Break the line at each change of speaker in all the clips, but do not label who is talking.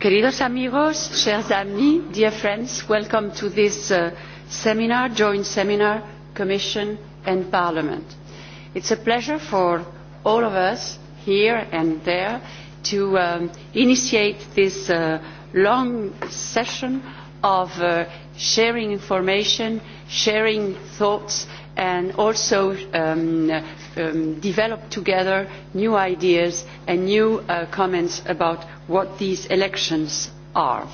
Queridos amigos, chers amis, dear friends, welcome to this seminar, joint seminar, Commission and Parliament. It's a pleasure for all of us here and there to initiate this long session of sharing information, sharing thoughts and also develop together new ideas and new comments about what these elections are.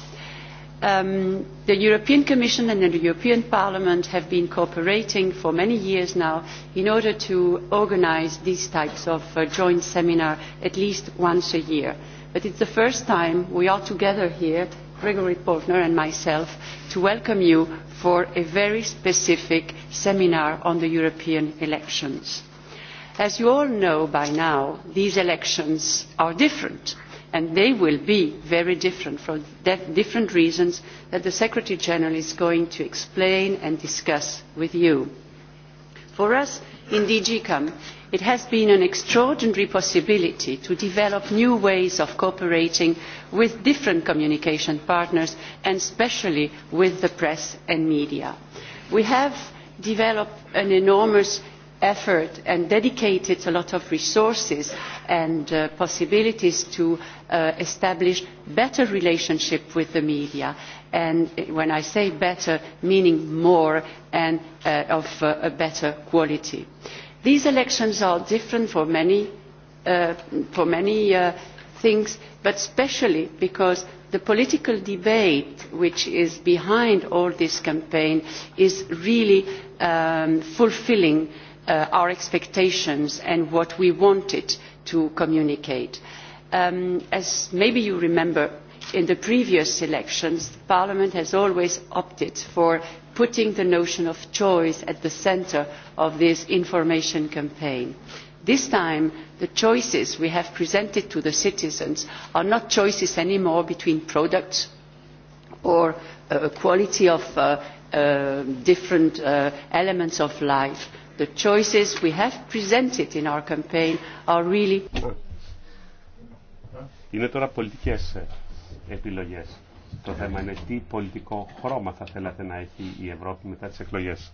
The European Commission and the European Parliament have been cooperating for many years now in order to organise these types of joint seminars at least once a year. But it is the first time we are together here, Gregory Portner and myself, to welcome you for a very specific seminar on the European elections as you all know by now these elections are different and they will be very different for different reasons that the secretary general is going to explain and discuss with you. for us in dg it has been an extraordinary possibility to develop new ways of cooperating with different communication partners and especially with the press and media. we have developed an enormous effort and dedicated a lot of resources and possibilities to establish better relationship with the media and when I say better meaning more and of a better quality. These elections are different for many things but especially because the political debate which is behind all this campaign is really fulfilling our expectations and what we wanted to communicate. As maybe you remember, in the previous elections, Parliament has always opted for putting the notion of choice at the centre of this information campaign. This time, the choices we have presented to the citizens are not choices anymore between products or quality of different elements of life the choices we have presented in our campaign are really
Είναι τώρα πολιτικές ε, επιλογές. Το θέμα είναι τι πολιτικό χρώμα θα θέλατε να έχει η Ευρώπη μετά τις εκλογές.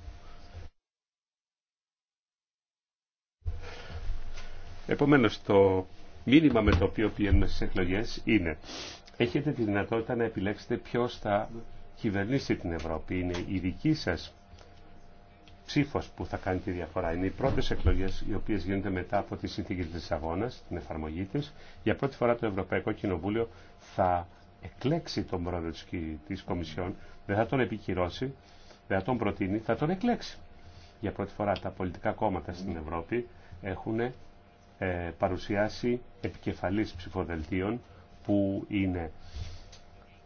Επομένως, το μήνυμα με το οποίο πηγαίνουμε στις εκλογές είναι έχετε τη δυνατότητα να επιλέξετε ποιος θα κυβερνήσει την Ευρώπη. Είναι η δική σας ψήφο που θα κάνει τη διαφορά. Είναι οι πρώτε εκλογέ οι οποίε γίνονται μετά από τη συνθήκη τη αγώνα, την εφαρμογή τη, Για πρώτη φορά το Ευρωπαϊκό Κοινοβούλιο θα εκλέξει τον πρόεδρο τη Κομισιόν, δεν θα τον επικυρώσει, δεν θα τον προτείνει, θα τον εκλέξει. Για πρώτη φορά τα πολιτικά κόμματα στην Ευρώπη έχουν ε, παρουσιάσει επικεφαλής ψηφοδελτίων που είναι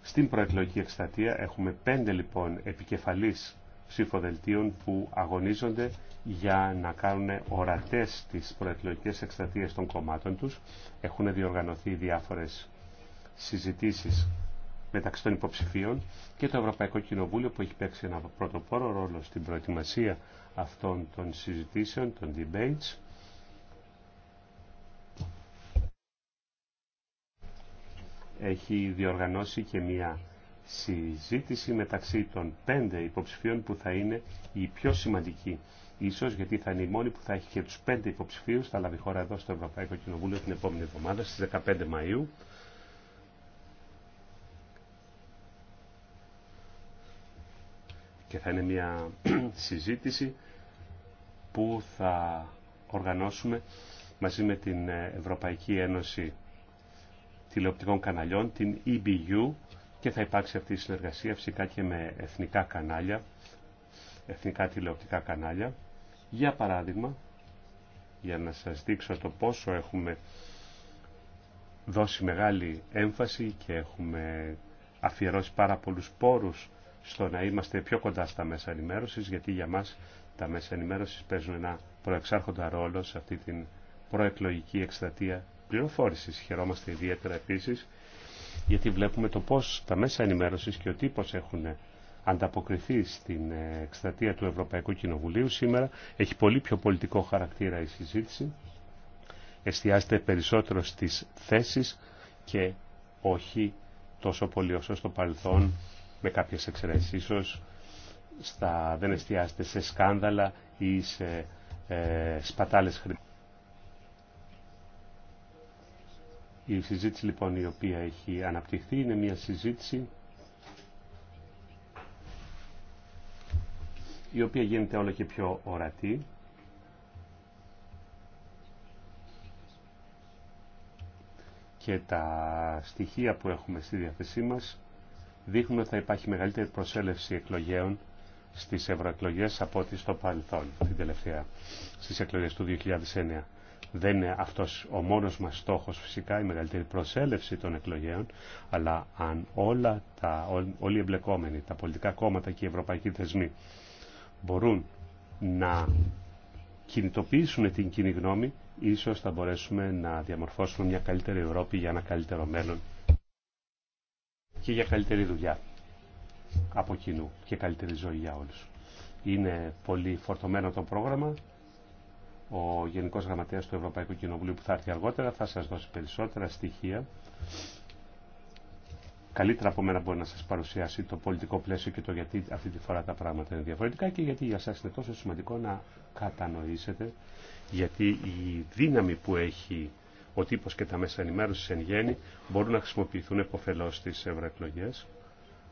στην προεκλογική εκστατεία. Έχουμε πέντε λοιπόν επικεφαλής ψηφοδελτίων που αγωνίζονται για να κάνουν ορατές τις προεκλογικές εκστρατείες των κομμάτων τους. Έχουν διοργανωθεί διάφορες συζητήσεις μεταξύ των υποψηφίων και το Ευρωπαϊκό Κοινοβούλιο που έχει παίξει ένα πρωτοπόρο ρόλο στην προετοιμασία αυτών των συζητήσεων, των debates. Έχει διοργανώσει και μία συζήτηση μεταξύ των πέντε υποψηφίων που θα είναι η πιο σημαντική. Ίσως γιατί θα είναι η μόνη που θα έχει και τους πέντε υποψηφίους, θα λάβει χώρα εδώ στο Ευρωπαϊκό Κοινοβούλιο την επόμενη εβδομάδα στις 15 Μαΐου. Και θα είναι μια συζήτηση που θα οργανώσουμε μαζί με την Ευρωπαϊκή Ένωση Τηλεοπτικών Καναλιών, την EBU, και θα υπάρξει αυτή η συνεργασία φυσικά και με εθνικά κανάλια, εθνικά τηλεοπτικά κανάλια. Για παράδειγμα, για να σας δείξω το πόσο έχουμε δώσει μεγάλη έμφαση και έχουμε αφιερώσει πάρα πολλούς πόρους στο να είμαστε πιο κοντά στα μέσα ενημέρωσης, γιατί για μας τα μέσα ενημέρωσης παίζουν ένα προεξάρχοντα ρόλο σε αυτή την προεκλογική εκστατεία πληροφόρησης. Χαιρόμαστε ιδιαίτερα επίσης γιατί βλέπουμε το πώς τα μέσα ενημέρωσης και ο τύπος έχουν ανταποκριθεί στην εκστρατεία του Ευρωπαϊκού Κοινοβουλίου σήμερα. Έχει πολύ πιο πολιτικό χαρακτήρα η συζήτηση. Εστιάζεται περισσότερο στις θέσεις και όχι τόσο πολύ όσο στο παρελθόν, με κάποιες εξαιρέσεις ίσως, στα, δεν εστιάζεται σε σκάνδαλα ή σε ε, σπατάλες χρήματα. Η συζήτηση λοιπόν η οποία έχει αναπτυχθεί είναι μια συζήτηση η οποία γίνεται όλο και πιο ορατή. Και τα στοιχεία που έχουμε στη διάθεσή μας δείχνουν ότι θα υπάρχει μεγαλύτερη προσέλευση εκλογέων στις ευρωεκλογές από ό,τι στο παρελθόν, την τελευταία, στις εκλογές του 2009. Δεν είναι αυτός ο μόνος μας στόχος φυσικά, η μεγαλύτερη προσέλευση των εκλογέων, αλλά αν όλα τα, όλοι οι εμπλεκόμενοι, τα πολιτικά κόμματα και οι ευρωπαϊκοί θεσμοί μπορούν να κινητοποιήσουν την κοινή γνώμη, ίσως θα μπορέσουμε να διαμορφώσουμε μια καλύτερη Ευρώπη για ένα καλύτερο μέλλον και για καλύτερη δουλειά από κοινού και καλύτερη ζωή για όλους. Είναι πολύ φορτωμένο το πρόγραμμα ο Γενικός Γραμματέας του Ευρωπαϊκού Κοινοβουλίου που θα έρθει αργότερα θα σας δώσει περισσότερα στοιχεία. Καλύτερα από μένα μπορεί να σας παρουσιάσει το πολιτικό πλαίσιο και το γιατί αυτή τη φορά τα πράγματα είναι διαφορετικά και γιατί για σας είναι τόσο σημαντικό να κατανοήσετε γιατί η δύναμη που έχει ο τύπο και τα μέσα ενημέρωση εν γέννη μπορούν να χρησιμοποιηθούν εποφελώ στι ευρωεκλογέ.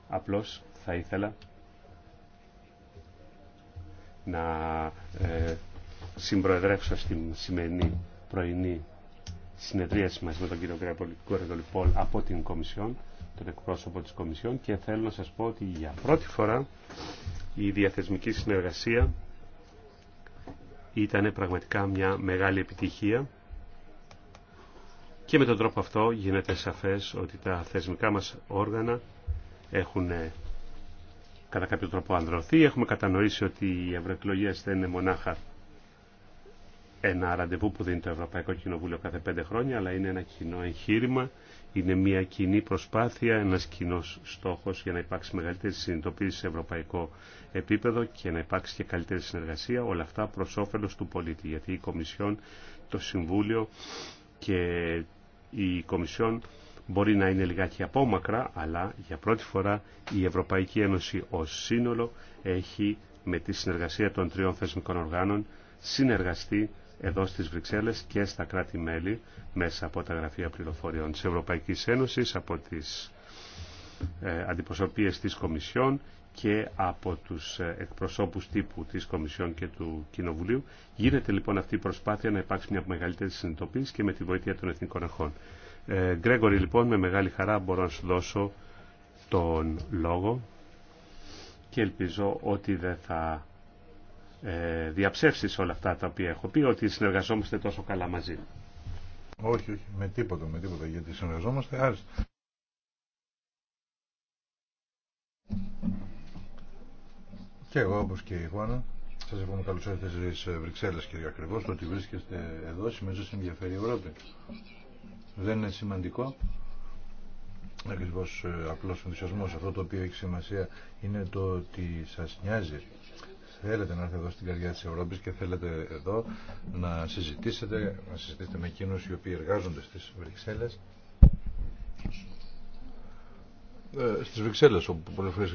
Απλώ θα ήθελα να ε, συμπροεδρεύσω στην σημερινή πρωινή συνεδρίαση μας με τον κύριο Λιπόλ από την Κομισιόν, τον εκπρόσωπο της Κομισιόν και θέλω να σας πω ότι για πρώτη φορά η διαθεσμική συνεργασία ήταν πραγματικά μια μεγάλη επιτυχία και με τον τρόπο αυτό γίνεται σαφές ότι τα θεσμικά μας όργανα έχουν ε, κατά κάποιο τρόπο ανδρωθεί. Έχουμε κατανοήσει ότι οι ευρωεκλογέ δεν είναι μονάχα ένα ραντεβού που δίνει το Ευρωπαϊκό Κοινοβούλιο κάθε πέντε χρόνια, αλλά είναι ένα κοινό εγχείρημα, είναι μια κοινή προσπάθεια, ένας κοινό στόχος για να υπάρξει μεγαλύτερη συνειδητοποίηση σε ευρωπαϊκό επίπεδο και να υπάρξει και καλύτερη συνεργασία, όλα αυτά προς όφελος του πολίτη, γιατί η Κομισιόν, το Συμβούλιο και η Κομισιόν μπορεί να είναι λιγάκι απόμακρα, αλλά για πρώτη φορά η Ευρωπαϊκή Ένωση ως σύνολο έχει με τη συνεργασία των τριών θεσμικών οργάνων συνεργαστεί εδώ στις Βρυξέλλες και στα κράτη-μέλη μέσα από τα γραφεία πληροφοριών της Ευρωπαϊκής Ένωσης, από τις ε, αντιπροσωπείες της Κομισιόν και από τους ε, εκπροσώπους τύπου της Κομισιόν και του Κοινοβουλίου. Γίνεται λοιπόν αυτή η προσπάθεια να υπάρξει μια μεγαλύτερη συνειδητοποίηση και με τη βοήθεια των εθνικών αρχών. Ε, Γκρέγορη λοιπόν με μεγάλη χαρά μπορώ να σου δώσω τον λόγο και ελπίζω ότι δεν θα ε, διαψεύσεις όλα αυτά τα οποία έχω πει ότι συνεργαζόμαστε
τόσο καλά μαζί. Όχι, όχι, με τίποτα, με τίποτα, γιατί συνεργαζόμαστε άριστα. Και εγώ όπως και η Χουάνα, σας ευχαριστώ, καλώς ήρθατε στις ε, Βρυξέλλες και ακριβώς το ότι βρίσκεστε εδώ σημαίνει ότι ενδιαφέρει η Ευρώπη. Δεν είναι σημαντικό. Ακριβώς ε, απλό ενθουσιασμός αυτό το οποίο έχει σημασία είναι το ότι σας νοιάζει θέλετε να έρθετε εδώ στην καρδιά της Ευρώπης και θέλετε εδώ να συζητήσετε, να συζητήσετε με εκείνους οι οποίοι εργάζονται στις Βρυξέλλες. Στι ε, στις όπου πολλές φορές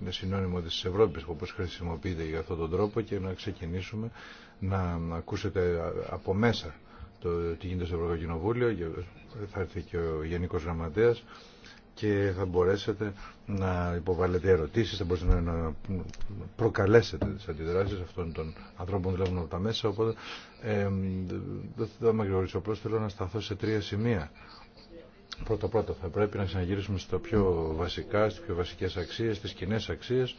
είναι συνώνυμο της Ευρώπης, όπως χρησιμοποιείται για αυτόν τον τρόπο και να ξεκινήσουμε να, ακούσετε από μέσα το τι γίνεται στο Ευρωπαϊκό Κοινοβούλιο. Θα έρθει και ο Γενικό Γραμματέας και θα μπορέσετε να υποβάλλετε ερωτήσεις, θα μπορέσετε να προκαλέσετε τις αντιδράσεις αυτών των ανθρώπων που δουλεύουν από τα μέσα. Οπότε ε, δεν θα με γνωρίσω, απλώς θέλω να σταθώ σε τρία σημεία. Πρώτα πρώτα θα πρέπει να ξαναγυρίσουμε στα πιο βασικά, στις πιο βασικές αξίες, στις κοινέ αξίες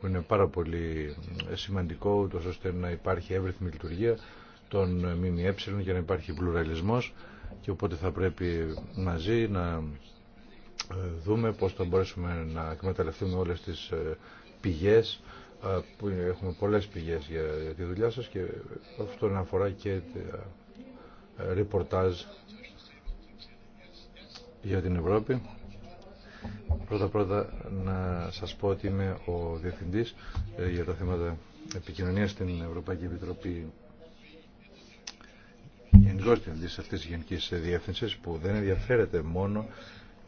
που είναι πάρα πολύ ε, σημαντικό ούτως ώστε να υπάρχει εύρυθμη λειτουργία των ε, ΜΜΕ για να υπάρχει πλουραλισμός και οπότε θα πρέπει μαζί να ε, δούμε πώς θα μπορέσουμε να εκμεταλλευτούμε όλες τις ε, πηγές ε, που έχουμε πολλές πηγές για τη δουλειά σας και αυτό να αφορά και ρεπορτάζ για την Ευρώπη. Πρώτα πρώτα να σας πω ότι είμαι ο Διευθυντής για τα θέματα επικοινωνίας στην Ευρωπαϊκή Επιτροπή Γενικός Διευθυντής αυτής της Γενικής Διεύθυνσης που δεν ενδιαφέρεται μόνο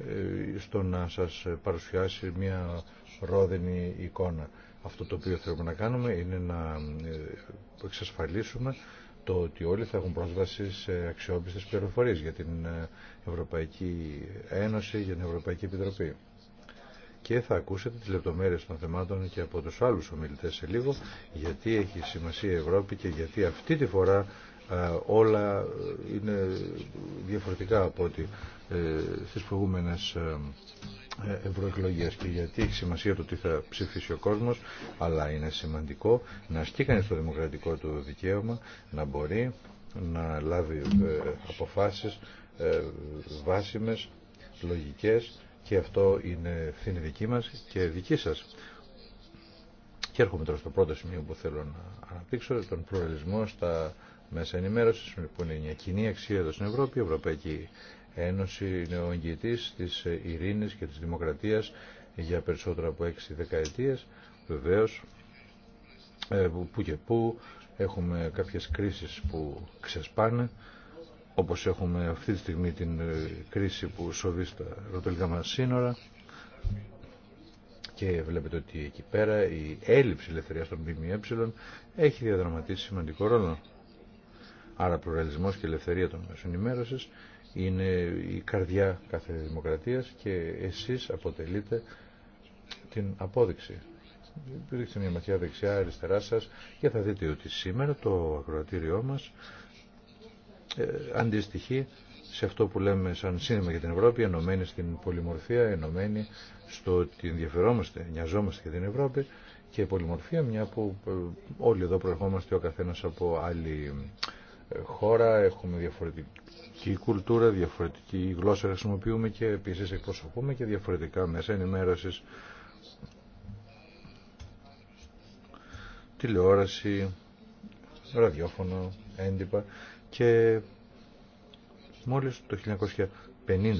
ε, στο να σας παρουσιάσει μια ρόδινη εικόνα. Αυτό το οποίο θέλουμε να κάνουμε είναι να ε, εξασφαλίσουμε το ότι όλοι θα έχουν πρόσβαση σε αξιόπιστες πληροφορίες για την ε, Ευρωπαϊκή Ένωση, για την Ευρωπαϊκή Επιτροπή. Και θα ακούσετε τις λεπτομέρειες των θεμάτων και από τους άλλους ομιλητές σε λίγο, γιατί έχει σημασία η Ευρώπη και γιατί αυτή τη φορά όλα είναι διαφορετικά από ό,τι ε, στις προηγούμενες ε, ε, ευρωεκλογέ και γιατί έχει σημασία το τι θα ψηφίσει ο κόσμος αλλά είναι σημαντικό να ασκεί στο το δημοκρατικό του δικαίωμα να μπορεί να λάβει αποφάσεις βάσιμες, λογικές και αυτό είναι ευθύνη δική μας και δική σας. Και έρχομαι τώρα στο πρώτο σημείο που θέλω να αναπτύξω, τον πλουραλισμό στα μέσα ενημέρωσης που είναι μια κοινή αξία εδώ στην Ευρώπη, η Ευρωπαϊκή Ένωση είναι ο της ειρήνης και της δημοκρατίας για περισσότερο από έξι δεκαετίες. Βεβαίως, ε, που και που έχουμε κάποιες κρίσεις που ξεσπάνε, όπως έχουμε αυτή τη στιγμή την ε, κρίση που σοβεί στα ρωτολικά μας σύνορα και βλέπετε ότι εκεί πέρα η έλλειψη ελευθερίας των ΜΜΕ έχει διαδραματίσει σημαντικό ρόλο. Άρα πλουραλισμός και ελευθερία των μέσων είναι η καρδιά κάθε δημοκρατίας και εσείς αποτελείτε την απόδειξη. Ρίξτε μια ματιά δεξιά, αριστερά σας και θα δείτε ότι σήμερα το ακροατήριό μας ε, αντιστοιχεί σε αυτό που λέμε σαν σύνδεμα για την Ευρώπη, ενωμένη στην πολυμορφία, ενωμένη στο ότι ενδιαφερόμαστε, νοιαζόμαστε για την Ευρώπη και πολυμορφία, μια που ε, όλοι εδώ προερχόμαστε ο καθένας από άλλη χώρα, έχουμε διαφορετική κουλτούρα, διαφορετική γλώσσα χρησιμοποιούμε και επίσης εκπροσωπούμε και διαφορετικά μέσα ενημέρωσης, τηλεόραση, ραδιόφωνο, έντυπα και μόλις το 1950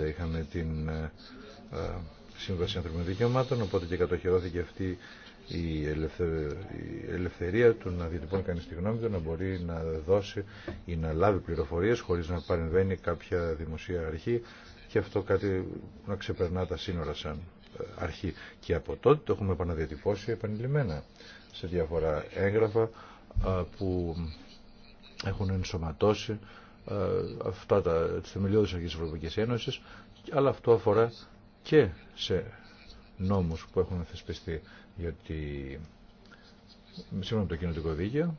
είχαμε την ε, ε, Σύμβαση Ανθρωπινών Δικαιωμάτων, οπότε και κατοχυρώθηκε αυτή η, ελευθερία του να διατυπώνει κανείς τη γνώμη του, να μπορεί να δώσει ή να λάβει πληροφορίες χωρίς να παρεμβαίνει κάποια δημοσία αρχή και αυτό κάτι να ξεπερνά τα σύνορα σαν ε, αρχή. Και από τότε το έχουμε επαναδιατυπώσει επανειλημμένα σε διάφορα έγγραφα ε, που έχουν ενσωματώσει ε, αυτά τα θεμελιώδης αρχής της Ευρωπαϊκής Ένωσης, αλλά αυτό αφορά και σε νόμους που έχουν θεσπιστεί γιατί σύμφωνα με το κοινωτικό δίκαιο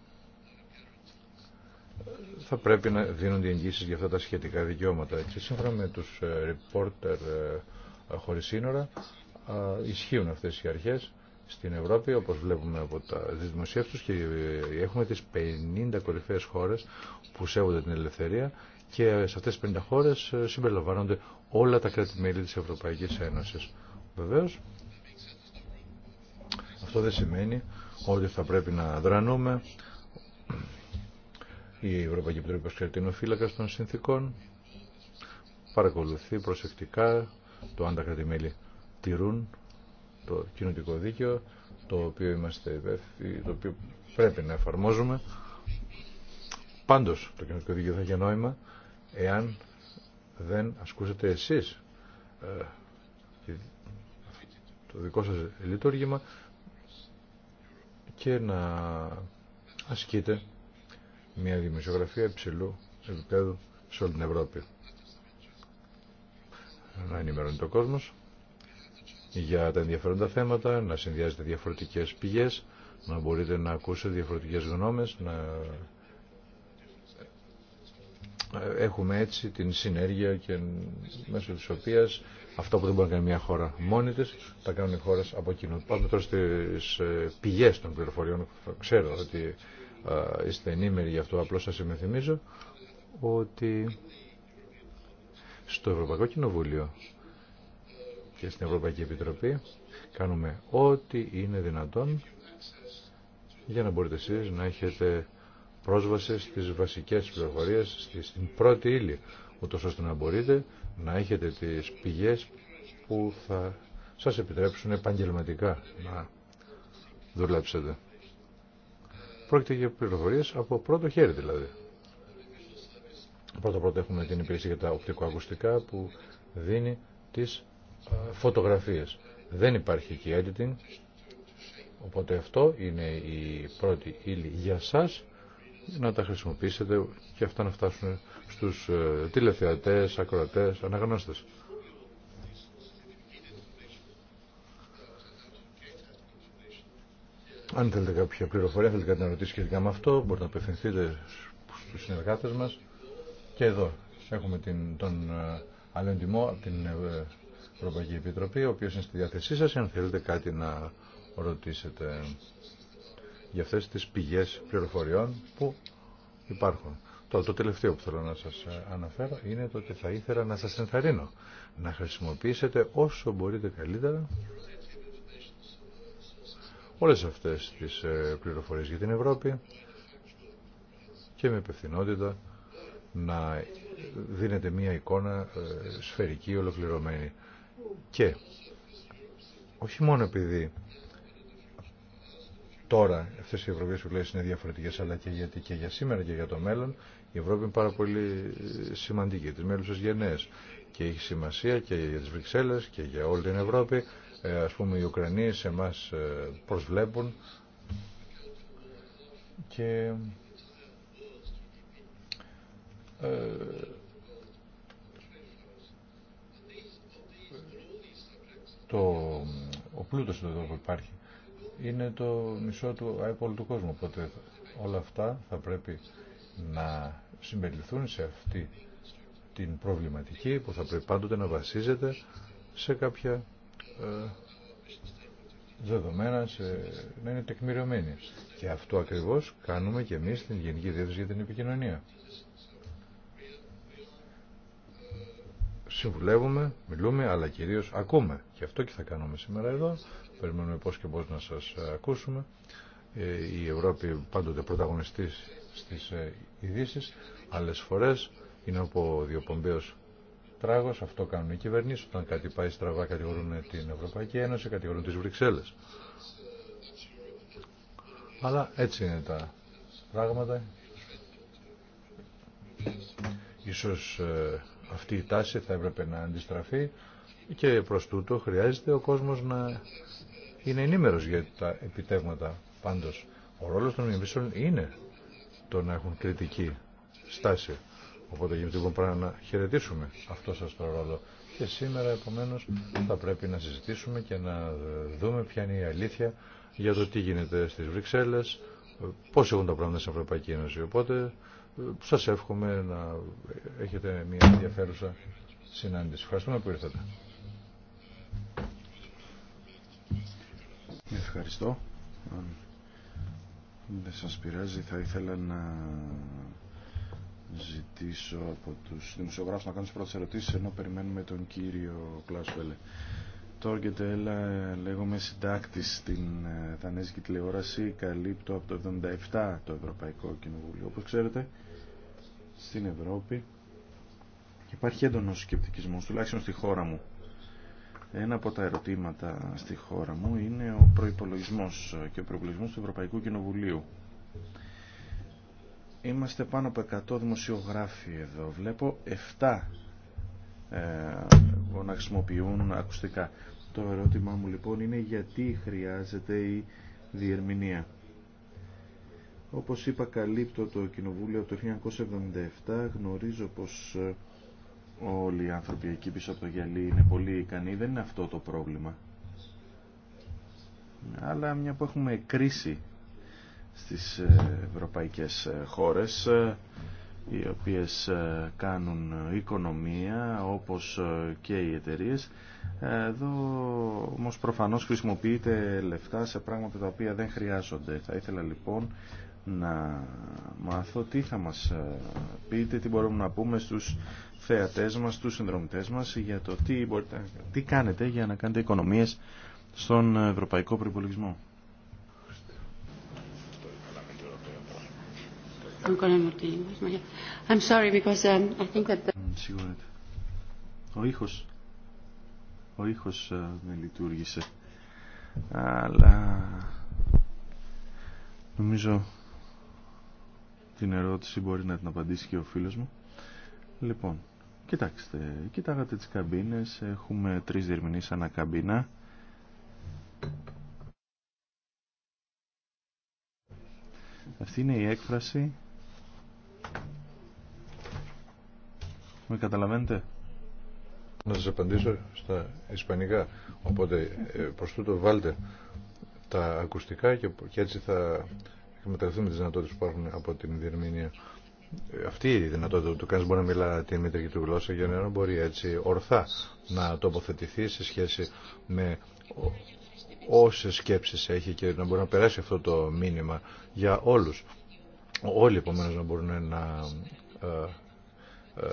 θα πρέπει να δίνονται εγγύσεις για αυτά τα σχετικά δικαιώματα. Έτσι σύμφωνα με τους ε, reporter ε, χωρίς σύνορα ισχύουν αυτές οι αρχές στην Ευρώπη όπως βλέπουμε από τα δημοσίευτους και ε, έχουμε τις 50 κορυφαίες χώρες που σέβονται την ελευθερία και σε αυτές τις 50 χώρες συμπεριλαμβάνονται όλα τα κράτη-μέλη της Ευρωπαϊκής Ένωσης. Βεβαίως αυτό δεν σημαίνει ότι θα πρέπει να δρανούμε. Η Ευρωπαϊκή Επιτροπή Πασκαρτίνο των Συνθήκων παρακολουθεί προσεκτικά το αν τα κρατημέλη τηρούν το κοινωτικό δίκαιο το οποίο, είμαστε, το οποίο πρέπει να εφαρμόζουμε. Πάντως το κοινωτικό δίκαιο θα έχει νόημα εάν δεν ασκούσετε εσείς ε, το δικό σας λειτουργήμα και να ασκείται μια δημοσιογραφία υψηλού επίπεδου σε όλη την Ευρώπη. Να ενημερώνει το κόσμο για τα ενδιαφέροντα θέματα, να συνδυάζετε διαφορετικές πηγές, να μπορείτε να ακούσετε διαφορετικές γνώμες, να έχουμε έτσι την συνέργεια και μέσω της οποίας αυτό που δεν μπορεί να κάνει μια χώρα μόνη τη, τα κάνουν οι χώρε από κοινού. Πάμε τώρα στι ε, πηγέ των πληροφοριών. Ξέρω ότι ε, είστε ενήμεροι γι' αυτό, απλώ σα υπενθυμίζω ότι στο Ευρωπαϊκό Κοινοβούλιο και στην Ευρωπαϊκή Επιτροπή κάνουμε ό,τι είναι δυνατόν για να μπορείτε εσείς να έχετε πρόσβαση στις βασικές πληροφορίες, στην πρώτη ύλη ούτως ώστε να μπορείτε να έχετε τις πηγές που θα σας επιτρέψουν επαγγελματικά να δουλέψετε. Πρόκειται για πληροφορίες από πρώτο χέρι δηλαδή. Πρώτα πρώτα έχουμε την υπηρεσία για τα οπτικοακουστικά που δίνει τις φωτογραφίες. Δεν υπάρχει εκεί editing, οπότε αυτό είναι η πρώτη ύλη για σας να τα χρησιμοποιήσετε και αυτά να φτάσουν στους ε, τηλεθεατές, ακροατές, αναγνώστες. Αν θέλετε κάποια πληροφορία, θέλετε κάτι να ρωτήσετε σχετικά με αυτό, μπορείτε να απευθυνθείτε στους συνεργάτες μας. Και εδώ έχουμε την, τον ε, Αλέον Τιμό από την ε, Ευρωπαϊκή Επιτροπή, ο οποίος είναι στη διάθεσή σας, αν θέλετε κάτι να ρωτήσετε για αυτές τις πηγές πληροφοριών που υπάρχουν. Το, το τελευταίο που θέλω να σας ε, αναφέρω είναι το ότι θα ήθελα να σας ενθαρρύνω να χρησιμοποιήσετε όσο μπορείτε καλύτερα όλες αυτές τις ε, πληροφορίες για την Ευρώπη και με υπευθυνότητα να δίνετε μία εικόνα ε, σφαιρική, ολοκληρωμένη. Και όχι μόνο επειδή τώρα αυτέ οι ευρωπαϊκέ εκλογές είναι διαφορετικέ αλλά και, γιατί και για σήμερα και για το μέλλον η Ευρώπη είναι πάρα πολύ ε, σημαντική τις μέλουσε γενναίες και έχει σημασία και για τις Βρυξέλλε και για όλη την Ευρώπη ε, ας πούμε οι Ουκρανοί σε εμά ε, προσβλέπουν και ε, το, ο πλούτος εδώ που υπάρχει είναι το μισό του ΑΕΠΟΛ του κόσμου. Οπότε όλα αυτά θα πρέπει να συμπεριληφθούν σε αυτή την προβληματική που θα πρέπει πάντοτε να βασίζεται σε κάποια ε, δεδομένα, σε, να είναι τεκμηριωμένη. Και αυτό ακριβώς κάνουμε και εμείς στην Γενική Διεύθυνση για την Επικοινωνία. Συμβουλεύουμε, μιλούμε, αλλά κυρίως ακούμε. Και αυτό και θα κάνουμε σήμερα εδώ περιμένουμε πώς και πώς να σας ε, ακούσουμε. Ε, η Ευρώπη πάντοτε πρωταγωνιστής στις ε, ειδήσει, άλλες φορές είναι από διοπομπέως τράγος, αυτό κάνουν οι κυβερνήσεις, όταν κάτι πάει στραβά κατηγορούν την Ευρωπαϊκή Ένωση, κατηγορούν τις Βρυξέλλες. Αλλά έτσι είναι τα πράγματα. Ίσως αυτή η τάση θα έπρεπε να αντιστραφεί και προς τούτο χρειάζεται ο κόσμος να είναι ενήμερο για τα επιτεύγματα πάντως. Ο ρόλο των μιμήσεων είναι το να έχουν κριτική στάση. Οπότε γι' αυτό λοιπόν, πρέπει να χαιρετήσουμε αυτό σα το ρόλο. Και σήμερα επομένω θα πρέπει να συζητήσουμε και να δούμε ποια είναι η αλήθεια για το τι γίνεται στι Βρυξέλλες, πώ έχουν τα πράγματα στην Ευρωπαϊκή Ένωση. Οπότε σα εύχομαι να έχετε μια ενδιαφέρουσα συνάντηση. Ευχαριστούμε που ήρθατε. Ευχαριστώ. Αν
δεν σας πειράζει θα ήθελα να ζητήσω από τους δημοσιογράφους να κάνουν τις πρώτες ερωτήσεις ενώ περιμένουμε τον κύριο Κλάσουελε. Τόργετέλα, λέγομαι συντάκτη στην ε, Δανέζικη τηλεόραση, καλύπτω από το 77 το Ευρωπαϊκό Κοινοβούλιο. Όπως ξέρετε, στην Ευρώπη υπάρχει έντονος σκεπτικισμός, τουλάχιστον στη χώρα μου. Ένα από τα ερωτήματα στη χώρα μου είναι ο προϋπολογισμός και ο προϋπολογισμός του Ευρωπαϊκού Κοινοβουλίου. Είμαστε πάνω από 100 δημοσιογράφοι εδώ. Βλέπω 7 ε, να χρησιμοποιούν ακουστικά. Το ερώτημά μου λοιπόν είναι γιατί χρειάζεται η διερμηνία. Όπως είπα καλύπτω το Κοινοβούλιο το 1977, γνωρίζω πως ε, όλοι οι άνθρωποι εκεί πίσω από το γυαλί είναι πολύ ικανοί, δεν είναι αυτό το πρόβλημα. Αλλά μια που έχουμε κρίση στις ε, ευρωπαϊκές ε, χώρες, ε, οι οποίες κάνουν οικονομία όπως και οι εταιρείε. Εδώ όμω προφανώς χρησιμοποιείται λεφτά σε πράγματα τα οποία δεν χρειάζονται. Θα ήθελα λοιπόν να μάθω τι θα μας πείτε, τι μπορούμε να πούμε στους θεατές μας, τους συνδρομητές μας για το τι, μπορείτε, τι κάνετε για να κάνετε οικονομίες στον ευρωπαϊκό προϋπολογισμό.
I'm sorry because um, I think that
Ο ήχος, ο ήχος ε, δεν λειτουργήσε. Αλλά νομίζω την ερώτηση μπορεί να την απαντήσει και ο φίλος μου. Λοιπόν, Κοιτάξτε, κοιτάγατε τις καμπίνες, έχουμε τρεις διερμηνείς ανά καμπίνα. Αυτή είναι η έκφραση.
Με καταλαβαίνετε. Να σας απαντήσω στα ισπανικά. Οπότε ε, προς τούτο βάλτε τα ακουστικά και, έτσι θα εκμεταλλευτούμε τις δυνατότητες που υπάρχουν από την διερμηνία αυτή η δυνατότητα του κανείς μπορεί να μιλά τη μητρική του γλώσσα για να μπορεί έτσι ορθά να τοποθετηθεί σε σχέση με όσε σκέψεις έχει και να μπορεί να περάσει αυτό το μήνυμα για όλους. Όλοι επομένω να μπορούν να ε, ε,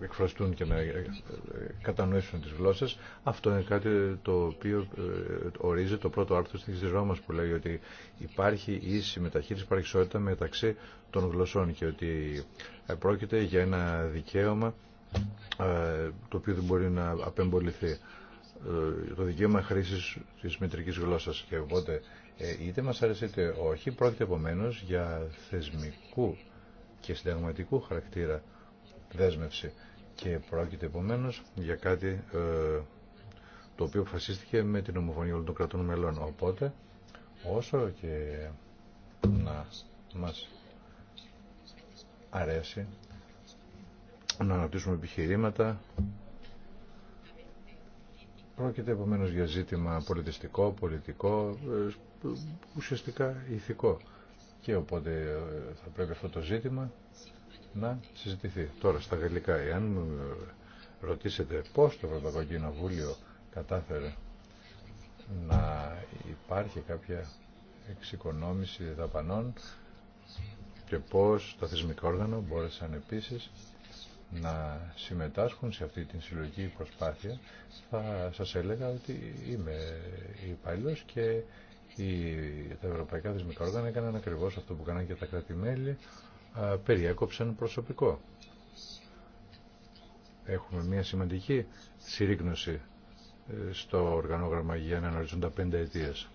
εκφραστούν και να ε, ε, κατανοήσουν τις γλώσσες. Αυτό είναι κάτι το οποίο ορίζει το πρώτο άρθρο της Ρώμας που λέει ότι υπάρχει ίση μεταχείριση, υπάρχει μεταξύ των γλωσσών και ότι πρόκειται για ένα δικαίωμα το οποίο δεν μπορεί να απεμποληθεί το δικαίωμα χρήσης της μητρικής γλώσσας και οπότε είτε μα αρέσει είτε όχι πρόκειται επομένω για θεσμικού και συνταγματικού χαρακτήρα δέσμευση. Και πρόκειται επομένω για κάτι ε, το οποίο αποφασίστηκε με την ομοφωνία όλων των κρατών μελών. Οπότε, όσο και να μας αρέσει να αναπτύσσουμε επιχειρήματα, πρόκειται επομένω για ζήτημα πολιτιστικό, πολιτικό, ε, ουσιαστικά ηθικό. Και οπότε ε, θα πρέπει αυτό το ζήτημα να συζητηθεί. Τώρα στα γαλλικά, εάν ρωτήσετε πώς το Ευρωπαϊκό Κοινοβούλιο κατάφερε να υπάρχει κάποια εξοικονόμηση δαπανών και πώς τα θεσμικά όργανα μπόρεσαν επίσης να συμμετάσχουν σε αυτή την συλλογική προσπάθεια θα σας έλεγα ότι είμαι υπάλληλο και οι, τα ευρωπαϊκά θεσμικά όργανα έκαναν ακριβώς αυτό που έκαναν και τα κράτη-μέλη περιέκοψαν προσωπικό. Έχουμε μια σημαντική συρρήγνωση ε, στο οργανόγραμμα για να αναλύσουν τα πέντε αιτίες.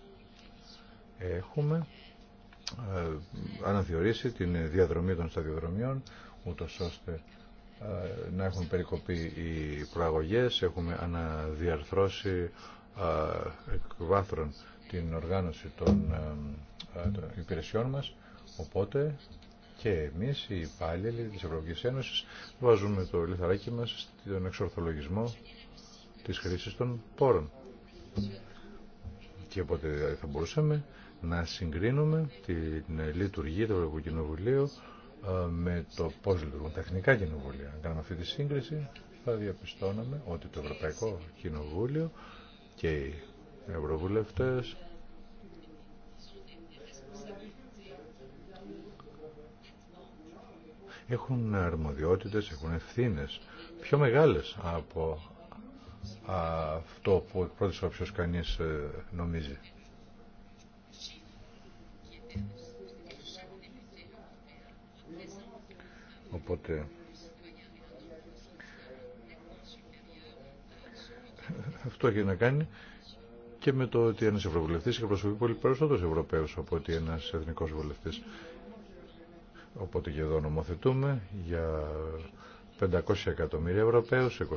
Έχουμε ε, αναθεωρήσει την διαδρομή των σταδιοδρομιών, ούτως ώστε ε, να έχουν περικοπεί οι προαγωγές, έχουμε αναδιαρθρώσει βάθρων την οργάνωση των υπηρεσιών μας, οπότε και εμείς οι υπάλληλοι της Ευρωπαϊκή Ένωσης βάζουμε το λιθαράκι μας στον εξορθολογισμό της χρήσης των πόρων. Και οπότε θα μπορούσαμε να συγκρίνουμε την λειτουργία του Ευρωπαϊκού Κοινοβουλίου ε, με το πώς λειτουργούν τα εθνικά κοινοβούλια. Αν κάναμε αυτή τη σύγκριση θα διαπιστώναμε ότι το Ευρωπαϊκό Κοινοβούλιο και οι Ευρωβουλευτές έχουν αρμοδιότητες, έχουν ευθύνες πιο μεγάλες από αυτό που πρώτης όποιος κανείς ε, νομίζει. Οπότε αυτό έχει να κάνει και με το ότι ένας Ευρωβουλευτής και προσωπεί πολύ περισσότερους Ευρωπαίους από ότι ένας Εθνικός Βουλευτής. Οπότε και εδώ νομοθετούμε για 500 εκατομμύρια Ευρωπαίους σε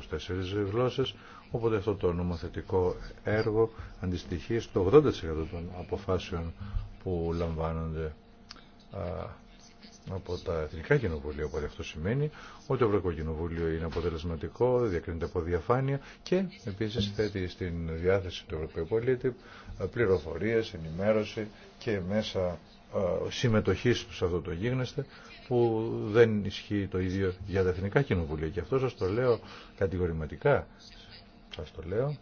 24 γλώσσες, οπότε αυτό το νομοθετικό έργο αντιστοιχεί στο 80% των αποφάσεων που λαμβάνονται από τα Εθνικά Κοινοβούλια. Οπότε αυτό σημαίνει ότι το Ευρωπαϊκό Κοινοβούλιο είναι αποτελεσματικό, διακρίνεται από διαφάνεια και επίσης θέτει στην διάθεση του Ευρωπαϊκού Πολίτη πληροφορίες, ενημέρωση και μέσα ε, συμμετοχής σε αυτό το γίγνεσθε που δεν ισχύει το ίδιο για τα εθνικά κοινοβουλία. Και αυτό σας το λέω κατηγορηματικά. Σας το λέω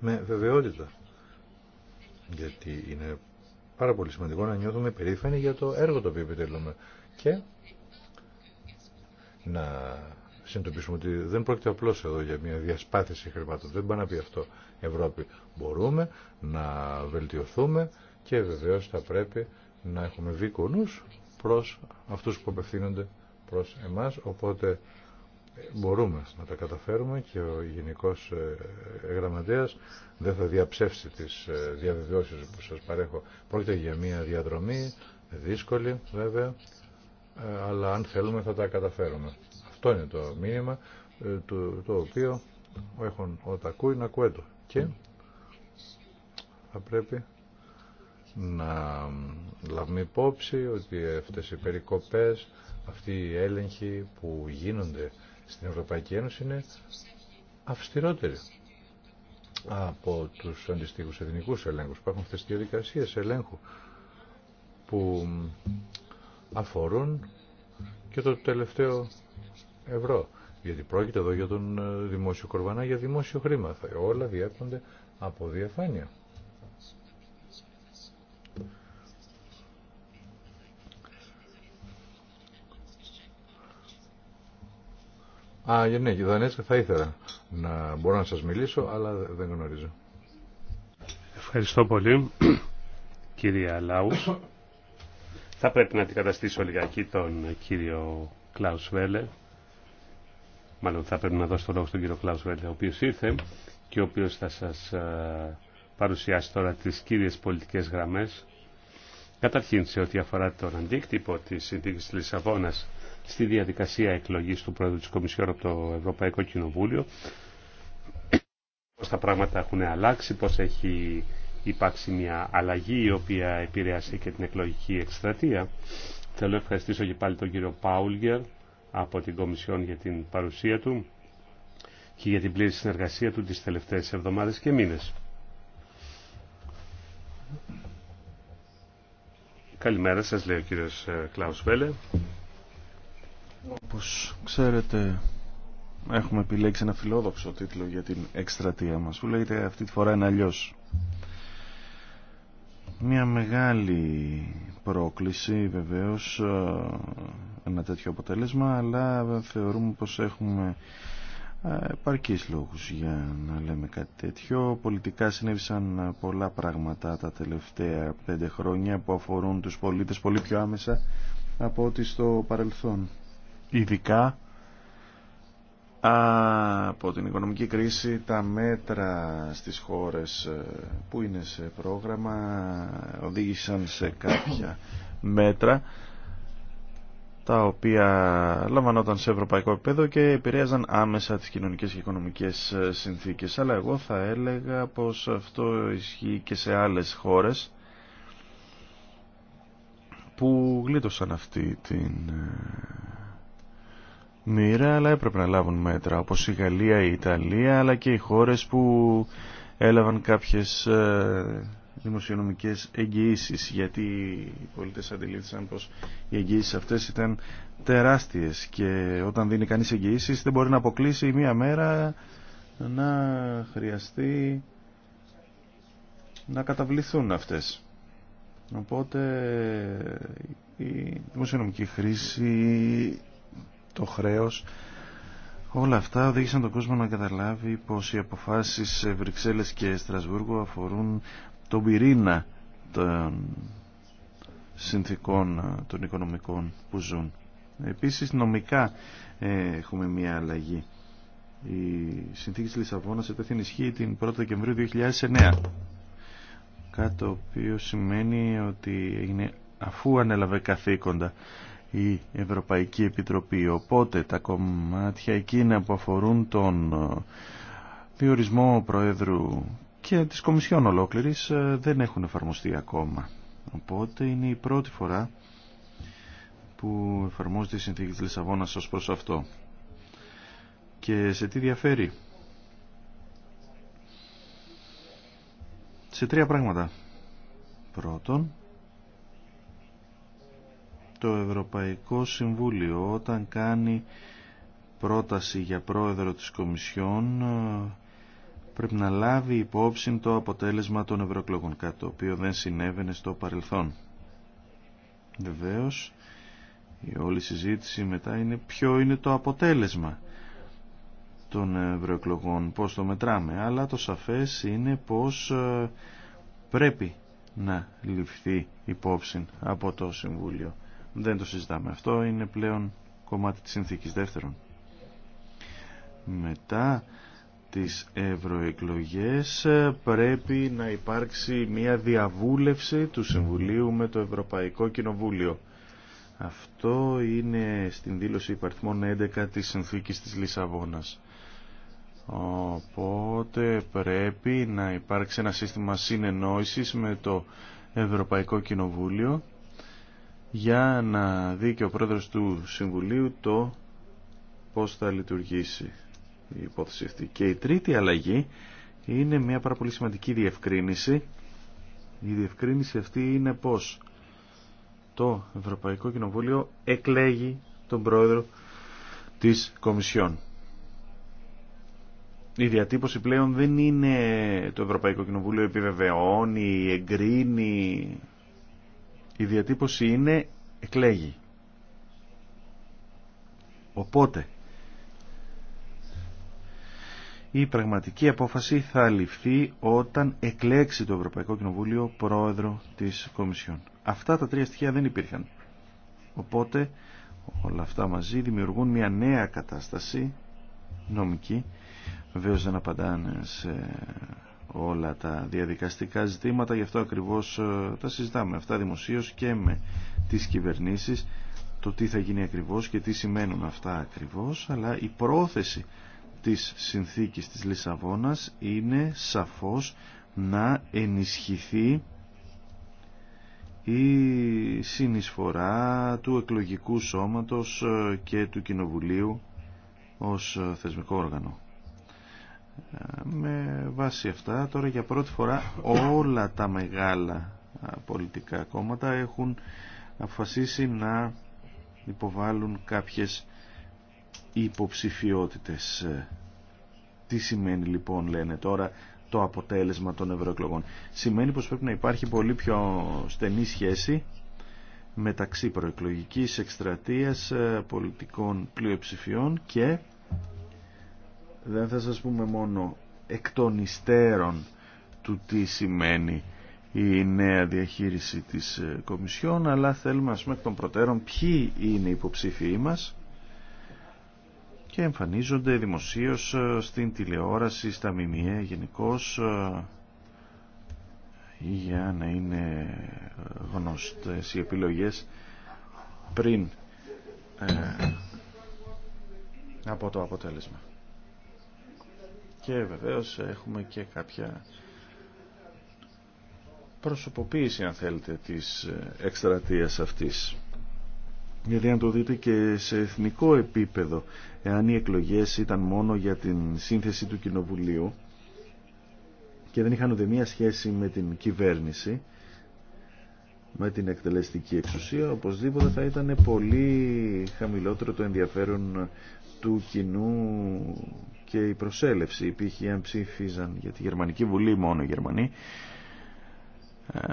με βεβαιότητα. Γιατί είναι πάρα πολύ σημαντικό να νιώθουμε περήφανοι για το έργο το οποίο επιτελούμε και να συνειδητοποιήσουμε ότι δεν πρόκειται απλώ εδώ για μια διασπάθηση χρημάτων. Δεν πάει να πει αυτό Ευρώπη. Μπορούμε να βελτιωθούμε και βεβαίω θα πρέπει να έχουμε βίκονους προ προς αυτούς που απευθύνονται προς εμάς, οπότε μπορούμε να τα καταφέρουμε και ο Γενικό ε, γραμματέα δεν θα διαψεύσει τις ε, διαβεβαιώσει που σα παρέχω. Πρόκειται για μια διαδρομή, δύσκολη βέβαια, ε, αλλά αν θέλουμε θα τα καταφέρουμε. Αυτό είναι το μήνυμα ε, το, το οποίο έχουν όταν ακούει να ακούει Και θα πρέπει να λάβουμε υπόψη ότι αυτές οι περικοπές, αυτοί οι έλεγχοι που γίνονται στην Ευρωπαϊκή Ένωση είναι αυστηρότεροι από τους αντιστοίχους εθνικούς ελέγχους. Υπάρχουν αυτές τις διαδικασίες ελέγχου που αφορούν και το τελευταίο ευρώ. Γιατί πρόκειται εδώ για τον ε, δημόσιο κορβανά, για δημόσιο χρήμα. Όλα διέπονται από διαφάνεια. Α, ναι, Δανέσκα θα ήθελα να μπορώ να σας μιλήσω, αλλά δεν γνωρίζω.
Ευχαριστώ πολύ, κύριε Λάους. θα πρέπει να αντικαταστήσω λιγάκι τον κύριο Κλάους Βέλε μάλλον θα πρέπει να δώσω το λόγο στον κύριο Κλάου Ρέλε, ο οποίο ήρθε και ο οποίος θα σα ε, παρουσιάσει τώρα τι κύριε πολιτικέ γραμμέ. Καταρχήν σε ό,τι αφορά τον αντίκτυπο τη συνθήκη τη Λισαβόνα στη διαδικασία εκλογής του Πρόεδρου της Κομισιόν από το Ευρωπαϊκό Κοινοβούλιο, Πώ τα πράγματα έχουν αλλάξει, πώ έχει υπάρξει μια αλλαγή η οποία επηρέασε και την εκλογική εκστρατεία. Θέλω να ευχαριστήσω και πάλι τον κύριο Πάουλγερ, από την Κομισιόν για την παρουσία του και για την πλήρη συνεργασία του τις τελευταίες εβδομάδες και μήνες. Καλημέρα σας, λέει ο κύριος ε, Κλάους Βέλε.
Όπως ξέρετε, έχουμε επιλέξει ένα φιλόδοξο τίτλο για την εκστρατεία μας, που λέγεται αυτή τη φορά είναι αλλιώ. Μια μεγάλη πρόκληση βεβαίως ε, ένα τέτοιο αποτέλεσμα αλλά θεωρούμε πως έχουμε ε, επαρκείς λόγους για να λέμε κάτι τέτοιο. Πολιτικά συνέβησαν πολλά πράγματα τα τελευταία πέντε χρόνια που αφορούν τους πολίτες πολύ πιο άμεσα από ό,τι στο παρελθόν. Ειδικά από την οικονομική κρίση τα μέτρα στις χώρες ε, που είναι σε πρόγραμμα οδήγησαν σε κάποια μέτρα τα οποία λαμβανόταν σε ευρωπαϊκό επίπεδο και επηρέαζαν άμεσα τις κοινωνικές και οικονομικές ε, συνθήκες. Αλλά εγώ θα έλεγα πως αυτό ισχύει και σε άλλες χώρες που γλίτωσαν αυτή την ε, μοίρα, αλλά έπρεπε να λάβουν μέτρα, όπως η Γαλλία, η Ιταλία, αλλά και οι χώρες που έλαβαν κάποιες ε, δημοσιονομικές εγγυήσει, γιατί οι πολίτες αντιλήφθησαν πως οι εγγύησει αυτές ήταν τεράστιες και όταν δίνει κανείς εγγυήσεις δεν μπορεί να αποκλείσει μία μέρα να χρειαστεί να καταβληθούν αυτές. Οπότε η δημοσιονομική χρήση, το χρέος, όλα αυτά οδήγησαν τον κόσμο να καταλάβει πως οι αποφάσεις σε Βρυξέλλες και Στρασβούργο αφορούν τον πυρήνα των συνθήκων των οικονομικών που ζουν. Επίσης νομικά ε, έχουμε μια αλλαγή. Η συνθήκη της Λισαβόνας επέθυνε ισχύει την 1η Δεκεμβρίου 2009. Κάτι το οποίο σημαίνει ότι έγινε αφού ανέλαβε καθήκοντα η Ευρωπαϊκή σημαινει οτι είναι αφου ανελαβε Οπότε τα κομμάτια εκείνα που αφορούν τον ε, διορισμό Προέδρου και της Κομισιόν ολόκληρης ε, δεν έχουν εφαρμοστεί ακόμα. Οπότε είναι η πρώτη φορά που εφαρμόζεται η συνθήκη της Λισαβόνας ως προς αυτό. Και σε τι διαφέρει. Σε τρία πράγματα. Πρώτον, το Ευρωπαϊκό Συμβούλιο όταν κάνει πρόταση για πρόεδρο της Κομισιόν ε, πρέπει να λάβει υπόψη το αποτέλεσμα των ευρωεκλογών, κάτι το οποίο δεν συνέβαινε στο παρελθόν. Βεβαίω, η όλη συζήτηση μετά είναι ποιο είναι το αποτέλεσμα των ευρωεκλογών, πώς το μετράμε, αλλά το σαφές είναι πώς ε, πρέπει να ληφθεί υπόψη από το Συμβούλιο. Δεν το συζητάμε. Αυτό είναι πλέον κομμάτι της συνθήκης δεύτερον. Μετά τις ευρωεκλογές πρέπει να υπάρξει μια διαβούλευση του Συμβουλίου με το Ευρωπαϊκό Κοινοβούλιο. Αυτό είναι στην δήλωση υπαρθμών 11 της Συνθήκης της Λισαβόνας. Οπότε πρέπει να υπάρξει ένα σύστημα συνεννόησης με το Ευρωπαϊκό Κοινοβούλιο για να δει και ο πρόεδρος του Συμβουλίου το πώς θα λειτουργήσει η υπόθεση αυτή. Και η τρίτη αλλαγή είναι μια πάρα πολύ σημαντική διευκρίνηση. Η διευκρίνηση αυτή είναι πως το Ευρωπαϊκό Κοινοβούλιο εκλέγει τον πρόεδρο της Κομισιόν. Η διατύπωση πλέον δεν είναι το Ευρωπαϊκό Κοινοβούλιο επιβεβαιώνει, εγκρίνει. Η διατύπωση είναι εκλέγει. Οπότε, η πραγματική απόφαση θα ληφθεί όταν εκλέξει το Ευρωπαϊκό Κοινοβούλιο πρόεδρο της Κομισιόν. Αυτά τα τρία στοιχεία δεν υπήρχαν. Οπότε όλα αυτά μαζί δημιουργούν μια νέα κατάσταση νομική. βεβαίω δεν απαντάνε σε όλα τα διαδικαστικά ζητήματα, γι' αυτό ακριβώς ε, τα συζητάμε αυτά δημοσίως και με τις κυβερνήσεις, το τι θα γίνει ακριβώς και τι σημαίνουν αυτά ακριβώς, αλλά η πρόθεση της συνθήκης της Λισαβόνας είναι σαφώς να ενισχυθεί η συνεισφορά του εκλογικού σώματος ε, και του Κοινοβουλίου ως ε, θεσμικό όργανο. Ε, με βάση αυτά τώρα για πρώτη φορά όλα τα μεγάλα πολιτικά κόμματα έχουν αποφασίσει να υποβάλουν κάποιες υποψηφιότητες. Ε, τι σημαίνει λοιπόν λένε τώρα το αποτέλεσμα των ευρωεκλογών. Σημαίνει πως πρέπει να υπάρχει πολύ πιο στενή σχέση μεταξύ προεκλογικής εκστρατείας ε, πολιτικών πλειοψηφιών και δεν θα σας πούμε μόνο εκ των υστέρων του τι σημαίνει η νέα διαχείριση της ε, Κομισιόν αλλά θέλουμε να πούμε εκ των προτέρων ποιοι είναι οι υποψηφοί μας και εμφανίζονται δημοσίως ε, στην τηλεόραση, στα ΜΜΕ γενικώ ε, για να είναι γνωστές οι επιλογές πριν ε, από το αποτέλεσμα. Και βεβαίως έχουμε και κάποια προσωποποίηση αν θέλετε της εκστρατείας αυτής. Γιατί αν το δείτε και σε εθνικό επίπεδο, εάν οι εκλογές ήταν μόνο για την σύνθεση του Κοινοβουλίου και δεν είχαν ούτε μία σχέση με την κυβέρνηση, με την εκτελεστική εξουσία, οπωσδήποτε θα ήταν πολύ χαμηλότερο το ενδιαφέρον του κοινού και η προσέλευση. Υπήρχε αν ψήφιζαν για τη Γερμανική Βουλή μόνο οι Γερμανοί, ε,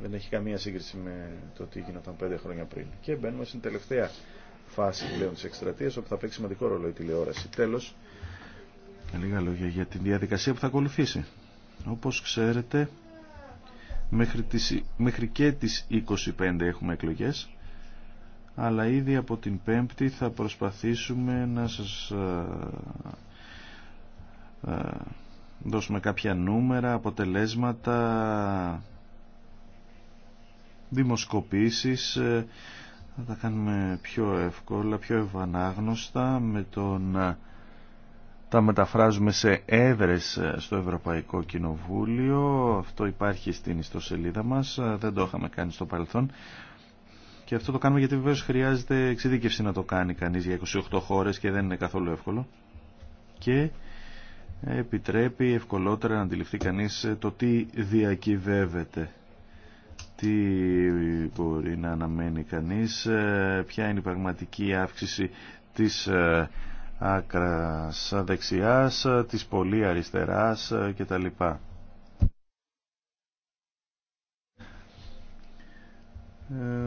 Δεν έχει καμία σύγκριση με το τι γινόταν πέντε χρόνια πριν. Και μπαίνουμε στην τελευταία φάση πλέον τη εκστρατεία όπου θα παίξει σημαντικό ρόλο η τηλεόραση. Τέλο, λίγα λόγια για την διαδικασία που θα ακολουθήσει. Όπω ξέρετε, μέχρι, τις, μέχρι και τι 25 έχουμε εκλογέ. Αλλά ήδη από την Πέμπτη θα προσπαθήσουμε να σας δώσουμε κάποια νούμερα, αποτελέσματα, δημοσκοπήσεις ε, θα τα κάνουμε πιο εύκολα, πιο ευανάγνωστα με το να τα μεταφράζουμε σε έδρες ε, στο Ευρωπαϊκό Κοινοβούλιο. Αυτό υπάρχει στην ιστοσελίδα μας, ε, δεν το είχαμε κάνει στο παρελθόν. Και αυτό το κάνουμε γιατί βεβαίως χρειάζεται εξειδίκευση να το κάνει κανείς για 28 χώρες και δεν είναι καθόλου εύκολο. Και επιτρέπει ευκολότερα να αντιληφθεί κανείς το τι διακυβεύεται τι μπορεί να αναμένει κανείς, ε, ποια είναι η πραγματική αύξηση της ε, άκρας δεξιάς, ε, της πολύ αριστεράς κτλ.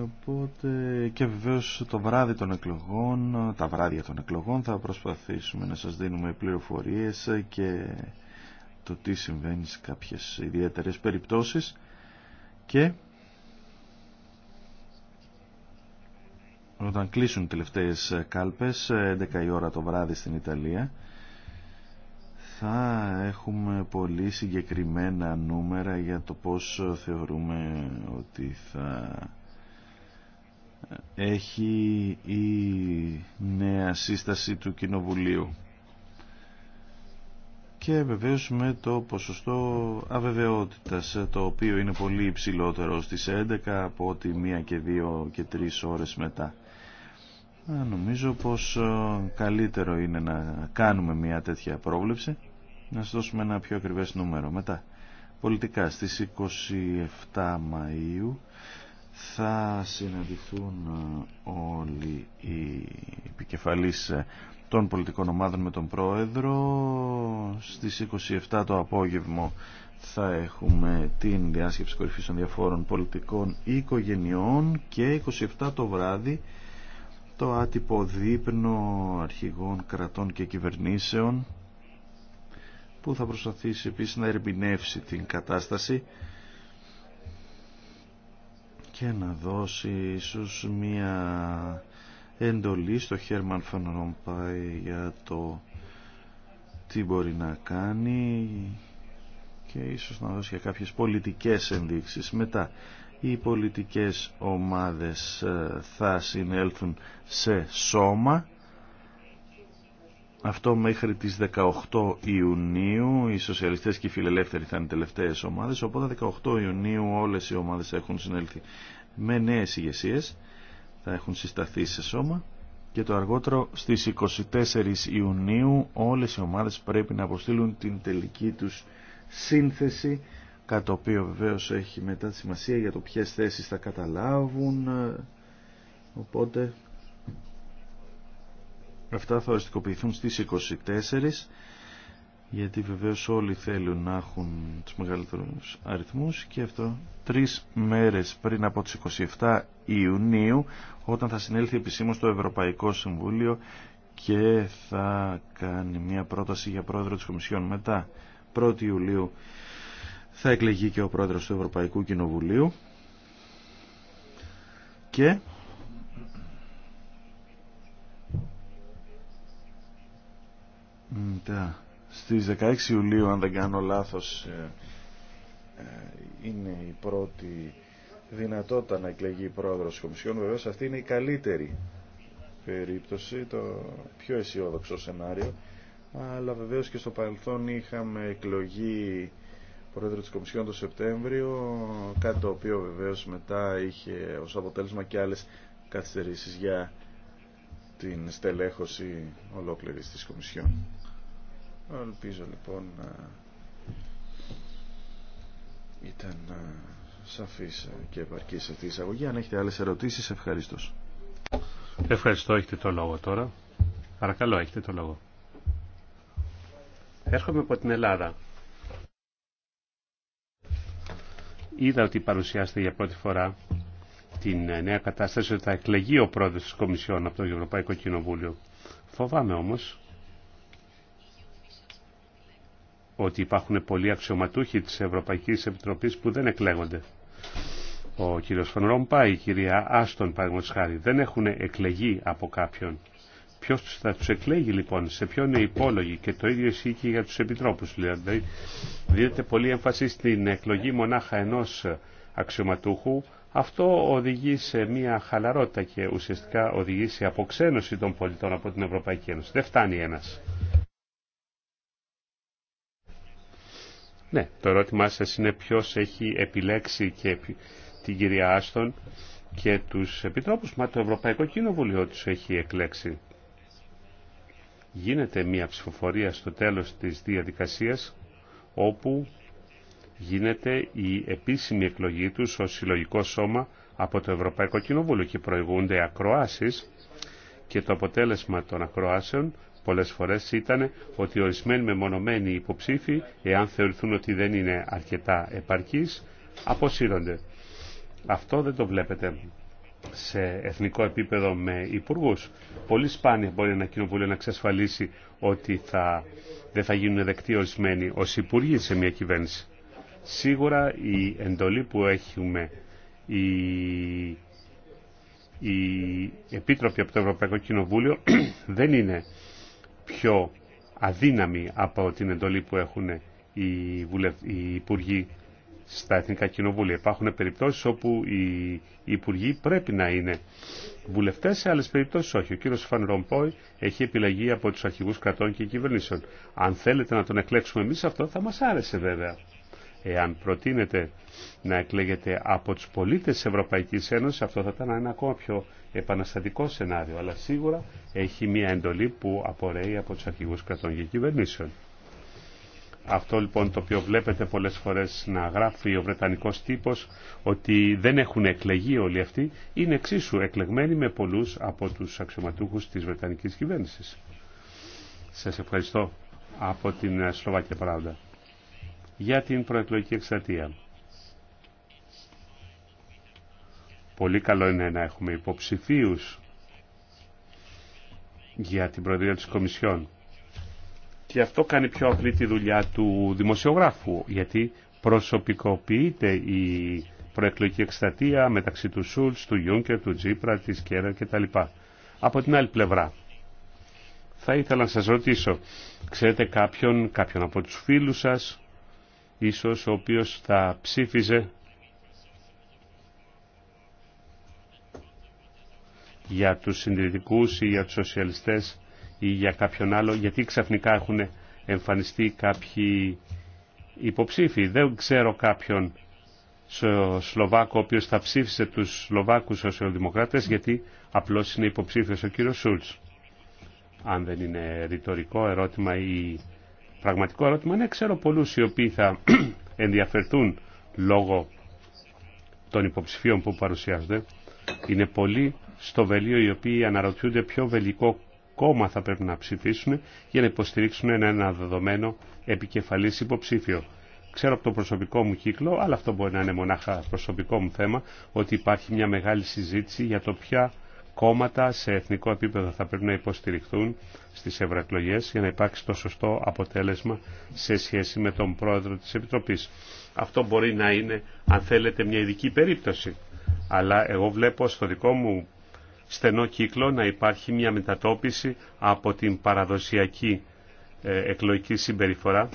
Οπότε και βεβαίως το βράδυ των εκλογών, τα βράδια των εκλογών θα προσπαθήσουμε να σας δίνουμε πληροφορίες και το τι συμβαίνει σε κάποιες ιδιαίτερες περιπτώσεις και όταν κλείσουν οι τελευταίες κάλπες 11 η ώρα το βράδυ στην Ιταλία θα έχουμε πολύ συγκεκριμένα νούμερα για το πώς θεωρούμε ότι θα έχει η νέα σύσταση του Κοινοβουλίου και βεβαίως με το ποσοστό αβεβαιότητας το οποίο είναι πολύ υψηλότερο στις 11 από ότι μία και 2 και 3 ώρες μετά Νομίζω πως ε, καλύτερο είναι να κάνουμε μια τέτοια πρόβλεψη, να σας δώσουμε ένα πιο ακριβές νούμερο. Μετά, πολιτικά, στις 27 Μαΐου θα συναντηθούν ε, όλοι οι επικεφαλείς ε, των πολιτικών ομάδων με τον Πρόεδρο. Στις 27 το απόγευμα θα έχουμε την διάσκεψη κορυφής των διαφόρων πολιτικών οικογενειών και 27 το βράδυ το άτυπο δείπνο αρχηγών κρατών και κυβερνήσεων που θα προσπαθήσει επίσης να ερμηνεύσει την κατάσταση και να δώσει ίσως μία εντολή στο Χέρμαν Φανρομπάι για το τι μπορεί να κάνει και ίσως να δώσει και κάποιες πολιτικές ενδείξεις. Μετά οι πολιτικές ομάδες ε, θα συνέλθουν σε σώμα. Αυτό μέχρι τις 18 Ιουνίου, οι σοσιαλιστές και οι φιλελεύθεροι θα είναι τελευταίες ομάδες, οπότε 18 Ιουνίου όλες οι ομάδες έχουν συνέλθει με νέες ηγεσίε, θα έχουν συσταθεί σε σώμα και το αργότερο στις 24 Ιουνίου όλες οι ομάδες πρέπει να αποστείλουν την τελική τους σύνθεση κάτι το οποίο βεβαίως έχει μετά τη σημασία για το ποιες θέσεις θα καταλάβουν οπότε αυτά θα οριστικοποιηθούν στις 24 γιατί βεβαίως όλοι θέλουν να έχουν τους μεγαλύτερους αριθμούς και αυτό τρεις μέρες πριν από τις 27 Ιουνίου όταν θα συνέλθει επισήμως το Ευρωπαϊκό Συμβούλιο και θα κάνει μια πρόταση για πρόεδρο της Κομισιόν μετά 1η Ιουλίου θα εκλεγεί και ο πρόεδρος του Ευρωπαϊκού Κοινοβουλίου και στις 16 Ιουλίου αν δεν κάνω λάθος ε, ε, είναι η πρώτη δυνατότητα να εκλεγεί η πρόεδρος της Κομισιόν βεβαίως αυτή είναι η καλύτερη περίπτωση το πιο αισιόδοξο σενάριο αλλά βεβαίως και στο παρελθόν είχαμε εκλογή πρόεδρο της Κομισιόν το Σεπτέμβριο, κάτι το οποίο βεβαίως μετά είχε ως αποτέλεσμα και άλλες καθυστερήσεις για την στελέχωση ολόκληρης της Κομισιόν. Ελπίζω λοιπόν να ήταν ε, σαφής και επαρκής αυτή η εισαγωγή. Αν έχετε άλλες
ερωτήσεις, ευχαριστώ. Ευχαριστώ, έχετε το λόγο τώρα. Παρακαλώ, έχετε το λόγο. Έρχομαι από την Ελλάδα. είδα ότι παρουσιάστηκε για πρώτη φορά την ε, νέα κατάσταση ότι θα εκλεγεί ο πρόεδρος της Κομισιόν από το Ευρωπαϊκό Κοινοβούλιο. Φοβάμαι όμως ότι υπάρχουν πολλοί αξιωματούχοι της Ευρωπαϊκής Επιτροπής που δεν εκλέγονται. Ο κύριος Φανρόμπα, η κυρία Άστον, παραδείγματος χάρη, δεν έχουν εκλεγεί από κάποιον. Ποιο θα του εκλέγει λοιπόν, σε ποιον είναι υπόλογοι και το ίδιο ισχύει και για του επιτρόπου. Δηλαδή, δίνεται πολύ έμφαση στην εκλογή μονάχα ενό αξιωματούχου. Αυτό οδηγεί σε μια χαλαρότητα και ουσιαστικά οδηγεί σε αποξένωση των πολιτών από την Ευρωπαϊκή Ένωση. Δεν φτάνει ένα. Ναι, το ερώτημά σα είναι ποιο έχει επιλέξει και την κυρία Άστον και τους επιτρόπους, μα το Ευρωπαϊκό Κοινοβουλίο τους έχει εκλέξει γίνεται μια ψηφοφορία στο τέλος της διαδικασίας όπου γίνεται η επίσημη εκλογή τους ως συλλογικό σώμα από το Ευρωπαϊκό Κοινοβούλιο και προηγούνται ακροάσεις και το αποτέλεσμα των ακροάσεων πολλές φορές ήταν ότι ορισμένοι μεμονωμένοι υποψήφοι, εάν θεωρηθούν ότι δεν είναι αρκετά επαρκείς, αποσύρονται. Αυτό δεν το βλέπετε σε εθνικό επίπεδο με υπουργού. Πολύ σπάνια μπορεί ένα κοινοβούλιο να εξασφαλίσει ότι θα, δεν θα γίνουν δεκτοί ορισμένοι ω υπουργοί σε μια κυβέρνηση. Σίγουρα η εντολή που έχουμε οι, η επίτροποι από το Ευρωπαϊκό Κοινοβούλιο δεν είναι πιο αδύναμη από την εντολή που έχουν οι, οι υπουργοί στα Εθνικά Κοινοβούλια. Υπάρχουν περιπτώσεις όπου οι υπουργοί πρέπει να είναι βουλευτές, σε άλλες περιπτώσεις όχι. Ο κύριος Φαν Ρομπόι έχει επιλεγεί από τους αρχηγούς κρατών και κυβερνήσεων. Αν θέλετε να τον εκλέξουμε εμείς αυτό θα μας άρεσε βέβαια. Εάν προτείνετε να εκλέγετε από τους πολίτες της Ευρωπαϊκής Ένωσης, αυτό θα ήταν ένα ακόμα πιο επαναστατικό σενάριο, αλλά σίγουρα έχει μια εντολή που απορρέει από τους αρχηγούς κρατών και κυβερνήσεων. Αυτό λοιπόν το οποίο βλέπετε πολλές φορές να γράφει ο Βρετανικός τύπος ότι δεν έχουν εκλεγεί όλοι αυτοί είναι εξίσου εκλεγμένοι με πολλούς από τους αξιωματούχους της Βρετανικής κυβέρνησης. Σας ευχαριστώ από την Σλοβάκια Πράγοντα για την προεκλογική εξαρτία. Πολύ καλό είναι να έχουμε υποψηφίους για την Προεδρία της Κομισιόν και αυτό κάνει πιο απλή τη δουλειά του δημοσιογράφου, γιατί προσωπικοποιείται η προεκλογική εκστατεία μεταξύ του Σούλτς, του Γιούνκερ, του Τζίπρα, της Κέρα κτλ. Από την άλλη πλευρά, θα ήθελα να σας ρωτήσω, ξέρετε κάποιον, κάποιον από τους φίλους σας, ίσως ο οποίος θα ψήφιζε για τους συντηρητικούς ή για τους σοσιαλιστές ή για κάποιον άλλο, γιατί ξαφνικά έχουν εμφανιστεί κάποιοι υποψήφοι. Δεν ξέρω κάποιον Σλοβάκο ο οποίος θα ψήφισε τους Σλοβάκους σοσιαλδημοκράτες γιατί απλώς είναι υποψήφιος ο κύριος Σούλτς. Αν δεν είναι ρητορικό ερώτημα ή πραγματικό ερώτημα, ναι, ξέρω πολλούς οι οποίοι θα ενδιαφερθούν λόγω των υποψηφίων που παρουσιάζονται. Είναι πολλοί στο βελίο οι οποίοι αναρωτιούνται ποιο βελικό κόμμα θα πρέπει να ψηφίσουν για να υποστηρίξουν ένα, δεδομένο επικεφαλής υποψήφιο. Ξέρω από το προσωπικό μου κύκλο, αλλά αυτό μπορεί να είναι μονάχα προσωπικό μου θέμα, ότι υπάρχει μια μεγάλη συζήτηση για το ποια κόμματα σε εθνικό επίπεδο θα πρέπει να υποστηριχθούν στις ευρωεκλογέ για να υπάρξει το σωστό αποτέλεσμα σε σχέση με τον πρόεδρο της Επιτροπής. Αυτό μπορεί να είναι, αν θέλετε, μια ειδική περίπτωση. Αλλά εγώ βλέπω στο δικό μου στενό κύκλο να υπάρχει μια μετατόπιση από την παραδοσιακή ε, εκλογική συμπεριφορά.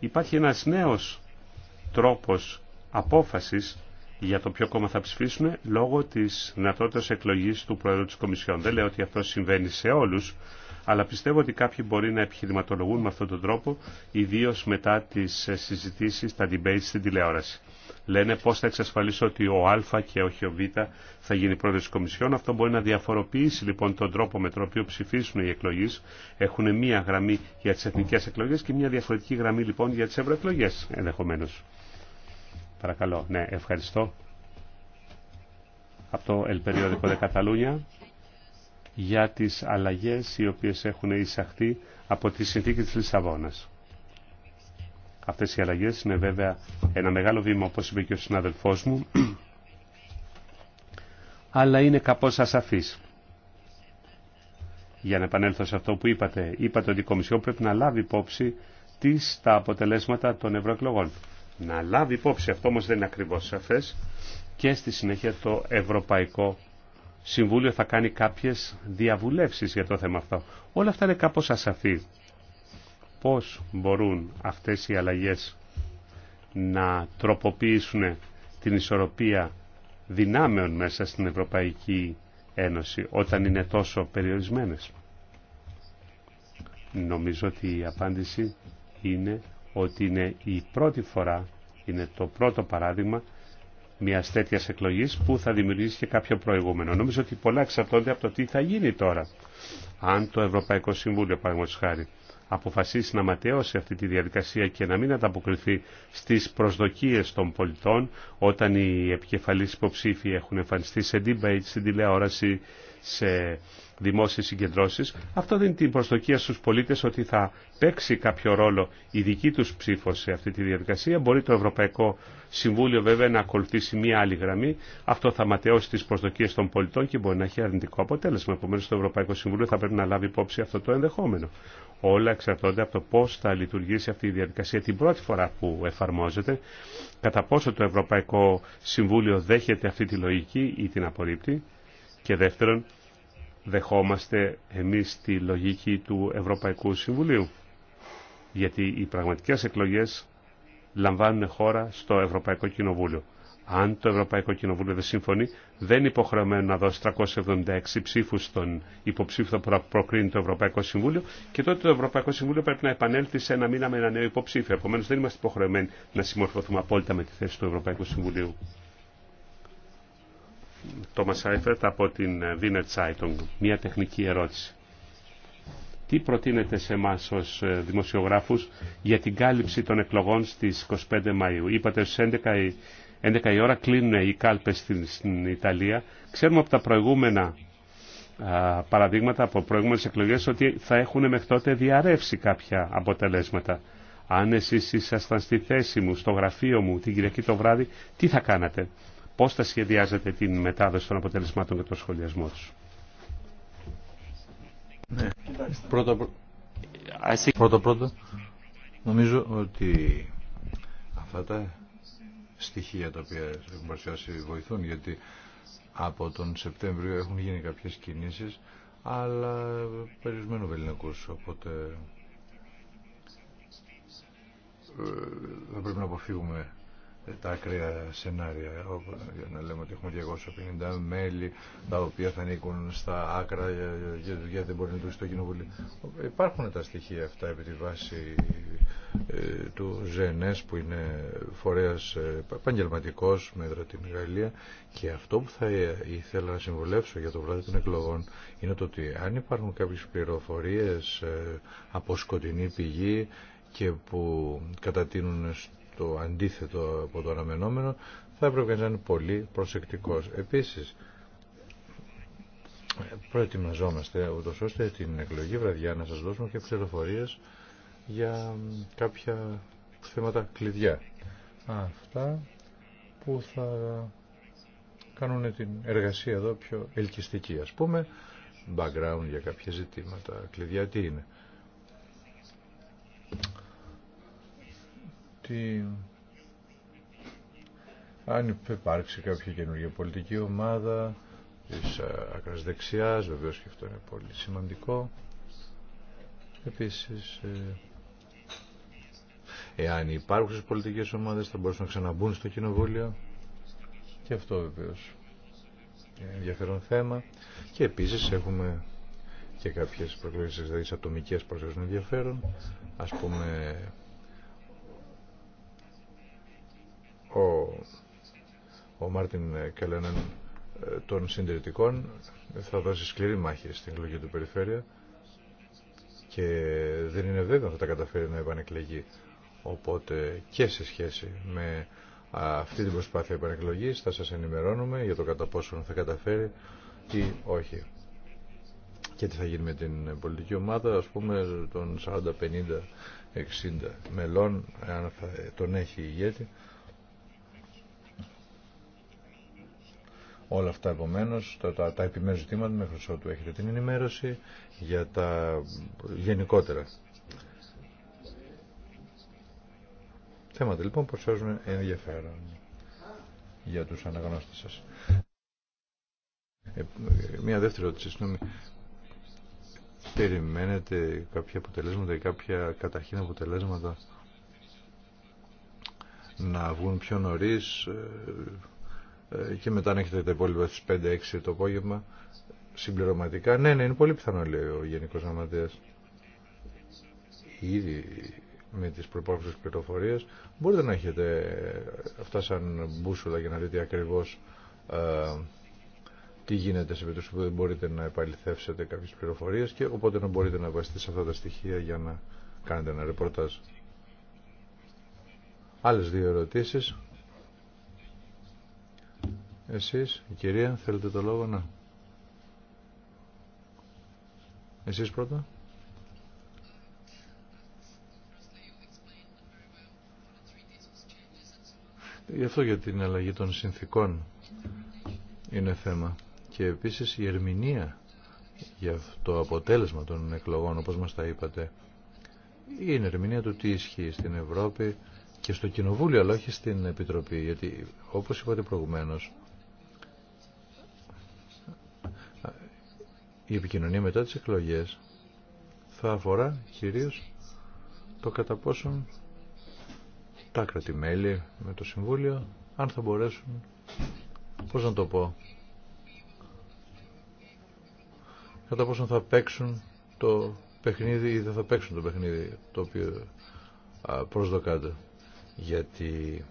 Υπάρχει ένας νέος τρόπος απόφασης για το ποιο κόμμα θα ψηφίσουν λόγω της δυνατότητα εκλογής του Προέδρου της Κομισιόν. Δεν λέω ότι αυτό συμβαίνει σε όλους, αλλά πιστεύω ότι κάποιοι μπορεί να επιχειρηματολογούν με αυτόν τον τρόπο, ιδίως μετά τις ε, συζητήσεις, τα debates στην τηλεόραση λένε πώς θα εξασφαλίσω ότι ο Α και όχι ο Β θα γίνει πρόεδρος της Κομισιόν. Αυτό μπορεί να διαφοροποιήσει λοιπόν τον τρόπο με τον οποίο ψηφίσουν οι εκλογείς. Έχουν μία γραμμή για τις εθνικές εκλογές και μία διαφορετική γραμμή λοιπόν για τις ευρωεκλογές ενδεχομένως. Παρακαλώ. Ναι, ευχαριστώ. Από το Ελπεριόδικο καταλούνια για τις αλλαγές οι οποίες έχουν εισαχθεί από τη συνθήκη της Λισαβόνας. Αυτές οι αλλαγές είναι βέβαια ένα μεγάλο βήμα, όπως είπε και ο συναδελφός μου, αλλά είναι κάπως ασαφής. Για να επανέλθω σε αυτό που είπατε, είπατε ότι η Κομισιό πρέπει να λάβει υπόψη τις τα αποτελέσματα των ευρωεκλογών. Να λάβει υπόψη, αυτό όμως δεν είναι ακριβώς σαφές, και στη συνέχεια το Ευρωπαϊκό Συμβούλιο θα κάνει κάποιες διαβουλεύσεις για το θέμα αυτό. Όλα αυτά είναι κάπως ασαφή πώς μπορούν αυτές οι αλλαγές να τροποποιήσουν την ισορροπία δυνάμεων μέσα στην Ευρωπαϊκή Ένωση όταν είναι τόσο περιορισμένες. Νομίζω ότι η απάντηση είναι ότι είναι η πρώτη φορά, είναι το πρώτο παράδειγμα μια τέτοια εκλογή που θα δημιουργήσει και κάποιο προηγούμενο. Νομίζω ότι πολλά εξαρτώνται από το τι θα γίνει τώρα. Αν το Ευρωπαϊκό Συμβούλιο, παραδείγματο χάρη, αποφασίσει να ματαιώσει αυτή τη διαδικασία και να μην ανταποκριθεί στις προσδοκίες των πολιτών όταν οι επικεφαλείς υποψήφοι έχουν εμφανιστεί σε debate, στην τηλεόραση, σε δημόσιες συγκεντρώσεις. Αυτό δίνει την προσδοκία στους πολίτες ότι θα παίξει κάποιο ρόλο η δική τους ψήφος σε αυτή τη διαδικασία. Μπορεί το Ευρωπαϊκό Συμβούλιο βέβαια να ακολουθήσει μία άλλη γραμμή. Αυτό θα ματαιώσει τις προσδοκίες των πολιτών και μπορεί να έχει αρνητικό αποτέλεσμα. Επομένω, το Ευρωπαϊκό Συμβούλιο θα πρέπει να λάβει υπόψη αυτό το ενδεχόμενο. Όλα εξαρτώνται από το πώ θα λειτουργήσει αυτή η διαδικασία την πρώτη φορά που εφαρμόζεται, κατά πόσο το Ευρωπαϊκό Συμβούλιο δέχεται αυτή τη λογική ή την απορρίπτει και δεύτερον, δεχόμαστε εμείς τη λογική του Ευρωπαϊκού Συμβουλίου. Γιατί οι πραγματικές εκλογές λαμβάνουν χώρα στο Ευρωπαϊκό Κοινοβούλιο αν το Ευρωπαϊκό Κοινοβούλιο δεν συμφωνεί, δεν είναι υποχρεωμένο να δώσει 376 ψήφου στον υποψήφιο που προκρίνει το Ευρωπαϊκό Συμβούλιο και τότε το Ευρωπαϊκό Συμβούλιο πρέπει να επανέλθει σε ένα μήνα με ένα νέο υποψήφιο. Επομένω δεν είμαστε υποχρεωμένοι να συμμορφωθούμε απόλυτα με τη θέση του Ευρωπαϊκού Συμβουλίου. Τόμα Άιφερτ από την ε, Wiener Zeitung. Μία τεχνική ερώτηση. Τι προτείνετε σε εμά ω ε, δημοσιογράφου για την κάλυψη των εκλογών στι 25 Μαου. Είπατε στι 11 11 η ώρα κλείνουν οι κάλπες στην, Ιταλία. Ξέρουμε από τα προηγούμενα παραδείγματα, από προηγούμενες εκλογές, ότι θα έχουν μέχρι τότε διαρρεύσει κάποια αποτελέσματα. Αν εσείς ήσασταν στη θέση μου, στο γραφείο μου, την Κυριακή το βράδυ, τι θα κάνατε. Πώς θα σχεδιάζετε την μετάδοση των αποτελεσμάτων και τον σχολιασμό τους.
Ναι. νομίζω ότι αυτά τα στοιχεία τα οποία έχουν παρουσιάσει βοηθούν γιατί από τον Σεπτέμβριο έχουν γίνει κάποιες κινήσεις αλλά περιορισμένου βεληνικούς οπότε ε, θα πρέπει να αποφύγουμε τα ακραία σενάρια. Για να λέμε ότι έχουμε 250 μέλη τα οποία θα ανήκουν στα άκρα γιατί δεν μπορεί να λειτουργήσει το κοινοβούλιο. Υπάρχουν τα στοιχεία αυτά επί τη βάση ε, του ΖΕΝΕΣ που είναι φορέας ε, επαγγελματικό με τη Γαλλία και αυτό που θα ήθελα να συμβουλεύσω για το βράδυ των εκλογών είναι το ότι αν υπάρχουν κάποιες πληροφορίες ε, από σκοτεινή πηγή και που κατατείνουν το αντίθετο από το αναμενόμενο, θα έπρεπε να είναι πολύ προσεκτικός. Επίσης, προετοιμαζόμαστε ούτως ώστε την εκλογή βραδιά να σας δώσουμε και πληροφορίες για κάποια θέματα κλειδιά. Αυτά που θα κάνουν την εργασία εδώ πιο ελκυστική. Ας πούμε, background για κάποια ζητήματα. Κλειδιά τι είναι. ότι αν υπάρξει κάποια καινούργια πολιτική ομάδα της ε, άκρας δεξιάς, βεβαίως και αυτό είναι πολύ σημαντικό. Επίσης, ε, εάν υπάρχουν πολιτικές ομάδες θα μπορούσαν να ξαναμπούν στο κοινοβούλιο και αυτό βεβαίως είναι ενδιαφέρον θέμα και επίσης έχουμε και κάποιες προκλήσεις δηλαδή ατομικές προσέξεων ενδιαφέρον ας πούμε ο, ο Μάρτιν Κελέναν ε, των συντηρητικών θα δώσει σκληρή μάχη στην εκλογή του περιφέρεια και δεν είναι βέβαιο να τα καταφέρει να επανεκλεγεί. Οπότε και σε σχέση με αυτή την προσπάθεια επανεκλογής θα σας ενημερώνουμε για το κατά πόσο θα καταφέρει ή όχι. Και τι θα γίνει με την πολιτική ομάδα, ας πούμε, των 40, 50, 60 μελών, αν τον έχει ηγέτη. Όλα αυτά επομένω, τα, τα, τα επιμέρου ζητήματα μέχρι ότου έχετε την ενημέρωση για τα γενικότερα. Θέματα λοιπόν προσφέρουν ενδιαφέρον για τους αναγνώστες σας. Ε, μία δεύτερη ερώτηση, συγγνώμη. Περιμένετε κάποια αποτελέσματα ή κάποια καταρχήν αποτελέσματα να βγουν πιο νωρίς, ε, ε, και μετά να έχετε τα υπόλοιπα στις 5-6 το απόγευμα συμπληρωματικά. Ναι, ναι, είναι πολύ πιθανό λέει ο Γενικός Γραμματέας. Ήδη με τις προπάρχουσες πληροφορίες μπορείτε να έχετε αυτά σαν μπούσουλα για να δείτε ακριβώς ε, τι γίνεται σε περίπτωση που δεν μπορείτε να επαληθεύσετε κάποιες πληροφορίες και οπότε να μπορείτε να βασίσετε σε αυτά τα στοιχεία για να κάνετε ένα ρεπορτάζ. Άλλες δύο ερωτήσεις. Εσείς, η κυρία, θέλετε το λόγο να. Εσείς πρώτα. Γι' αυτό για την αλλαγή των συνθήκων είναι θέμα. Και επίσης η ερμηνεία για το αποτέλεσμα των εκλογών, όπως μας τα είπατε, είναι ερμηνεία του τι ισχύει στην Ευρώπη και στο Κοινοβούλιο, αλλά όχι στην Επιτροπή. Γιατί, όπως είπατε προηγουμένως, η επικοινωνία μετά τις εκλογές θα αφορά κυρίως το κατά πόσον τα κρατημέλη με το Συμβούλιο αν θα μπορέσουν πώς να το πω κατά πόσον θα παίξουν το παιχνίδι ή δεν θα παίξουν το παιχνίδι το οποίο προσδοκάται γιατί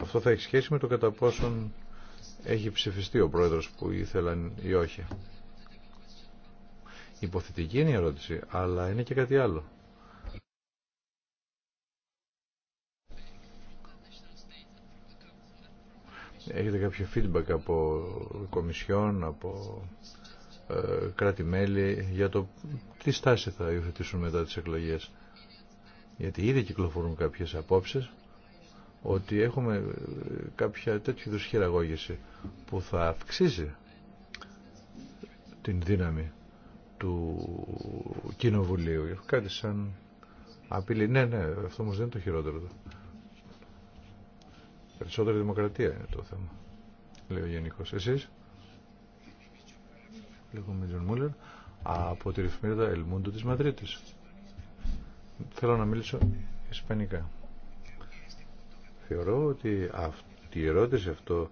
αυτό θα έχει σχέση με το κατά πόσον έχει ψηφιστεί ο πρόεδρος που ήθελαν ή όχι. Υποθετική είναι η ερώτηση, αλλά είναι και κάτι άλλο. Έχετε κάποιο feedback από κομισιόν, από ε, κράτη-μέλη για το τι στάση θα υιοθετήσουν μετά τις εκλογές. Γιατί ήδη κυκλοφορούν κάποιες απόψεις ότι έχουμε ε, κάποια τέτοιου είδους χειραγώγηση που θα αυξήσει την δύναμη του Κοινοβουλίου. Κάτι σαν απειλή. Ναι, ναι, αυτό όμω δεν είναι το χειρότερο. Περισσότερη δημοκρατία είναι το θέμα, Λέω ο εσεί Εσείς, λέγω με Μούλερ, από τη ρυθμίδα Ελμούντο τη Μαδρίτη. Θέλω να μιλήσω ισπανικά. Θεωρώ ότι αυτή η ερώτηση αυτό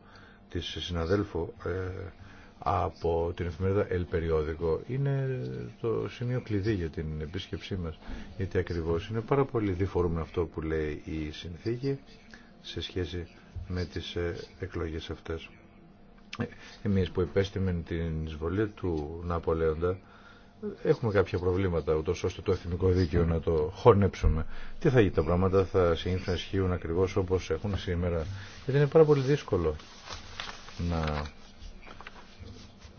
της συναδέλφου ε, από την εφημερίδα El Periódico. Είναι το σημείο κλειδί για την επίσκεψή μας, γιατί ακριβώς είναι πάρα πολύ διφορούμενο αυτό που λέει η συνθήκη σε σχέση με τις ε, εκλογές αυτές. Ε, εμείς που υπέστημεν την εισβολή του Ναπολέοντα, έχουμε κάποια προβλήματα, ούτω ώστε το εθνικό δίκαιο να το χωνέψουμε. Τι θα γίνει τα πράγματα, θα συνήθω ισχύουν ακριβώ όπω έχουν σήμερα. Γιατί είναι πάρα πολύ δύσκολο να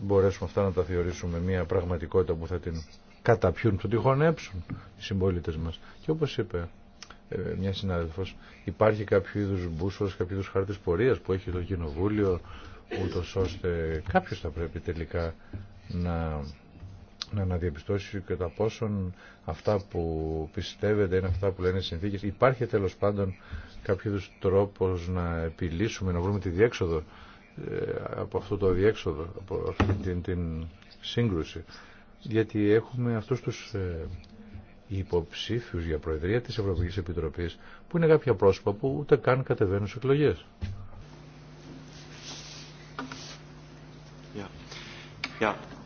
μπορέσουμε αυτά να τα θεωρήσουμε μια πραγματικότητα που θα την καταπιούν, που την χωνέψουν οι συμπολίτε μα. Και όπω είπε ε, μια συνάδελφος, υπάρχει κάποιο είδου μπούσουλα, κάποιο είδου χάρτη πορείας που έχει το κοινοβούλιο, ούτω ώστε κάποιο θα πρέπει τελικά να, να αναδιαπιστώσει κατά πόσον αυτά που πιστεύετε είναι αυτά που λένε οι συνθήκες. Υπάρχει τέλος πάντων κάποιο είδους τρόπος να επιλύσουμε, να βρούμε τη διέξοδο ε, από αυτό το διέξοδο, από αυτή την, την σύγκρουση. Γιατί έχουμε αυτούς τους ε, υποψήφιους για Προεδρία της Ευρωπαϊκής Επιτροπής που είναι κάποια πρόσωπα που ούτε καν κατεβαίνουν σε εκλογές.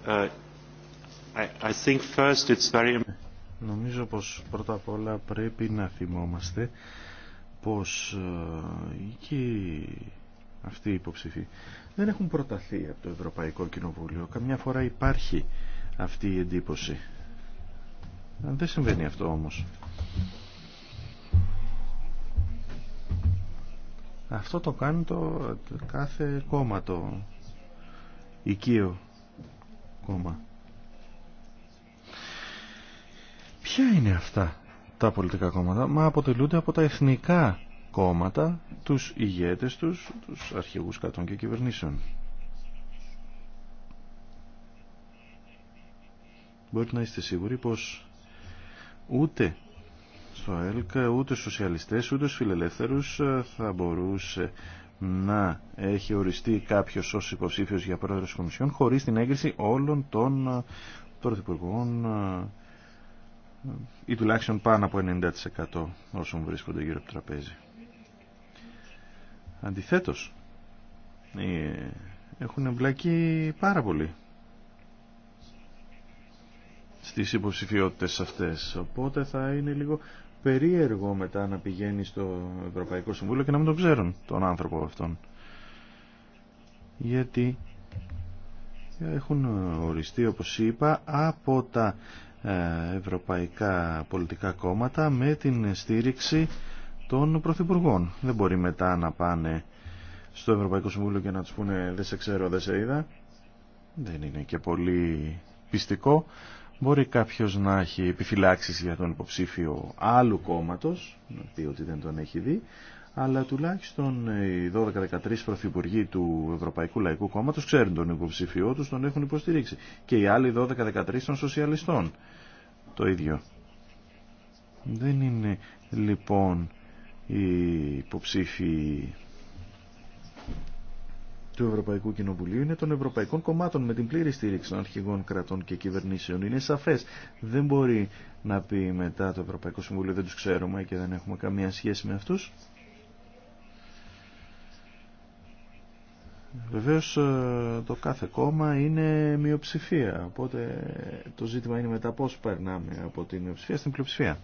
Uh, I, think first it's very...
Νομίζω πως πρώτα απ' όλα πρέπει να θυμόμαστε πως εκεί αυτοί οι υποψηφοί δεν έχουν προταθεί από το Ευρωπαϊκό Κοινοβούλιο. Καμιά φορά υπάρχει αυτή η εντύπωση. Ε, δεν συμβαίνει αυτό όμως. Αυτό το κάνει το, κάθε κόμμα το οικείο κόμμα. Ποια είναι αυτά τα πολιτικά κόμματα, μα αποτελούνται από τα εθνικά κόμματα, τους ηγέτες τους, τους αρχηγούς κατών και κυβερνήσεων. Μπορείτε να είστε σίγουροι πως ούτε στο ΕΛΚΑ, ούτε στους σοσιαλιστές, ούτε στους φιλελεύθερους ε, θα μπορούσε να έχει οριστεί κάποιος ως υποψήφιος για πρόεδρος της χωρίς την έγκριση όλων των ε, πρωθυπουργών ε, ή τουλάχιστον πάνω από 90% όσων βρίσκονται γύρω από το τραπέζι. Αντιθέτως, ε, έχουν εμπλακεί πάρα πολύ στις υποψηφιότητες αυτές. Οπότε θα είναι λίγο περίεργο μετά να πηγαίνει στο Ευρωπαϊκό Συμβούλιο και να μην τον ξέρουν τον άνθρωπο αυτόν. Γιατί έχουν οριστεί, όπως είπα, από τα ε, ευρωπαϊκά πολιτικά κόμματα με την στήριξη των Πρωθυπουργών. Δεν μπορεί μετά να πάνε στο Ευρωπαϊκό Συμβούλιο και να τους πούνε δεν σε ξέρω, δεν σε είδα. Δεν είναι και πολύ πιστικό. Μπορεί κάποιος να έχει επιφυλάξεις για τον υποψήφιο άλλου κόμματος, να πει ότι δεν τον έχει δει, αλλά τουλάχιστον οι 12-13 πρωθυπουργοί του Ευρωπαϊκού Λαϊκού Κόμματος ξέρουν τον υποψηφιό τους, τον έχουν υποστηρίξει. Και οι άλλοι 12-13 των σοσιαλιστών. Το ίδιο. Δεν είναι λοιπόν οι υποψήφοι του Ευρωπαϊκού Κοινοβουλίου είναι των Ευρωπαϊκών Κομμάτων με την πλήρη στήριξη των αρχηγών κρατών και κυβερνήσεων. Είναι σαφές. Δεν μπορεί να πει μετά το Ευρωπαϊκό Συμβούλιο δεν τους ξέρουμε και δεν έχουμε καμία σχέση με αυτούς. Βεβαίως ε, το κάθε κόμμα είναι μειοψηφία, οπότε το ζήτημα είναι μετά πώς περνάμε από την μειοψηφία στην πλειοψηφία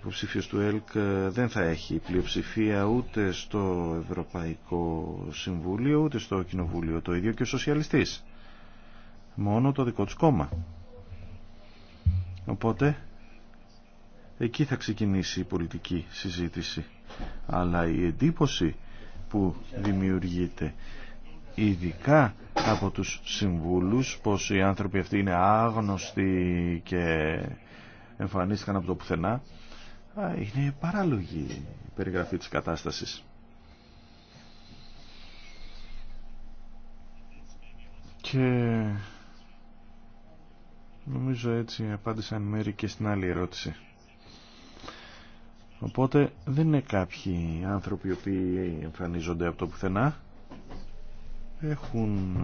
υποψήφιος του ΕΛΚ ε, δεν θα έχει πλειοψηφία ούτε στο Ευρωπαϊκό Συμβούλιο ούτε στο Κοινοβούλιο το ίδιο και ο Σοσιαλιστής μόνο το δικό του κόμμα οπότε εκεί θα ξεκινήσει η πολιτική συζήτηση αλλά η εντύπωση που δημιουργείται ειδικά από τους συμβούλους πως οι άνθρωποι αυτοί είναι άγνωστοι και εμφανίστηκαν από το πουθενά είναι παράλογη η περιγραφή της κατάστασης. Και νομίζω έτσι απάντησαν μέρη και στην άλλη ερώτηση. Οπότε δεν είναι κάποιοι άνθρωποι οι οποίοι εμφανίζονται από το πουθενά έχουν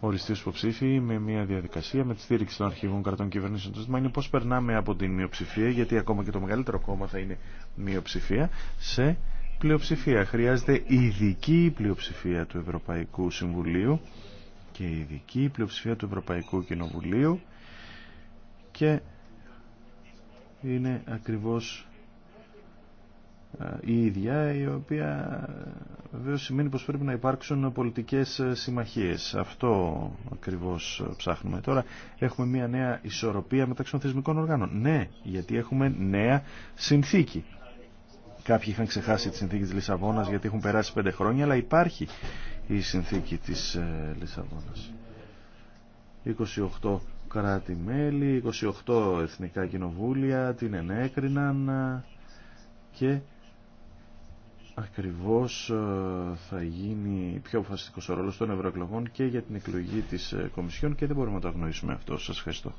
οριστεί ως υποψήφοι με μια διαδικασία με τη στήριξη των αρχηγών κρατών κυβερνήσεων. Το ζήτημα είναι πώς περνάμε από την μειοψηφία, γιατί ακόμα και το μεγαλύτερο κόμμα θα είναι μειοψηφία, σε πλειοψηφία. Χρειάζεται ειδική πλειοψηφία του Ευρωπαϊκού Συμβουλίου και ειδική πλειοψηφία του Ευρωπαϊκού Κοινοβουλίου και είναι ακριβώς η ίδια, η οποία βέβαια σημαίνει πως πρέπει να υπάρξουν πολιτικές συμμαχίες. Αυτό ακριβώς ψάχνουμε. Τώρα έχουμε μια νέα ισορροπία μεταξύ των θεσμικών οργάνων. Ναι, γιατί έχουμε νέα συνθήκη. Κάποιοι είχαν ξεχάσει τη συνθήκη της Λισαβόνας γιατί έχουν περάσει πέντε χρόνια, αλλά υπάρχει η συνθήκη της ε, Λισαβόνας. 28 κράτη-μέλη, 28 εθνικά κοινοβούλια την ενέκριναν ε, και ακριβώς ε, θα γίνει πιο αποφασιστικό ο ρόλος των ευρωεκλογών και για την εκλογή της ε, Κομισιόν και δεν μπορούμε να το αγνοήσουμε αυτό. Σας ευχαριστώ.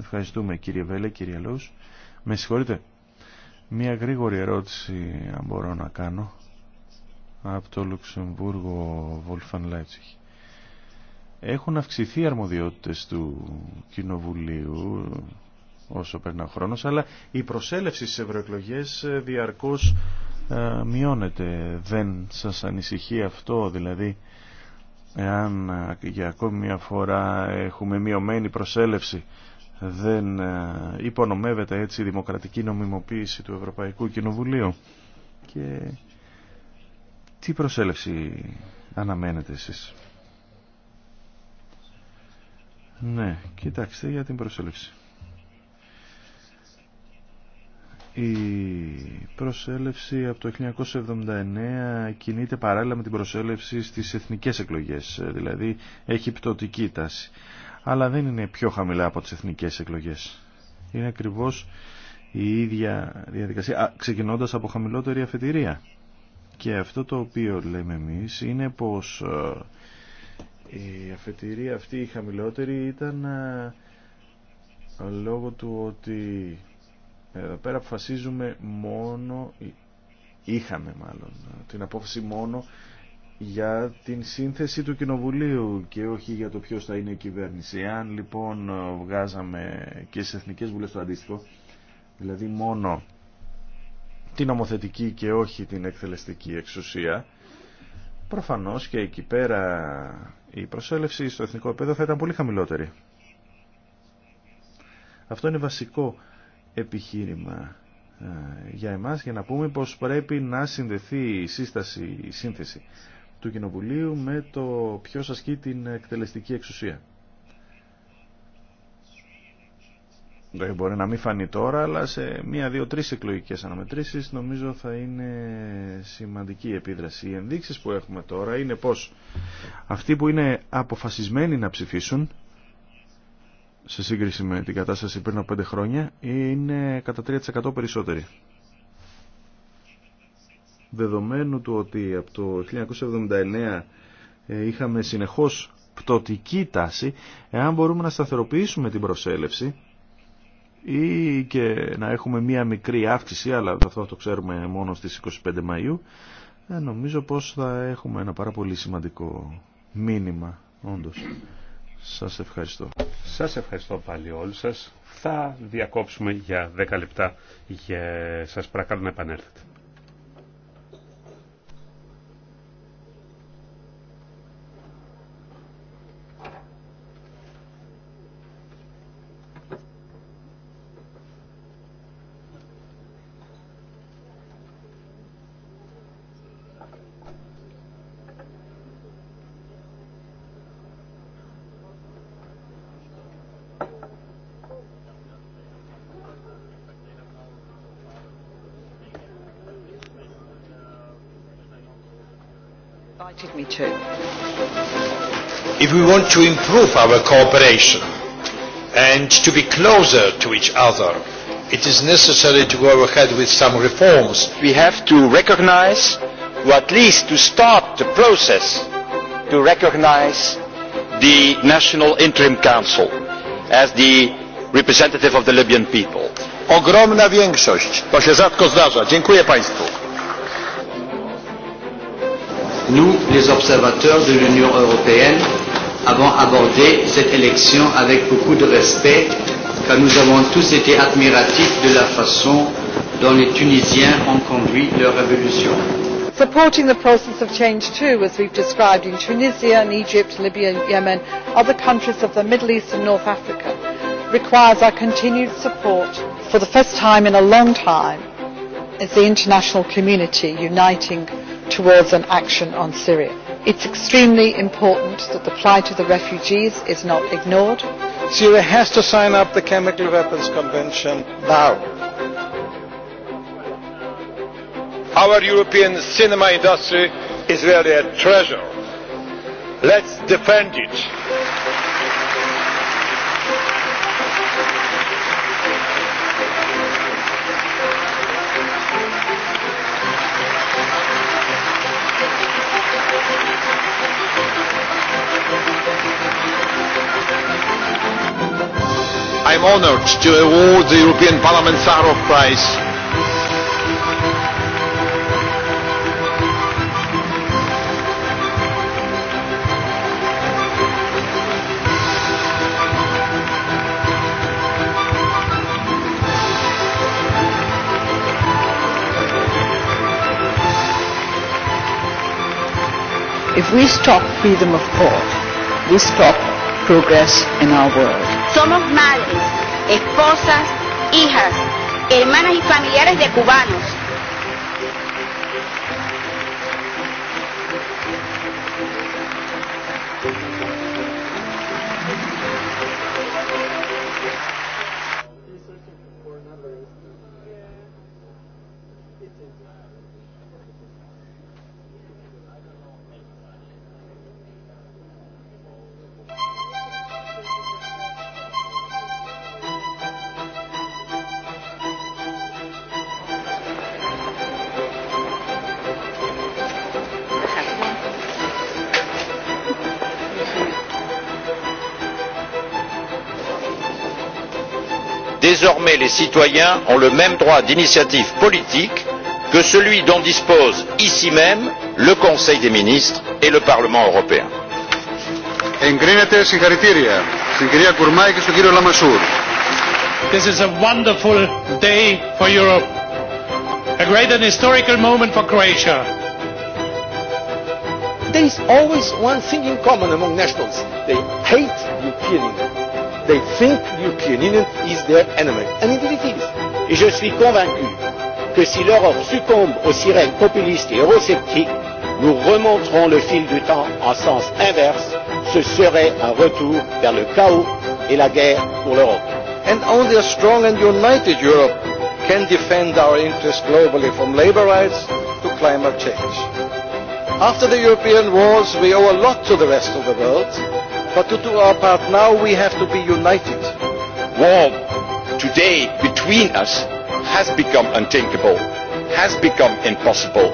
Ευχαριστούμε κύριε Βέλε, κύριε Λούς. Με συγχωρείτε. Μία γρήγορη ερώτηση αν μπορώ να κάνω από το Λουξεμβούργο Βολφαν Λάιτσιχ. Έχουν αυξηθεί οι αρμοδιότητες του Κοινοβουλίου όσο περνά ο χρόνος, αλλά η προσέλευση στις ευρωεκλογές ε, διαρκώ. Ε, μειώνεται. Δεν σας ανησυχεί αυτό, δηλαδή, εάν ε, για ακόμη μια φορά έχουμε μειωμένη προσέλευση, δεν ε, υπονομεύεται έτσι η δημοκρατική νομιμοποίηση του Ευρωπαϊκού Κοινοβουλίου. Και τι προσέλευση αναμένετε εσείς. Ναι, κοιτάξτε για την προσέλευση. Η προσέλευση από το 1979 κινείται παράλληλα με την προσέλευση στις εθνικές εκλογές, δηλαδή έχει πτωτική τάση. Αλλά δεν είναι πιο χαμηλά από τις εθνικές εκλογές. Είναι ακριβώς η ίδια διαδικασία, ξεκινώντας από χαμηλότερη αφετηρία. Και αυτό το οποίο λέμε εμείς είναι πως ε, η αφετηρία αυτή η χαμηλότερη ήταν ε, λόγω του ότι εδώ πέρα αποφασίζουμε μόνο, είχαμε μάλλον, την απόφαση μόνο για την σύνθεση του Κοινοβουλίου και όχι για το ποιος θα είναι η κυβέρνηση. Αν λοιπόν βγάζαμε και στις Εθνικές Βουλές το αντίστοιχο, δηλαδή μόνο την ομοθετική και όχι την εκτελεστική εξουσία, προφανώς και εκεί πέρα η προσέλευση στο εθνικό επίπεδο θα ήταν πολύ χαμηλότερη. Αυτό είναι βασικό επιχείρημα ε, για εμάς για να πούμε πως πρέπει να συνδεθεί η σύσταση, η σύνθεση του Κοινοβουλίου με το ποιος ασκεί την εκτελεστική εξουσία. Δεν μπορεί να μην φανεί τώρα, αλλά σε μία, δύο, τρεις εκλογικές αναμετρήσεις νομίζω θα είναι σημαντική η επίδραση. Οι ενδείξεις που έχουμε τώρα είναι πως αυτοί που είναι αποφασισμένοι να ψηφίσουν σε σύγκριση με την κατάσταση πριν από 5 χρόνια είναι κατά 3% περισσότεροι. Δεδομένου του ότι από το 1979 ε, είχαμε συνεχώς πτωτική τάση, εάν μπορούμε να σταθεροποιήσουμε την προσέλευση ή και να έχουμε μία μικρή αύξηση, αλλά αυτό το ξέρουμε μόνο στις 25 Μαΐου, ε, νομίζω πως θα έχουμε ένα πάρα πολύ σημαντικό μήνυμα, όντως. Σας ευχαριστώ.
Σας ευχαριστώ πάλι όλους σας. Θα διακόψουμε για 10 λεπτά. Για... Σας παρακαλώ να επανέλθετε.
want to improve our cooperation and to be closer to each other, it is necessary to go ahead with some reforms. We have to recognize, or at least to start the process, to recognize the National Interim Council as the representative of the Libyan people. Ogromna większość. To się rzadko zdarza. Dziękuję Państwu.
Nous, les observateurs de l'Union européenne, avons abordé cette élection avec beaucoup de respect, car nous avons tous été admiratifs de la façon dont les Tunisiens ont conduit leur révolution. Supporting the process of change too, as we've described in Tunisia and Egypt, Libya and Yemen, other countries of the Middle East and North Africa, requires our continued support for the first time in a long time as the international community uniting towards an action on Syria. It is extremely important that the plight of the refugees is not ignored.
Syria has to sign up the Chemical
Weapons Convention now. Our European cinema industry is really a treasure. Let's
defend it. I am honoured to award the European Parliament Sakharov Prize
If we stop freedom of thought, we stop progress in our world.
Somos madres, esposas, hijas, hermanas y familiares de cubanos
désormais les citoyens ont le même droit d'initiative politique que celui dont disposent ici même le Conseil des ministres et le Parlement européen.
This is a wonderful day for Europe, a great and historical moment for Croatia. There is always one thing in common among nationals. They hate European Union. They think the European Union is
their
enemy. And indeed it is. Et je suis convaincu que si l'Europe succombe aux sirènes populistes et eurosceptiques, nous remonterons le fil du temps en sens inverse. Ce serait un retour vers le chaos et la guerre pour l'Europe. And only
a strong and united Europe can defend our interests globally from labor rights to climate change. After the European wars, we owe a lot to the rest of the
world But to do our part now, we have to be united. War today between us has become unthinkable, has become impossible,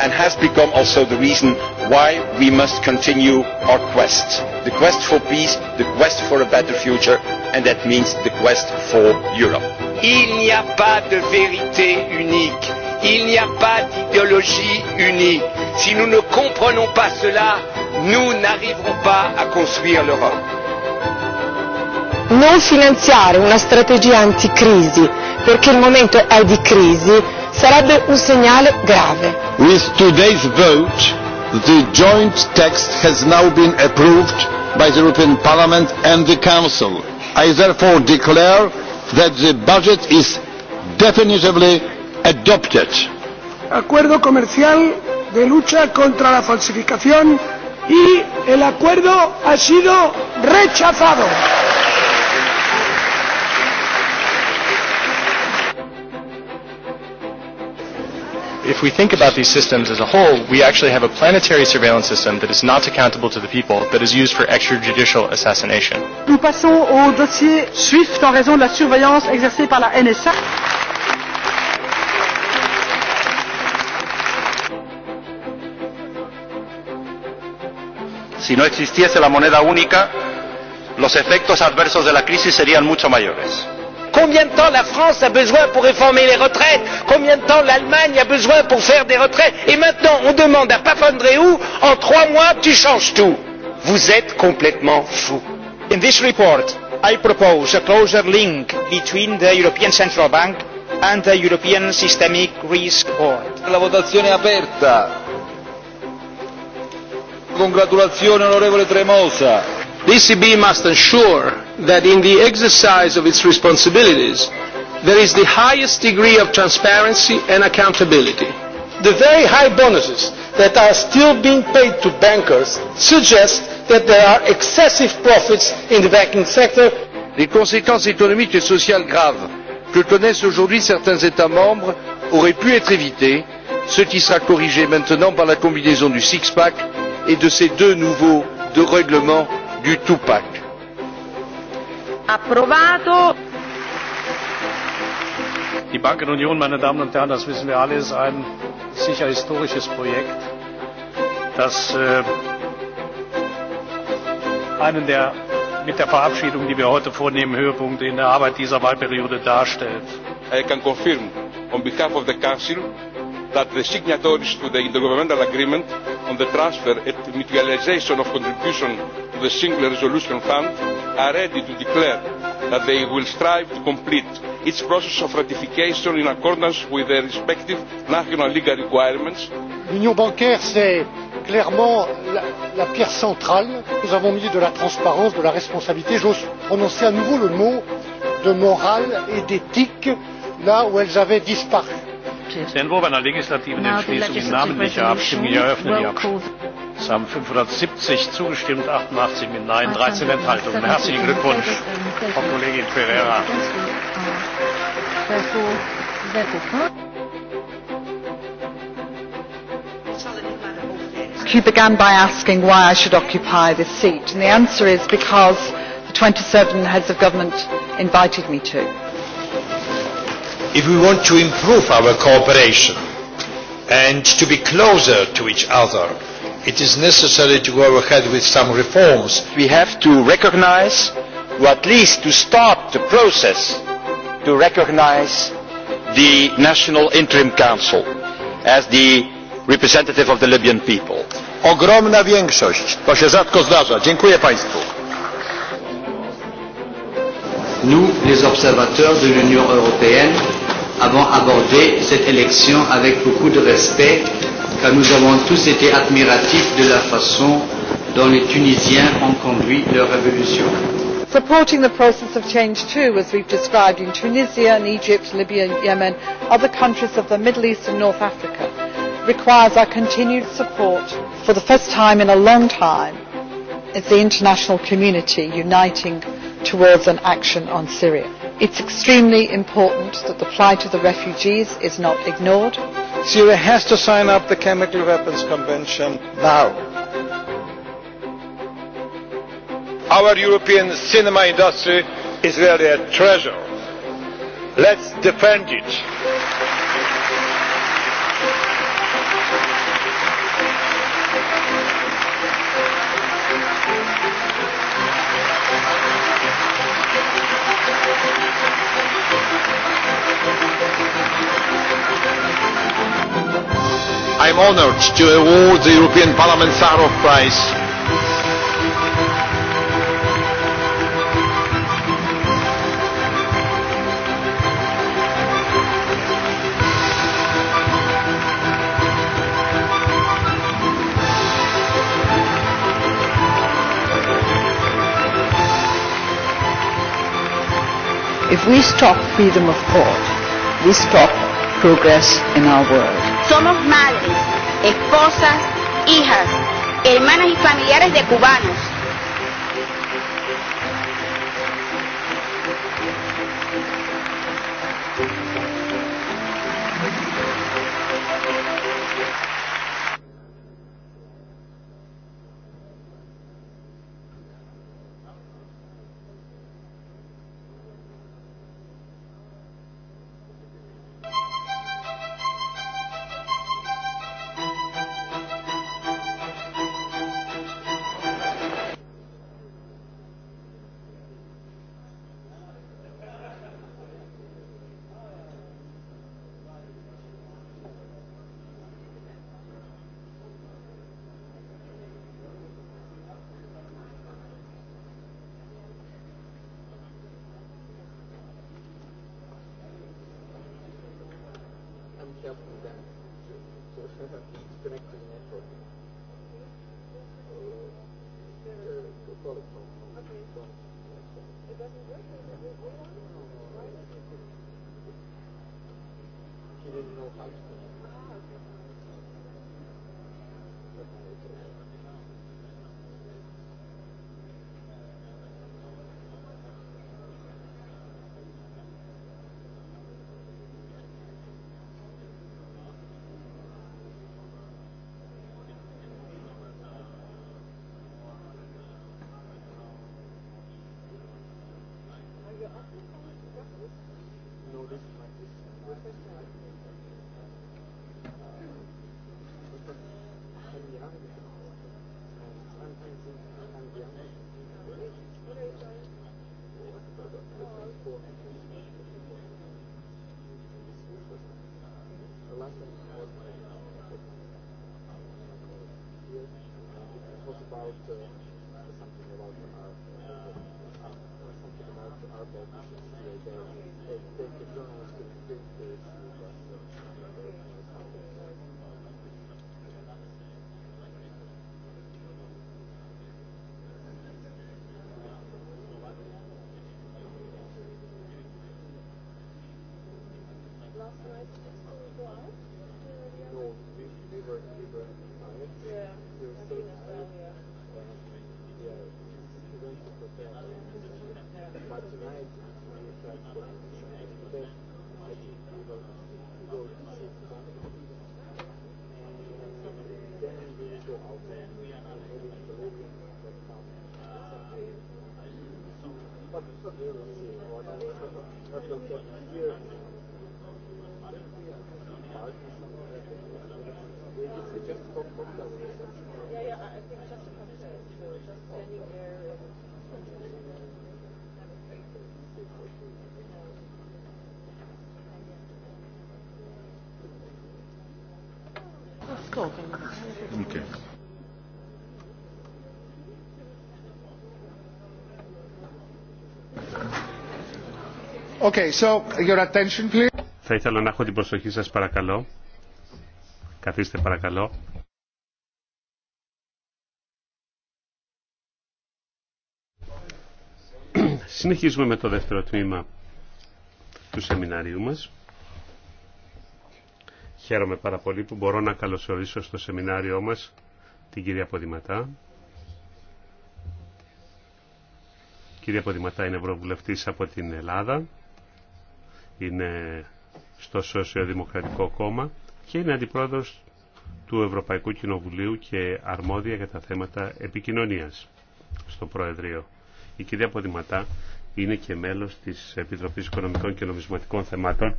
and has become also the reason why we must continue our quest. The quest for peace, the quest for a better future, and that means the quest for Europe.
Il n'y a pas de vérité unique il n'y a pas d'idéologie unie. Si nous ne comprenons pas cela, nous n'arriverons pas à construire l'Europe. Non finanziare una strategia anticrisi perché il momento è di crisi sarebbe un segnale grave.
With today's vote, the joint text has now been approved by the European Parliament and the Council. I therefore declare that the budget is definitively adopted. Acuerdo comercial de lucha contra la falsificación y el acuerdo
ha sido rechazado.
If we think about these systems as a whole, we actually have a planetary surveillance system that is not accountable to the people, that is used for extrajudicial assassination.
Nous passons au dossier SWIFT en raison de la surveillance exercée par la NSA.
Si no existiese
la moneda única, los efectos adversos de la crisis serían mucho mayores.
Combien de temps la France a besoin pour réformer les retraites Combien de temps l'Allemagne a besoin pour faire des retraites Et maintenant, on demande à Papandreou, en trois mois, tu changes tout. Vous êtes complètement fou. In this report, I propose a closer link between the European Central Bank and the European Systemic Risk Board. La votazione
è aperta. Congratulazioni onorevole Tremosa. The ECB must ensure that in the exercise of its responsibilities there is the highest degree of transparency and accountability.
The very high bonuses that are still being paid to bankers suggest that
there are excessive profits in the banking sector. Les conséquences économiques et sociales graves que connaissent aujourd'hui certains États membres auraient pu être évitées, ce qui sera corrigé maintenant par la combinaison du six pack et de ces deux nouveaux de règlements du two
Approvato.
Die Bankenunion, meine Damen und Herren, das wissen wir alle, ist ein sicher historisches Projekt, das einen der mit der Verabschiedung, die wir heute vornehmen, Höhepunkte in der Arbeit dieser Wahlperiode darstellt. I can confirm on behalf of the Council that the signatories to the intergovernmental agreement on the transfer and mutualisation of Contribution to the single resolution fund are ready to declare that they will strive to complete its process of ratification in accordance with their respective national legal requirements. l'union bancaire c'est clairement la pierre centrale. nous avons mis de la transparence de la responsabilité j'ose prononcer à nouveau le mot de morale
et d'éthique là où elles avaient disparu.
Denn wo bei einer legislativen Entschließung im Namen Abstimmung, ich eröffne die Abstimmung. Es haben 570 zugestimmt,
88 mit Nein, 13 Enthaltungen. Herzlichen Glückwunsch,
Frau Kollegin Ferreira. She began by asking why I should occupy this seat, and the answer is because the 27 heads of government invited me to
if we want to improve our cooperation and to be closer to each other, it is necessary to go ahead with some
reforms. We have to recognize, or at least to start the process, to recognize the National Interim Council as the representative of the Libyan people. Ogromna większość. To się rzadko zdarza.
Dziękuję Państwu. Nous, les observateurs de l'Union européenne, avons abordé cette élection avec beaucoup de respect, car nous avons tous été admiratifs de la façon dont les Tunisiens ont conduit leur révolution. Supporting the process of change too, as we've described in Tunisia and Egypt, Libya and Yemen, other countries of the Middle East and North Africa, requires our continued support for the first time in a long time is the international community uniting towards an action on Syria. It is extremely important that the plight of the refugees is not ignored. Syria has to
sign up the Chemical Weapons Convention
now. Our European cinema industry is really a treasure. Let's defend it.
I am honoured to award the European Parliament Sarov Prize
If we stop freedom of thought, we stop progress in our world. Somos
madres, esposas, hijas, hermanas y familiares de cubanos
Okay, so your attention, please.
Θα ήθελα να έχω την προσοχή σας παρακαλώ. Καθίστε παρακαλώ. Συνεχίζουμε με το δεύτερο τμήμα του σεμιναρίου μας. Χαίρομαι πάρα πολύ που μπορώ να καλωσορίσω στο σεμινάριό μας την κυρία Ποδηματά. Η κυρία Ποδηματά είναι ευρωβουλευτής από την Ελλάδα είναι στο Σοσιοδημοκρατικό Κόμμα και είναι αντιπρόεδρος του Ευρωπαϊκού Κοινοβουλίου και αρμόδια για τα θέματα επικοινωνίας στο Προεδρείο. Η κυρία Ποδηματά είναι και μέλος της Επιτροπής Οικονομικών και Νομισματικών Θεμάτων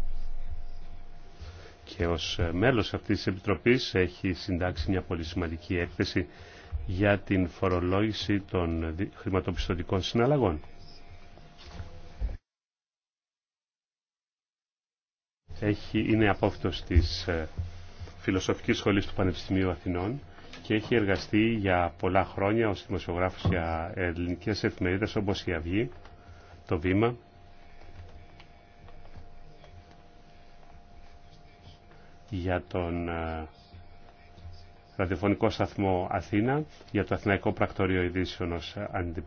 και ως μέλος αυτής της Επιτροπής έχει συντάξει μια πολύ σημαντική έκθεση για την φορολόγηση των χρηματοπιστωτικών συναλλαγών. έχει, είναι απόφυτος της ε, Φιλοσοφικής Σχολής του Πανεπιστημίου Αθηνών και έχει εργαστεί για πολλά χρόνια ως δημοσιογράφος για ελληνικές εφημερίδες όπως η Αυγή, το Βήμα. για τον ε, ραδιοφωνικό σταθμό Αθήνα, για το Αθηναϊκό Πρακτορείο Ειδήσεων ως, αντι...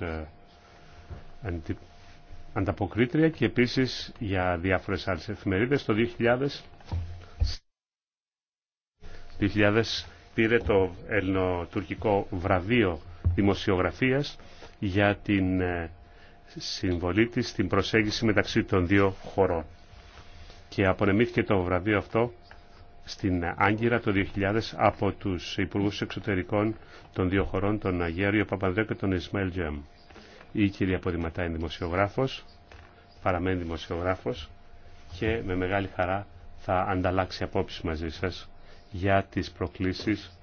Ε, ανταποκρίτρια και επίσης για διάφορες άλλες εφημερίδες το 2000 2000 πήρε το ελληνοτουρκικό βραβείο δημοσιογραφίας για την ε, συμβολή της στην προσέγγιση μεταξύ των δύο χωρών. Και απονεμήθηκε το βραβείο αυτό στην Άγκυρα το 2000 από τους Υπουργούς Εξωτερικών των δύο χωρών, τον Αγέριο Παπανδρέο και τον Ισμαήλ Τζέμ. Η κυρία Ποδηματά είναι δημοσιογράφος, παραμένει δημοσιογράφος και με μεγάλη χαρά θα ανταλλάξει απόψεις μαζί σας για τις προκλήσεις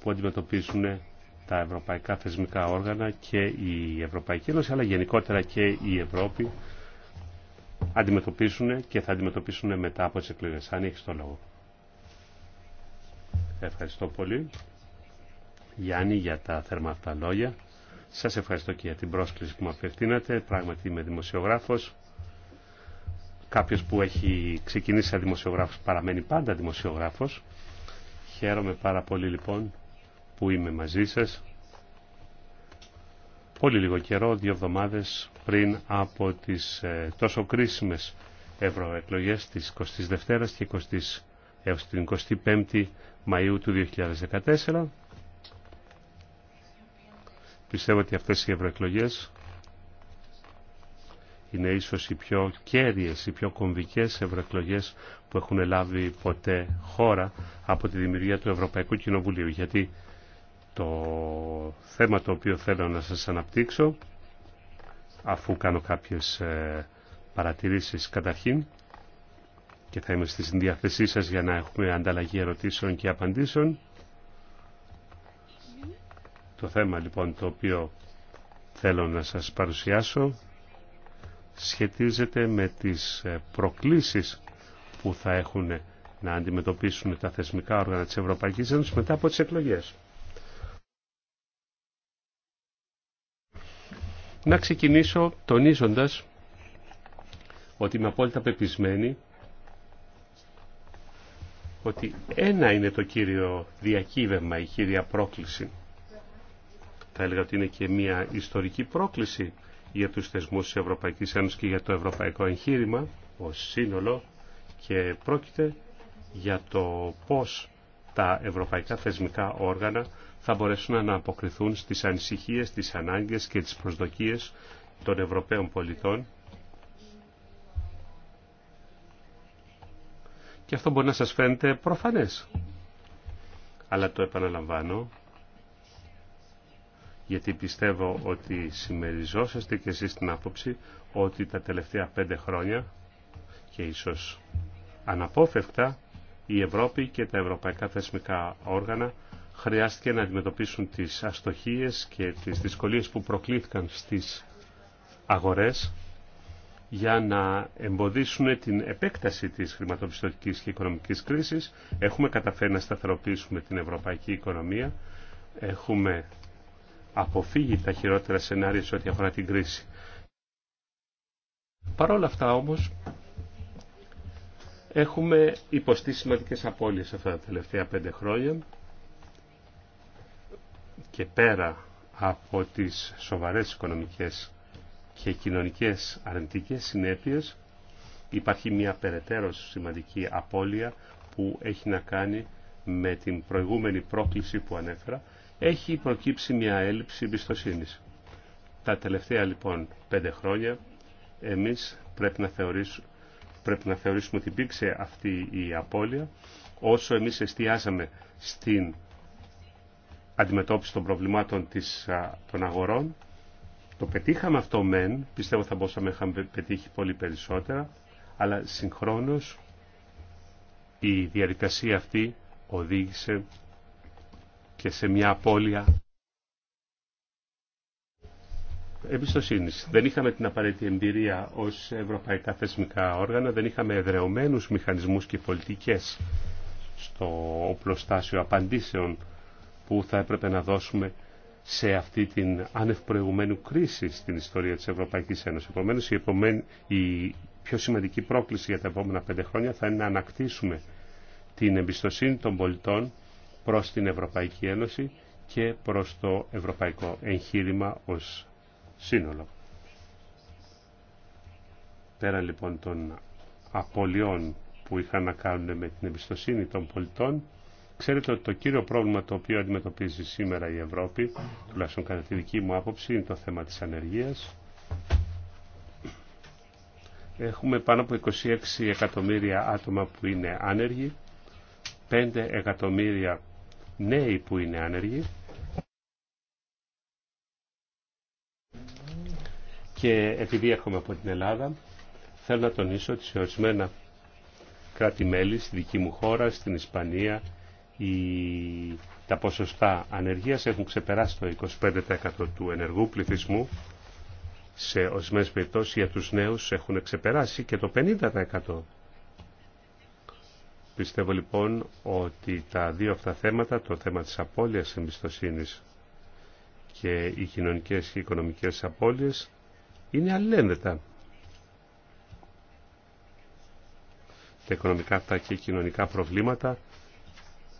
που αντιμετωπίζουν τα ευρωπαϊκά θεσμικά όργανα και η Ευρωπαϊκή Ένωση, αλλά γενικότερα και η Ευρώπη αντιμετωπίσουν και θα αντιμετωπίσουν μετά από τις εκλογές. Αν έχεις το λόγο. Ευχαριστώ πολύ. Γιάννη για τα θερμά λόγια. Σας ευχαριστώ και για την πρόσκληση που μου απευθύνατε. Πράγματι είμαι δημοσιογράφος. Κάποιος που έχει ξεκινήσει σαν δημοσιογράφος παραμένει πάντα δημοσιογράφος. Χαίρομαι πάρα πολύ λοιπόν που είμαι μαζί σας. Πολύ λίγο καιρό, δύο εβδομάδες πριν από τις ε, τόσο κρίσιμες ευρωεκλογές της 22ης και την 25η Μαΐου του 2014 Πιστεύω ότι αυτές οι ευρωεκλογέ είναι ίσως οι πιο κέρδιες, οι πιο κομβικές ευρωεκλογέ που έχουν λάβει ποτέ χώρα από τη δημιουργία του Ευρωπαϊκού Κοινοβουλίου. Γιατί το θέμα το οποίο θέλω να σας αναπτύξω, αφού κάνω κάποιες ε, παρατηρήσεις καταρχήν, και θα είμαι στη συνδιαθεσή σας για να έχουμε ανταλλαγή ερωτήσεων και απαντήσεων, το θέμα λοιπόν το οποίο θέλω να σας παρουσιάσω σχετίζεται με τις ε, προκλήσεις που θα έχουν να αντιμετωπίσουν τα θεσμικά όργανα της Ευρωπαϊκής Ένωσης μετά από τις εκλογές. Να ξεκινήσω τονίζοντας ότι είμαι απόλυτα πεπισμένη ότι ένα είναι το κύριο διακύβευμα, η κύρια πρόκληση θα έλεγα ότι είναι και μια ιστορική πρόκληση για τους θεσμούς της Ευρωπαϊκής Ένωσης και για το ευρωπαϊκό εγχείρημα ως σύνολο και πρόκειται για το πώς τα ευρωπαϊκά θεσμικά όργανα θα μπορέσουν να αποκριθούν στις ανησυχίες, τις ανάγκες και τις προσδοκίες των Ευρωπαίων πολιτών και αυτό μπορεί να σας φαίνεται προφανές. Αλλά το επαναλαμβάνω, γιατί πιστεύω ότι συμμεριζόσαστε και εσείς την άποψη ότι τα τελευταία πέντε χρόνια και ίσως αναπόφευκτα η Ευρώπη και τα ευρωπαϊκά θεσμικά όργανα χρειάστηκε να αντιμετωπίσουν τις αστοχίες και τις δυσκολίες που προκλήθηκαν στις αγορές για να εμποδίσουν την επέκταση της χρηματοπιστωτικής και οικονομικής κρίσης. Έχουμε καταφέρει να σταθεροποιήσουμε την ευρωπαϊκή οικονομία. Έχουμε αποφύγει τα χειρότερα σενάρια σε ό,τι αφορά την κρίση. Παρ' όλα αυτά όμως έχουμε υποστεί σημαντικές απώλειες αυτά τα τελευταία πέντε χρόνια και πέρα από τις σοβαρές οικονομικές και κοινωνικές αρνητικές συνέπειες υπάρχει μια περαιτέρω σημαντική απώλεια που έχει να κάνει με την προηγούμενη πρόκληση που ανέφερα έχει προκύψει μια έλλειψη εμπιστοσύνη. Τα τελευταία λοιπόν πέντε χρόνια εμείς πρέπει να, θεωρήσουμε, πρέπει να θεωρήσουμε ότι υπήρξε αυτή η απώλεια όσο εμείς εστιάζαμε στην αντιμετώπιση των προβλημάτων της, των αγορών. Το πετύχαμε αυτό μεν, πιστεύω θα μπορούσαμε να είχαμε πετύχει πολύ περισσότερα, αλλά συγχρόνως η διαδικασία αυτή οδήγησε και σε μια απώλεια εμπιστοσύνης. Δεν είχαμε την απαραίτητη εμπειρία ως ευρωπαϊκά θεσμικά όργανα, δεν είχαμε εδρεωμένους μηχανισμούς και πολιτικές στο οπλοστάσιο απαντήσεων που θα έπρεπε να δώσουμε σε αυτή την ανευπροηγουμένου κρίση στην ιστορία της Ευρωπαϊκής Ένωσης. Επομένως, η, επομένη, η πιο σημαντική πρόκληση για τα επόμενα πέντε χρόνια θα είναι να ανακτήσουμε την εμπιστοσύνη των πολιτών προς την Ευρωπαϊκή Ένωση και προς το ευρωπαϊκό εγχείρημα ως σύνολο. Πέραν λοιπόν των απολειών που είχαν να κάνουν με την εμπιστοσύνη των πολιτών, ξέρετε ότι το κύριο πρόβλημα το οποίο αντιμετωπίζει σήμερα η Ευρώπη, τουλάχιστον κατά τη δική μου άποψη, είναι το θέμα της ανεργίας. Έχουμε πάνω από 26 εκατομμύρια άτομα που είναι άνεργοι, 5 εκατομμύρια νέοι που είναι άνεργοι και επειδή έρχομαι από την Ελλάδα θέλω να τονίσω ότι σε ορισμένα κράτη-μέλη, στη δική μου χώρα, στην Ισπανία, τα ποσοστά ανεργίας έχουν ξεπεράσει το 25% του ενεργού πληθυσμού. Σε ορισμένε περιπτώσει για τους νέους έχουν ξεπεράσει και το 50%. Πιστεύω λοιπόν ότι τα δύο αυτά θέματα, το θέμα της απώλειας εμπιστοσύνης και οι κοινωνικές και οικονομικές απώλειες, είναι αλληλένδετα. Τα οικονομικά αυτά και κοινωνικά προβλήματα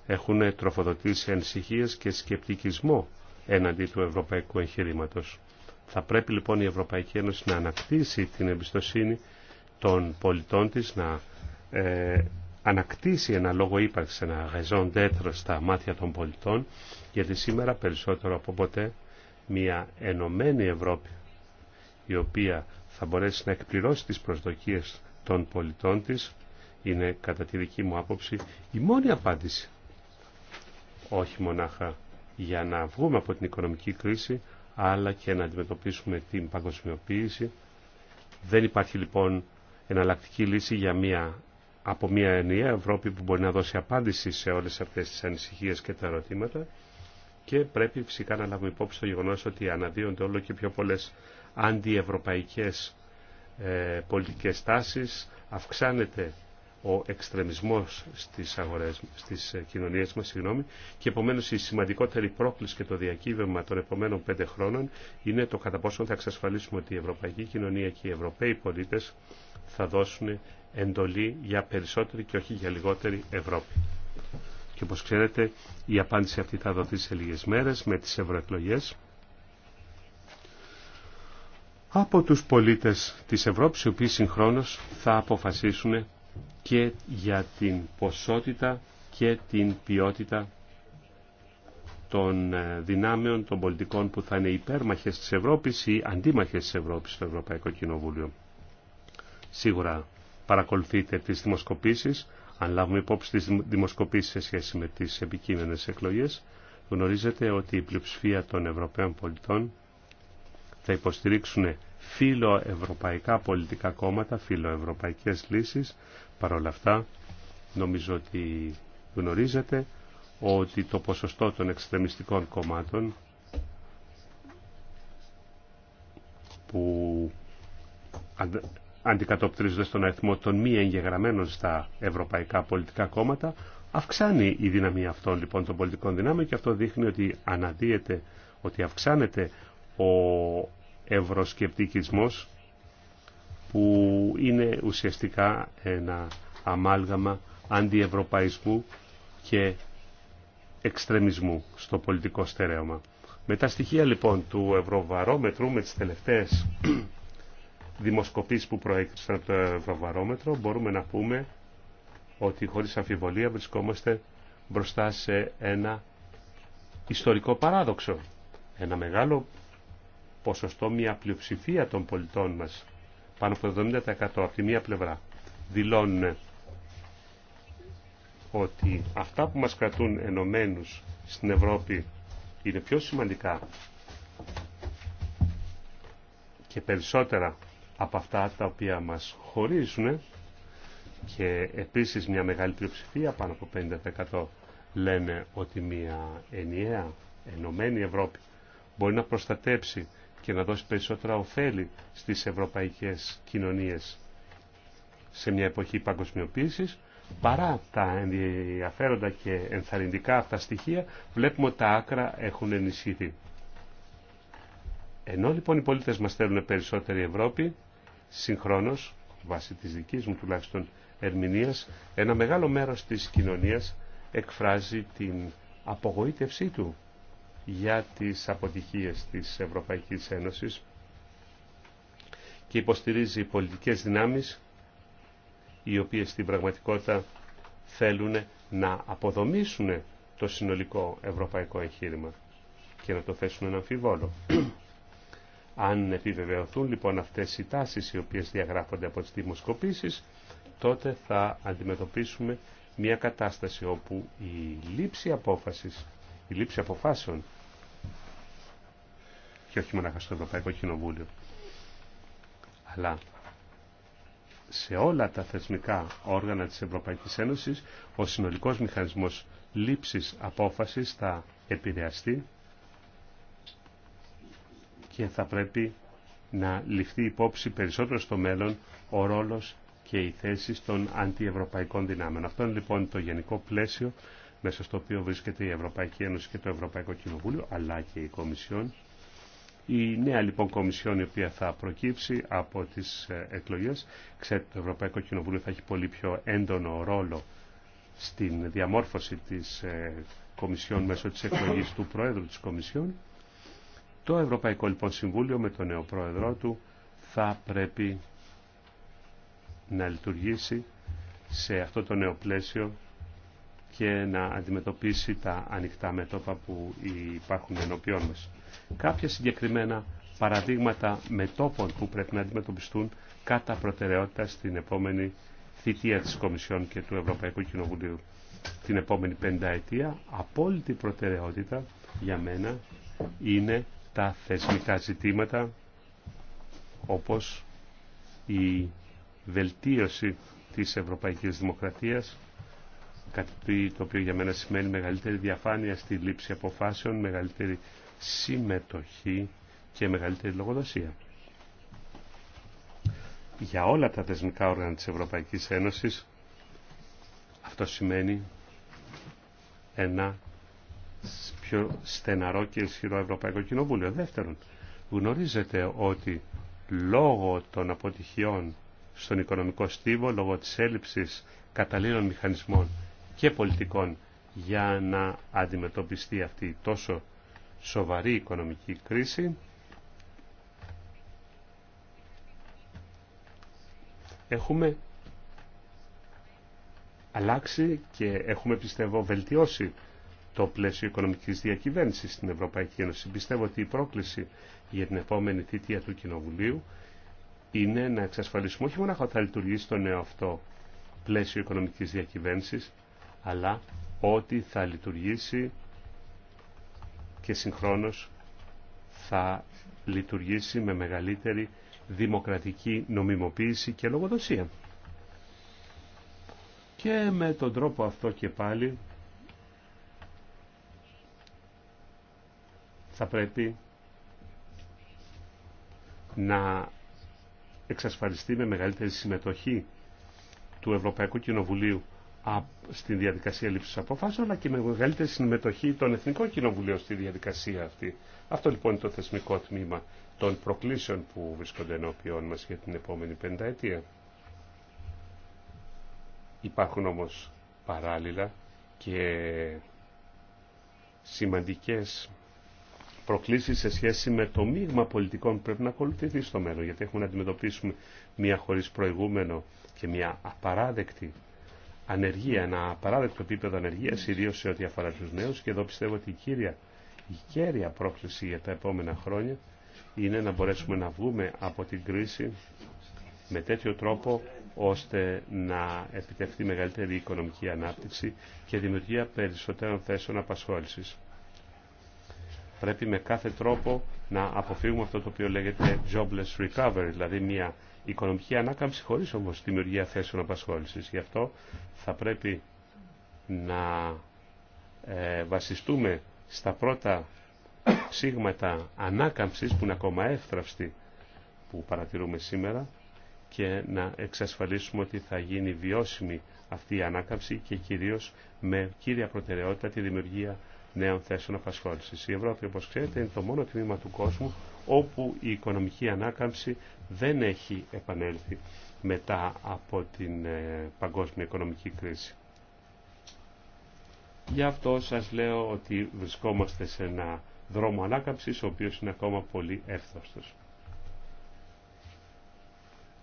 έχουν τροφοδοτήσει ανησυχίες και σκεπτικισμό έναντι του ευρωπαϊκού εγχειρήματος. Θα πρέπει λοιπόν η Ευρωπαϊκή Ένωση να ανακτήσει την εμπιστοσύνη των πολιτών της, να ε, ανακτήσει ένα λόγο ύπαρξη, ένα raison d'être στα μάτια των πολιτών, γιατί σήμερα περισσότερο από ποτέ μια ενωμένη Ευρώπη, η οποία θα μπορέσει να εκπληρώσει τις προσδοκίες των πολιτών της, είναι κατά τη δική μου άποψη η μόνη απάντηση. Όχι μονάχα για να βγούμε από την οικονομική κρίση, αλλά και να αντιμετωπίσουμε την παγκοσμιοποίηση. Δεν υπάρχει λοιπόν εναλλακτική λύση για μια από μια ενιαία Ευρώπη που μπορεί να δώσει απάντηση σε όλες αυτές τις ανησυχίες και τα ερωτήματα και πρέπει φυσικά να λάβουμε υπόψη το γεγονός ότι αναδύονται όλο και πιο πολλές αντιευρωπαϊκές ε, πολιτικές τάσεις, αυξάνεται ο εξτρεμισμός στις, αγορές, στις ε, κοινωνίες μας συγγνώμη, και επομένως η σημαντικότερη πρόκληση και το διακύβευμα των επόμενων πέντε χρόνων είναι το κατά πόσο θα εξασφαλίσουμε ότι η ευρωπαϊκή κοινωνία και οι ευρωπαίοι πολίτες θα δώσουν εντολή για περισσότερη και όχι για λιγότερη Ευρώπη. Και όπως ξέρετε η απάντηση αυτή θα δοθεί σε λίγες μέρες με τις ευρωεκλογές από τους πολίτες της Ευρώπης οι οποίοι συγχρόνως θα αποφασίσουν και για την ποσότητα και την ποιότητα των ε, δυνάμεων των πολιτικών που θα είναι υπέρμαχες της Ευρώπης ή αντίμαχες της Ευρώπης στο Ευρωπαϊκό Κοινοβούλιο. Σίγουρα παρακολουθείτε τις δημοσκοπήσεις, αν λάβουμε υπόψη τις δημοσκοπήσεις σε σχέση με τις επικείμενες εκλογές, γνωρίζετε ότι η πλειοψηφία των Ευρωπαίων πολιτών θα υποστηρίξουν φιλοευρωπαϊκά πολιτικά κόμματα, φιλοευρωπαϊκές λύσεις, Παρ' όλα αυτά, νομίζω ότι γνωρίζετε ότι το ποσοστό των εξτρεμιστικών κομμάτων που αντικατοπτρίζονται στον αριθμό των μη εγγεγραμμένων στα ευρωπαϊκά πολιτικά κόμματα, αυξάνει η δύναμη αυτών λοιπόν των πολιτικών δυνάμεων και αυτό δείχνει ότι αναδύεται, ότι αυξάνεται ο ευρωσκεπτικισμός που είναι ουσιαστικά ένα αμάλγαμα αντιευρωπαϊσμού και εξτρεμισμού στο πολιτικό στερέωμα. Με τα στοιχεία λοιπόν του Ευρωβαρόμετρου, με τις τελευταίες δημοσκοπήσεις που προέκυψαν από το Ευρωβαρόμετρο, μπορούμε να πούμε ότι χωρίς αμφιβολία βρισκόμαστε μπροστά σε ένα ιστορικό παράδοξο. Ένα μεγάλο ποσοστό, μια πλειοψηφία των πολιτών μας πάνω από 70% από τη μία πλευρά δηλώνουν ότι αυτά που μας κρατούν ενωμένους στην Ευρώπη είναι πιο σημαντικά και περισσότερα από αυτά τα οποία μας χωρίζουν και επίσης μια μεγάλη πλειοψηφία πάνω από 50% λένε ότι μια ενιαία ενωμένη Ευρώπη μπορεί να προστατέψει και να δώσει περισσότερα ωφέλη στις ευρωπαϊκές κοινωνίες σε μια εποχή παγκοσμιοποίησης, παρά τα ενδιαφέροντα και ενθαρρυντικά αυτά στοιχεία, βλέπουμε ότι τα άκρα έχουν ενισχυθεί. Ενώ λοιπόν οι πολίτες μας θέλουν περισσότερη Ευρώπη, συγχρόνως, βάσει της δικής μου τουλάχιστον ερμηνείας, ένα μεγάλο μέρος της κοινωνίας εκφράζει την απογοήτευσή του για τις αποτυχίες της Ευρωπαϊκής Ένωσης και υποστηρίζει πολιτικές δυνάμεις οι οποίες στην πραγματικότητα θέλουν να αποδομήσουν το συνολικό ευρωπαϊκό εγχείρημα και να το θέσουν ένα αμφιβόλο. Αν επιβεβαιωθούν λοιπόν αυτές οι τάσεις οι οποίες διαγράφονται από τις δημοσκοπήσεις, τότε θα αντιμετωπίσουμε μια κατάσταση όπου η λήψη απόφασης η λήψη αποφάσεων και όχι μόνο στο Ευρωπαϊκό Κοινοβούλιο αλλά σε όλα τα θεσμικά όργανα της Ευρωπαϊκής Ένωσης ο συνολικός μηχανισμός λήψης απόφασης θα επηρεαστεί και θα πρέπει να ληφθεί υπόψη περισσότερο στο μέλλον ο ρόλος και οι θέση των αντιευρωπαϊκών δυνάμεων. Αυτό είναι λοιπόν το γενικό πλαίσιο μέσα στο οποίο βρίσκεται η Ευρωπαϊκή Ένωση και το Ευρωπαϊκό Κοινοβούλιο, αλλά και η Κομισιόν. Η νέα λοιπόν Κομισιόν η οποία θα προκύψει από τις ε, εκλογές, ξέρετε το Ευρωπαϊκό Κοινοβούλιο θα έχει πολύ πιο έντονο ρόλο στην διαμόρφωση της ε, Κομισιόν μέσω της εκλογής του Πρόεδρου της Κομισιόν. Το Ευρωπαϊκό λοιπόν Συμβούλιο με τον νέο Πρόεδρό του θα πρέπει να λειτουργήσει σε αυτό το νέο πλαίσιο και να αντιμετωπίσει τα ανοιχτά μετώπα που υπάρχουν ενώπιόν μας. Κάποια συγκεκριμένα παραδείγματα μετώπων που πρέπει να αντιμετωπιστούν κατά προτεραιότητα στην επόμενη θητεία της Κομισιόν και του Ευρωπαϊκού Κοινοβουλίου. Την επόμενη πενταετία, απόλυτη προτεραιότητα για μένα είναι τα θεσμικά ζητήματα όπως η βελτίωση της Ευρωπαϊκής Δημοκρατίας κάτι το οποίο για μένα σημαίνει μεγαλύτερη διαφάνεια στη λήψη αποφάσεων, μεγαλύτερη συμμετοχή και μεγαλύτερη λογοδοσία. Για όλα τα θεσμικά όργανα της Ευρωπαϊκής Ένωσης αυτό σημαίνει ένα πιο στεναρό και ισχυρό Ευρωπαϊκό Κοινοβούλιο. Δεύτερον, γνωρίζετε ότι λόγω των αποτυχιών στον οικονομικό στίβο, λόγω της έλλειψης καταλήλων μηχανισμών και πολιτικών για να αντιμετωπιστεί αυτή η τόσο σοβαρή οικονομική κρίση. Έχουμε αλλάξει και έχουμε πιστεύω βελτιώσει το πλαίσιο οικονομικής διακυβέρνησης στην Ευρωπαϊκή Ένωση. Πιστεύω ότι η πρόκληση για την επόμενη θητεία του Κοινοβουλίου είναι να εξασφαλίσουμε όχι μόνο θα λειτουργήσει το νέο αυτό πλαίσιο οικονομικής διακυβέρνησης, αλλά ότι θα λειτουργήσει και συγχρόνως θα λειτουργήσει με μεγαλύτερη δημοκρατική νομιμοποίηση και λογοδοσία. Και με τον τρόπο αυτό και πάλι θα πρέπει να εξασφαλιστεί με μεγαλύτερη συμμετοχή του Ευρωπαϊκού Κοινοβουλίου στη διαδικασία λήψης αποφάσεων, αλλά και με μεγαλύτερη συμμετοχή των Εθνικών Κοινοβουλίων στη διαδικασία αυτή. Αυτό λοιπόν είναι το θεσμικό τμήμα των προκλήσεων που βρίσκονται ενώπιόν μας για την επόμενη πενταετία. Υπάρχουν όμως παράλληλα και σημαντικές προκλήσεις σε σχέση με το μείγμα πολιτικών που πρέπει να ακολουθηθεί στο μέλλον, γιατί έχουμε να αντιμετωπίσουμε μια χωρίς προηγούμενο και μια απαράδεκτη ανεργία, ένα απαράδεκτο επίπεδο ανεργία, ιδίω σε ό,τι αφορά του νέου. Και εδώ πιστεύω ότι η κύρια, η κέρια πρόκληση για τα επόμενα χρόνια είναι να μπορέσουμε να βγούμε από την κρίση με τέτοιο τρόπο ώστε να επιτευχθεί μεγαλύτερη οικονομική ανάπτυξη και δημιουργία περισσότερων θέσεων απασχόλησης. Πρέπει με κάθε τρόπο να αποφύγουμε αυτό το οποίο λέγεται jobless recovery, δηλαδή μια οικονομική ανάκαμψη χωρίς όμως δημιουργία θέσεων απασχόλησης. Γι' αυτό θα πρέπει να ε, βασιστούμε στα πρώτα ψήγματα ανάκαμψης που είναι ακόμα εύθραυστη που παρατηρούμε σήμερα και να εξασφαλίσουμε ότι θα γίνει βιώσιμη αυτή η ανάκαμψη και κυρίως με κύρια προτεραιότητα τη δημιουργία νέων θέσεων απασχόλησης. Η Ευρώπη, όπως ξέρετε, είναι το μόνο τμήμα του κόσμου όπου η οικονομική ανάκαμψη δεν έχει επανέλθει μετά από την ε, παγκόσμια οικονομική κρίση. Γι' αυτό σας λέω ότι βρισκόμαστε σε ένα δρόμο ανάκαμψης ο οποίος είναι ακόμα πολύ εύθωστος.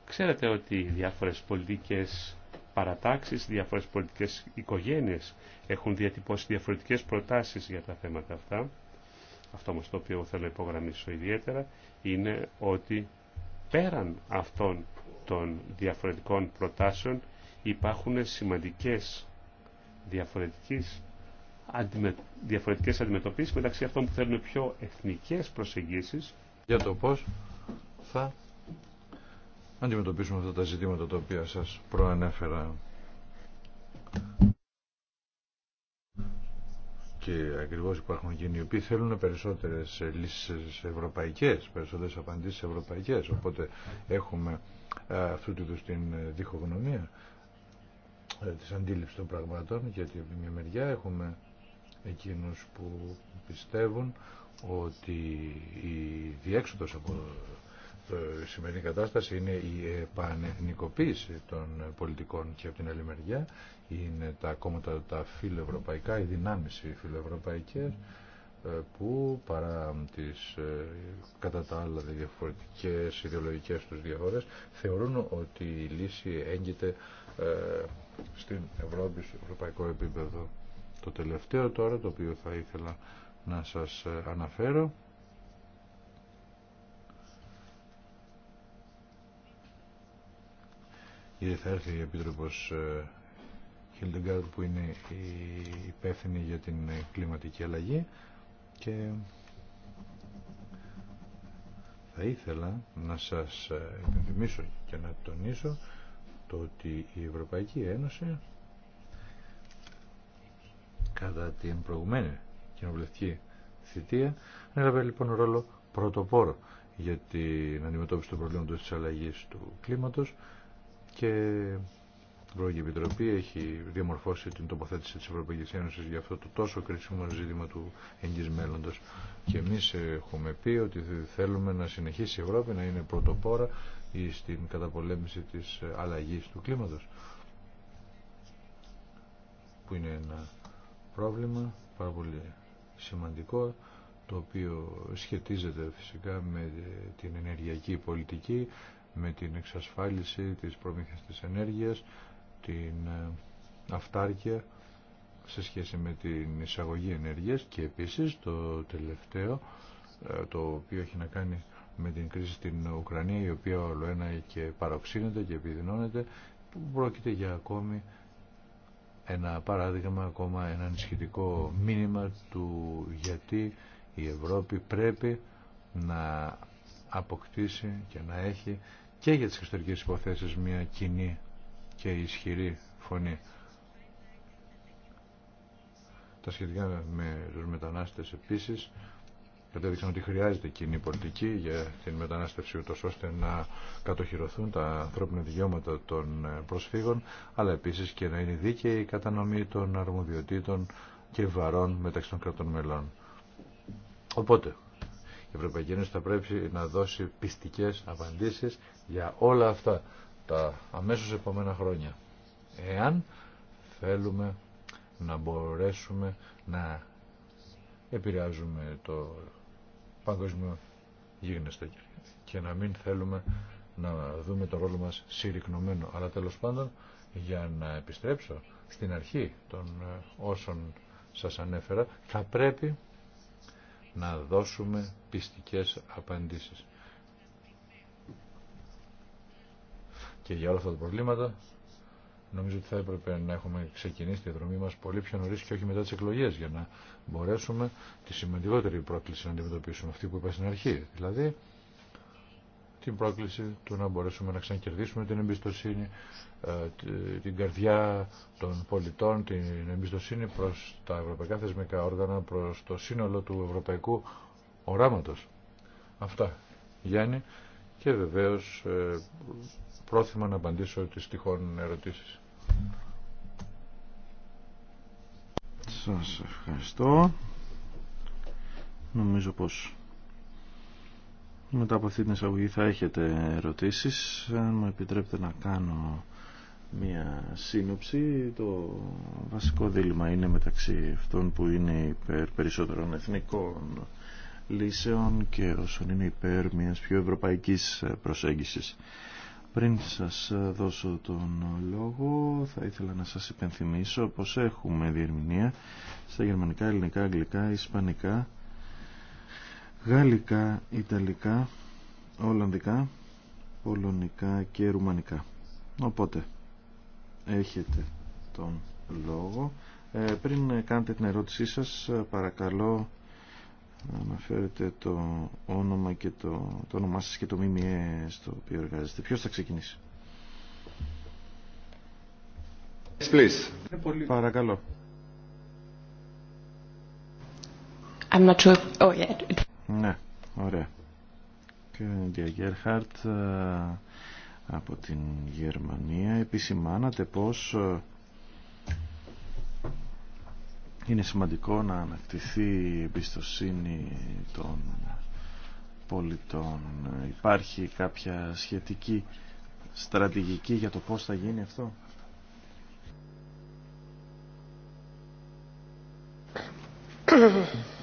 Ξέρετε ότι διάφορες πολιτικές παρατάξεις, διάφορες πολιτικές οικογένειες έχουν διατυπώσει διαφορετικές προτάσεις για τα θέματα αυτά. Αυτό όμως το οποίο θέλω να υπογραμμίσω ιδιαίτερα είναι ότι πέραν αυτών των διαφορετικών προτάσεων υπάρχουν σημαντικές διαφορετικές, αντιμε... αντιμετωπίσεις μεταξύ αυτών που θέλουν πιο εθνικές προσεγγίσεις για το
πώς θα αντιμετωπίσουμε αυτά τα ζητήματα τα οποία σας προανέφερα και ακριβώς υπάρχουν εκείνοι οι οποίοι θέλουν περισσότερες λύσεις ευρωπαϊκές, περισσότερες απαντήσεις ευρωπαϊκές. Οπότε έχουμε ε, αυτού του είδους την ε, διχογνωμία ε, της αντίληψης των πραγματών γιατί από μια μεριά έχουμε εκείνους που πιστεύουν ότι η διέξοδος από ε, σημερινή κατάσταση είναι η επανεθνικοποίηση των πολιτικών και από την άλλη μεριά είναι τα κόμματα τα φιλοευρωπαϊκά, οι δυνάμεις φιλοευρωπαϊκές ε, που παρά τις ε, κατά τα άλλα διαφορετικές ιδεολογικές τους διαφορές θεωρούν ότι η λύση έγκυται στην Ευρώπη στο ευρωπαϊκό επίπεδο. Το τελευταίο τώρα το οποίο θα ήθελα να σας αναφέρω Ήδη θα έρθει η Επίτροπος ε, Χιλντεγκάρ που είναι η υπεύθυνη για την κλιματική αλλαγή και θα ήθελα να σας ε, υπενθυμίσω και να τονίσω το ότι η Ευρωπαϊκή Ένωση κατά την προηγουμένη κοινοβουλευτική θητεία έλαβε λοιπόν ρόλο πρωτοπόρο για την αντιμετώπιση το προβλήματων της αλλαγής του κλίματος και η Ευρωπαϊκή Επιτροπή έχει διαμορφώσει την τοποθέτηση της Ευρωπαϊκής Ένωσης για αυτό το τόσο κρίσιμο ζήτημα του εγγύς μέλλοντος. Και εμείς έχουμε πει ότι θέλουμε να συνεχίσει η Ευρώπη να είναι πρωτοπόρα στην καταπολέμηση της αλλαγής του κλίματος που είναι ένα πρόβλημα πάρα πολύ σημαντικό το οποίο σχετίζεται φυσικά με την ενεργειακή πολιτική με την εξασφάλιση της προμήθειας της ενέργειας, την ε, αυτάρκεια σε σχέση με την εισαγωγή ενέργειας και επίσης το τελευταίο ε, το οποίο έχει να κάνει με την κρίση στην Ουκρανία η οποία όλο ένα και παροξύνεται και επιδεινώνεται που πρόκειται για ακόμη ένα παράδειγμα, ακόμα ένα ενισχυτικό μήνυμα του γιατί η Ευρώπη πρέπει να αποκτήσει και να έχει και για τις ιστορικές υποθέσεις μια κοινή και ισχυρή φωνή. Τα σχετικά με τους μετανάστες επίσης κατέδειξαν ότι χρειάζεται κοινή πολιτική για την μετανάστευση ούτως ώστε να κατοχυρωθούν τα ανθρώπινα δικαιώματα των προσφύγων αλλά επίσης και να είναι δίκαιη η κατανομή των αρμοδιοτήτων και βαρών μεταξύ των κρατών μελών. Οπότε, η Ευρωπαϊκή Ένωση θα πρέπει να δώσει πιστικές απαντήσεις για όλα αυτά τα αμέσως επόμενα χρόνια. Εάν θέλουμε να μπορέσουμε να επηρεάζουμε το παγκόσμιο γίγνεσθε και να μην θέλουμε να δούμε το ρόλο μας συρρυκνωμένο. Αλλά τέλος πάντων για να επιστρέψω στην αρχή των ε, όσων σας ανέφερα θα πρέπει να δώσουμε πιστικές απαντήσεις. Και για όλα αυτά τα προβλήματα νομίζω ότι θα έπρεπε να έχουμε ξεκινήσει τη δρομή μας πολύ πιο νωρίς και όχι μετά τις εκλογές για να μπορέσουμε τη σημαντικότερη πρόκληση να αντιμετωπίσουμε αυτή που είπα στην αρχή. Δηλαδή την πρόκληση του να μπορέσουμε να ξανακερδίσουμε την εμπιστοσύνη, ε, την καρδιά των πολιτών, την εμπιστοσύνη προς τα ευρωπαϊκά θεσμικά όργανα, προς το σύνολο του ευρωπαϊκού οράματος. Αυτά, Γιάννη, και βεβαίως ε, πρόθυμα να απαντήσω τις τυχόν ερωτήσεις.
Σας ευχαριστώ. Νομίζω πως μετά από αυτή την εισαγωγή θα έχετε ερωτήσεις. Αν μου επιτρέπετε να κάνω μια σύνοψη, το βασικό δίλημα είναι μεταξύ αυτών που είναι υπέρ περισσότερων εθνικών λύσεων και όσων είναι υπέρ μιας πιο ευρωπαϊκής προσέγγισης. Πριν σας δώσω τον λόγο, θα ήθελα να σας υπενθυμίσω πως έχουμε διερμηνία στα γερμανικά, ελληνικά, αγγλικά, ισπανικά, γαλλικά, ιταλικά, ολλανδικά, πολωνικά και ρουμανικά. Οπότε, έχετε τον λόγο. Ε, πριν κάνετε την ερώτησή σας, παρακαλώ να αναφέρετε το όνομα και το, το όνομά σας και το μήνυμα στο οποίο εργάζεστε. Ποιος θα ξεκινήσει. Παρακαλώ.
I'm not sure. Oh,
ναι, ωραία. Κύριε από την Γερμανία επισημάνατε πως ε, είναι σημαντικό να ανακτηθεί η εμπιστοσύνη των πολιτών. Υπάρχει κάποια σχετική στρατηγική για το πώς θα γίνει αυτό.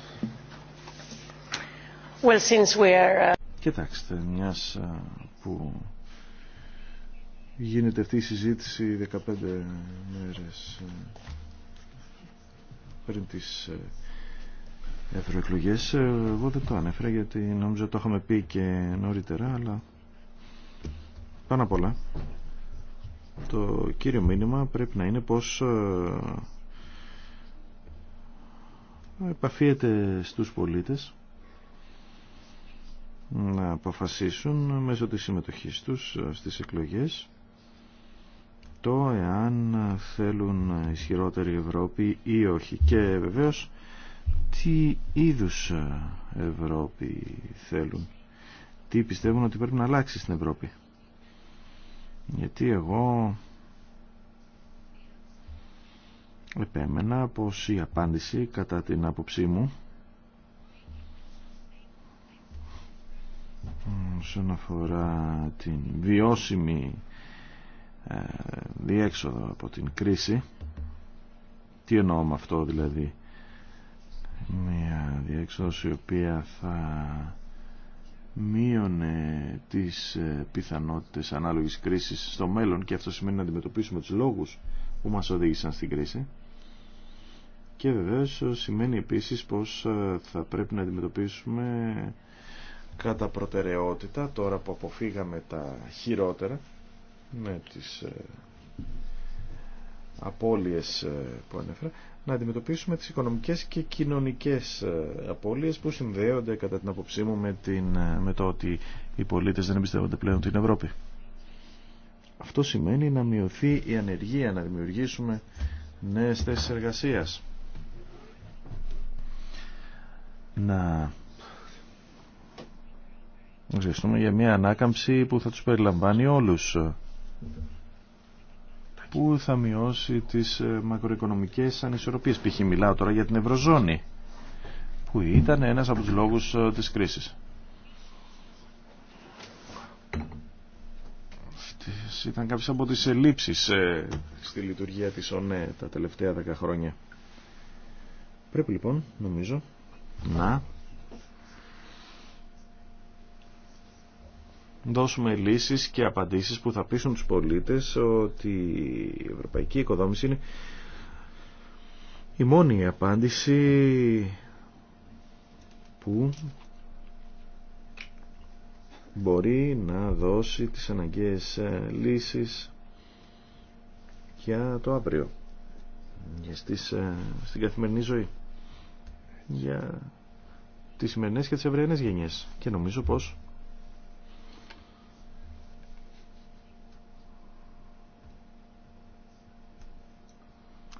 Well, since uh,
Κοιτάξτε, μιας ε, που γίνεται αυτή η συζήτηση 15 μέρες ε, πριν τις ε, ευρωεκλογέ. εγώ δεν το ανέφερα γιατί νόμιζα το είχαμε πει και νωρίτερα αλλά πάνω απ' όλα το κύριο μήνυμα πρέπει να είναι πως επαφίεται στους πολίτες να αποφασίσουν μέσω της συμμετοχής τους στις εκλογές το εάν θέλουν ισχυρότερη Ευρώπη ή όχι και βεβαίως τι είδους Ευρώπη θέλουν τι πιστεύουν ότι πρέπει να αλλάξει στην Ευρώπη γιατί εγώ επέμενα πως η απάντηση κατά την άποψή μου όσον αφορά την βιώσιμη ε, διέξοδο από την κρίση τι εννοώ με αυτό δηλαδή μια διέξοδος η οποία θα μείωνε τις ε, πιθανότητες ανάλογης κρίσης στο μέλλον και αυτό σημαίνει να αντιμετωπίσουμε τους λόγους που μας οδήγησαν στην κρίση και βεβαίως σημαίνει επίσης πως ε, θα πρέπει να αντιμετωπίσουμε κατά προτεραιότητα τώρα που αποφύγαμε τα χειρότερα με τις ε, απώλειες ε, που ανέφερα να αντιμετωπίσουμε τις οικονομικές και κοινωνικές ε, απώλειες που συνδέονται κατά την αποψή μου με, την, με το ότι οι πολίτες δεν εμπιστεύονται πλέον την Ευρώπη. Αυτό σημαίνει να μειωθεί η ανεργία, να δημιουργήσουμε νέες θέσεις εργασίας. Να Ευχαριστούμε για μια ανάκαμψη που θα τους περιλαμβάνει όλους που θα μειώσει τις ε, μακροοικονομικές ανισορροπίες π.χ. μιλάω τώρα για την Ευρωζώνη που ήταν ένας από τους λόγους ε, της κρίσης Αυτές ήταν κάποιες από τις ελλείψεις ε, στη λειτουργία της ΟΝΕ τα τελευταία δέκα χρόνια πρέπει λοιπόν νομίζω να δώσουμε λύσεις και απαντήσεις που θα πείσουν τους πολίτες ότι η ευρωπαϊκή οικοδόμηση είναι η μόνη απάντηση που μπορεί να δώσει τις αναγκαίες ε, λύσεις για το αύριο για στις, ε, στην καθημερινή ζωή για τις σημερινές και τις ευρεανές γενιές και νομίζω πως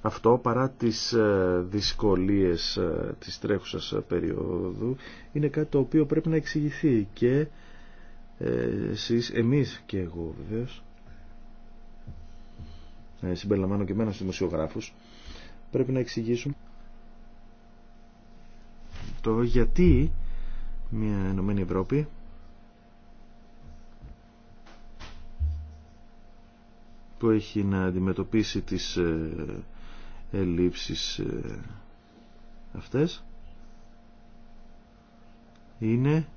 Αυτό παρά τις ε, δυσκολίες ε, της τρέχουσας ε, περίοδου είναι κάτι το οποίο πρέπει να εξηγηθεί και εσείς, εμείς και εγώ βεβαίω. συμπεριλαμβάνω και εμένα στους δημοσιογράφους πρέπει να εξηγήσουμε το γιατί μια Ενωμένη Ευρώπη που έχει να αντιμετωπίσει τις ελλείψεις ε, αυτές είναι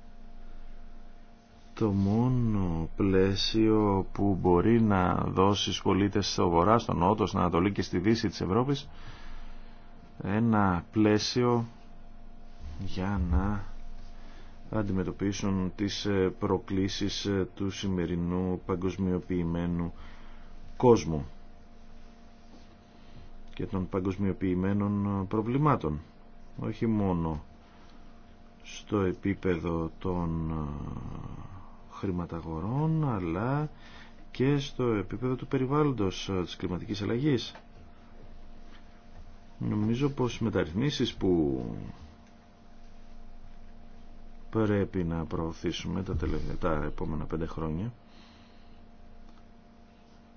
το μόνο πλαίσιο που μπορεί να δώσει στους πολίτες στο βορρά, στον νότο, στην Ανατολή και στη δύση της Ευρώπης ένα πλαίσιο για να αντιμετωπίσουν τις ε, προκλήσεις ε, του σημερινού παγκοσμιοποιημένου κόσμου και των παγκοσμιοποιημένων προβλημάτων. Όχι μόνο στο επίπεδο των ε, χρηματαγορών, αλλά και στο επίπεδο του περιβάλλοντος ε, της κλιματικής αλλαγής. Νομίζω πως οι μεταρρυθμίσεις που πρέπει να προωθήσουμε τα, τελευταία, τα επόμενα πέντε χρόνια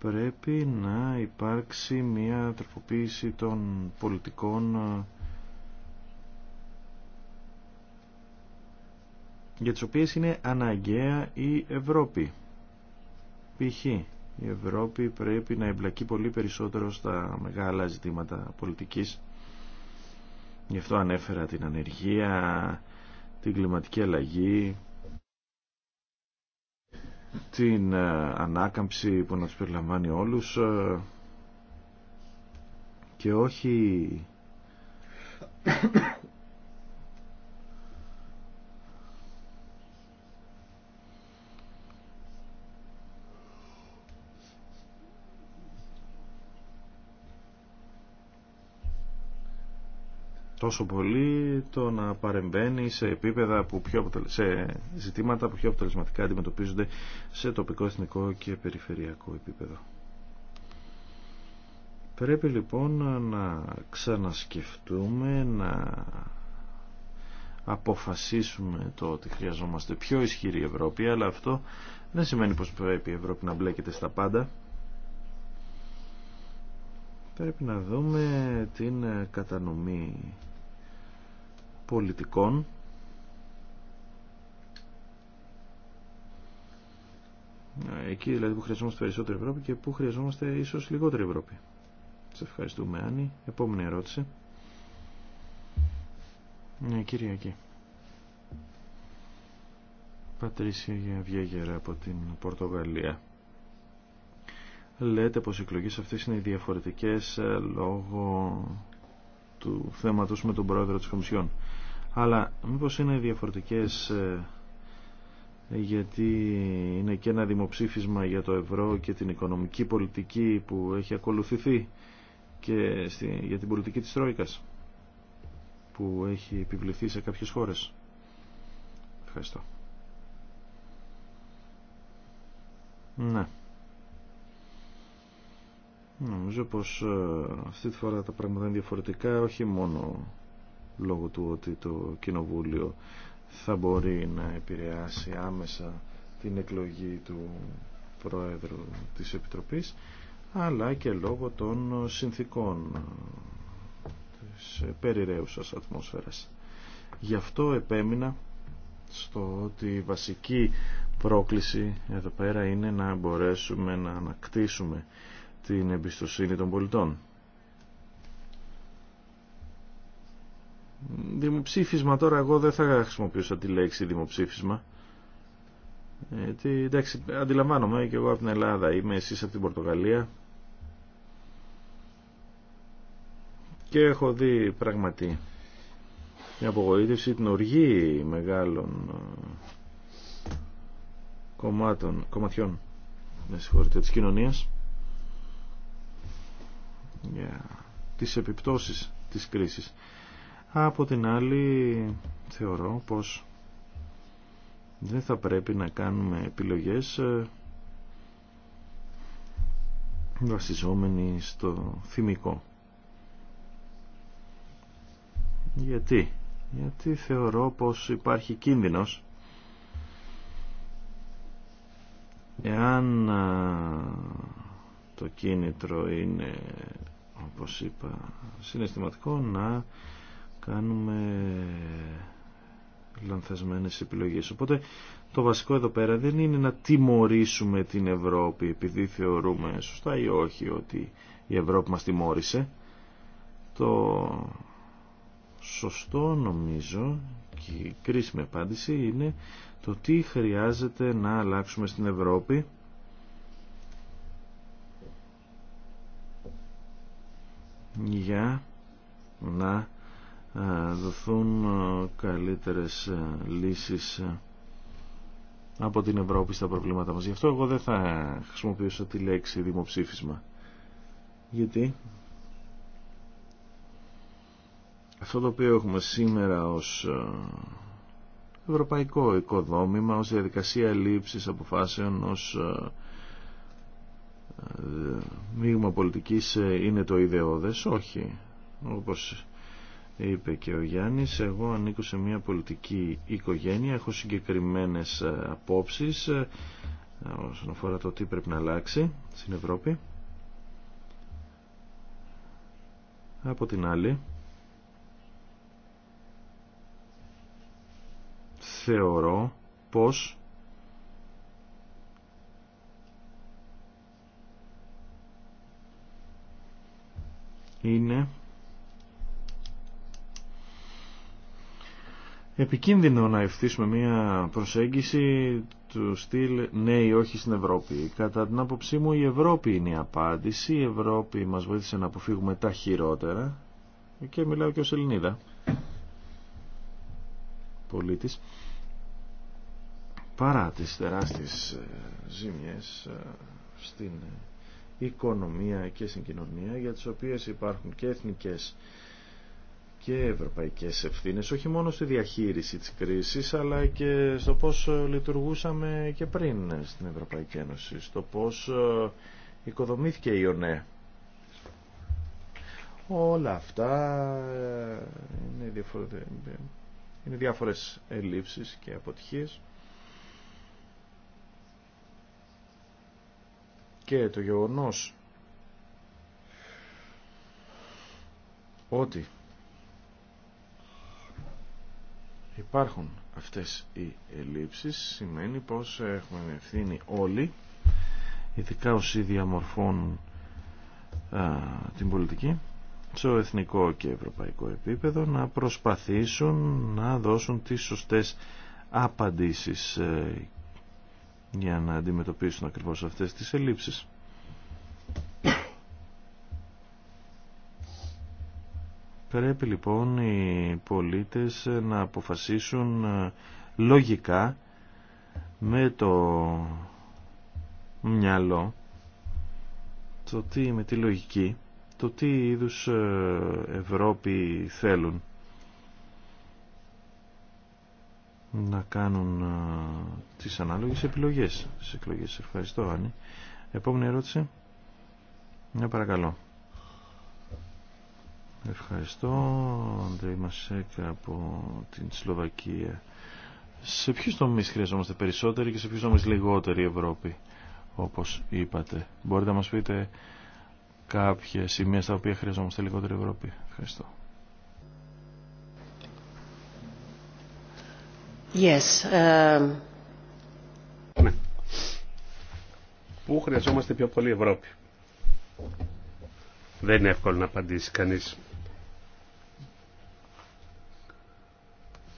πρέπει να υπάρξει μια τροποποίηση των πολιτικών ε, για τις οποίες είναι αναγκαία η Ευρώπη. Π.χ. η Ευρώπη πρέπει να εμπλακεί πολύ περισσότερο στα μεγάλα ζητήματα πολιτικής. Γι' αυτό ανέφερα την ανεργία, την κλιματική αλλαγή, την ε, ανάκαμψη που να τους περιλαμβάνει όλους ε, και όχι τόσο πολύ το να παρεμβαίνει σε, επίπεδα που πιο σε ζητήματα που πιο αποτελεσματικά αντιμετωπίζονται σε τοπικό, εθνικό και περιφερειακό επίπεδο. Πρέπει λοιπόν να ξανασκεφτούμε, να αποφασίσουμε το ότι χρειαζόμαστε πιο ισχυρή Ευρώπη, αλλά αυτό δεν σημαίνει πως πρέπει η Ευρώπη να μπλέκεται στα πάντα. Πρέπει να δούμε την κατανομή πολιτικών εκεί δηλαδή που χρειαζόμαστε περισσότερη Ευρώπη και που χρειαζόμαστε ίσως λιγότερη Ευρώπη. Σε ευχαριστούμε Άννη. Επόμενη ερώτηση. Ναι, Κυριακή. Πατρίσια Βιέγερα από την Πορτογαλία. Λέτε πως οι εκλογές αυτές είναι διαφορετικές ε, λόγω του θέματος με τον πρόεδρο της Κομισιόν αλλά μήπως είναι διαφορετικές ε, γιατί είναι και ένα δημοψήφισμα για το ευρώ και την οικονομική πολιτική που έχει ακολουθηθεί και στη, για την πολιτική της Τρόικας που έχει επιβληθεί σε κάποιες χώρες. Ευχαριστώ. Ναι. Νομίζω πως ε, αυτή τη φορά τα πράγματα είναι διαφορετικά όχι μόνο λόγω του ότι το Κοινοβούλιο θα μπορεί να επηρεάσει άμεσα την εκλογή του Πρόεδρου της Επιτροπής αλλά και λόγω των συνθήκων της περιραίουσας ατμόσφαιρας. Γι' αυτό επέμεινα στο ότι η βασική πρόκληση εδώ πέρα είναι να μπορέσουμε να ανακτήσουμε την εμπιστοσύνη των πολιτών. Δημοψήφισμα τώρα εγώ δεν θα χρησιμοποιούσα τη λέξη δημοψήφισμα. Γιατί ε, εντάξει αντιλαμβάνομαι και εγώ από την Ελλάδα είμαι εσείς από την Πορτογαλία. Και έχω δει πραγματικά την απογοήτευση, την οργή μεγάλων ε, κομμάτων, κομματιών με συγχωρείτε, κοινωνίας για τις επιπτώσεις της κρίσης. Από την άλλη θεωρώ πως δεν θα πρέπει να κάνουμε επιλογές ε, βασιζόμενοι στο θυμικό. Γιατί? Γιατί θεωρώ πως υπάρχει κίνδυνος εάν ε, το κίνητρο είναι όπως είπα συναισθηματικό να κάνουμε λανθασμένες επιλογές. Οπότε το βασικό εδώ πέρα δεν είναι να τιμωρήσουμε την Ευρώπη επειδή θεωρούμε σωστά ή όχι ότι η Ευρώπη μας τιμώρησε. Το σωστό νομίζω και η κρίσιμη απάντηση είναι το τι χρειάζεται να αλλάξουμε στην Ευρώπη για να δοθούν καλύτερες λύσεις από την Ευρώπη στα προβλήματα μας. Γι' αυτό εγώ δεν θα χρησιμοποιήσω τη λέξη δημοψήφισμα. Γιατί αυτό το οποίο έχουμε σήμερα ως ευρωπαϊκό οικοδόμημα, ως διαδικασία λήψης αποφάσεων, ως μείγμα πολιτικής ε, είναι το ιδεώδες. Όχι. Όπως είπε και ο Γιάννης, εγώ ανήκω σε μια πολιτική οικογένεια, έχω συγκεκριμένες ε, απόψεις ε, όσον αφορά το τι πρέπει να αλλάξει στην Ευρώπη. Από την άλλη, θεωρώ πως είναι επικίνδυνο να ευθύσουμε μια προσέγγιση του στυλ ναι ή όχι στην Ευρώπη. Κατά την άποψή μου η Ευρώπη είναι η απάντηση. Η Ευρώπη μας βοήθησε να αποφύγουμε τα χειρότερα και μιλάω και ως Ελληνίδα πολίτης παρά τις τεράστιες ε, ζήμιες ε, στην ε, οικονομία και στην κοινωνία για τις οποίες υπάρχουν και εθνικές και ευρωπαϊκές ευθύνες, όχι μόνο στη διαχείριση της κρίσης, αλλά και στο πώς ε, λειτουργούσαμε και πριν στην Ευρωπαϊκή Ένωση, στο πώς ε, οικοδομήθηκε η ΟΝΕ. Όλα αυτά ε, είναι, διαφορε... είναι διάφορες ελλείψεις και αποτυχίες. Και το γεγονός ότι υπάρχουν αυτές οι ελλείψεις σημαίνει πως έχουμε ευθύνη όλοι ειδικά όσοι διαμορφώνουν α, την πολιτική σε εθνικό και ευρωπαϊκό επίπεδο να προσπαθήσουν να δώσουν τις σωστές απαντήσεις ε, για να αντιμετωπίσουν ακριβώς αυτές τις ελλείψεις. Πρέπει λοιπόν οι πολίτες να αποφασίσουν ε, λογικά με το μυαλό το τι, με τη λογική το τι είδους ε, Ευρώπη θέλουν να κάνουν ε, τις ανάλογες επιλογές σε εκλογές. Ευχαριστώ Άννη. Επόμενη ερώτηση. Ναι, παρακαλώ. Ευχαριστώ, Αντρέη Μασέκα από την Σλοβακία. Σε ποιους τομείς χρειαζόμαστε περισσότεροι και σε ποιους τομείς λιγότερη Ευρώπη, όπως είπατε. Μπορείτε να μας πείτε κάποια σημεία στα οποία χρειαζόμαστε λιγότερη Ευρώπη. Ευχαριστώ.
Yes, um, ναι.
Πού χρειαζόμαστε πιο πολύ Ευρώπη. Δεν είναι εύκολο να απαντήσει κανείς.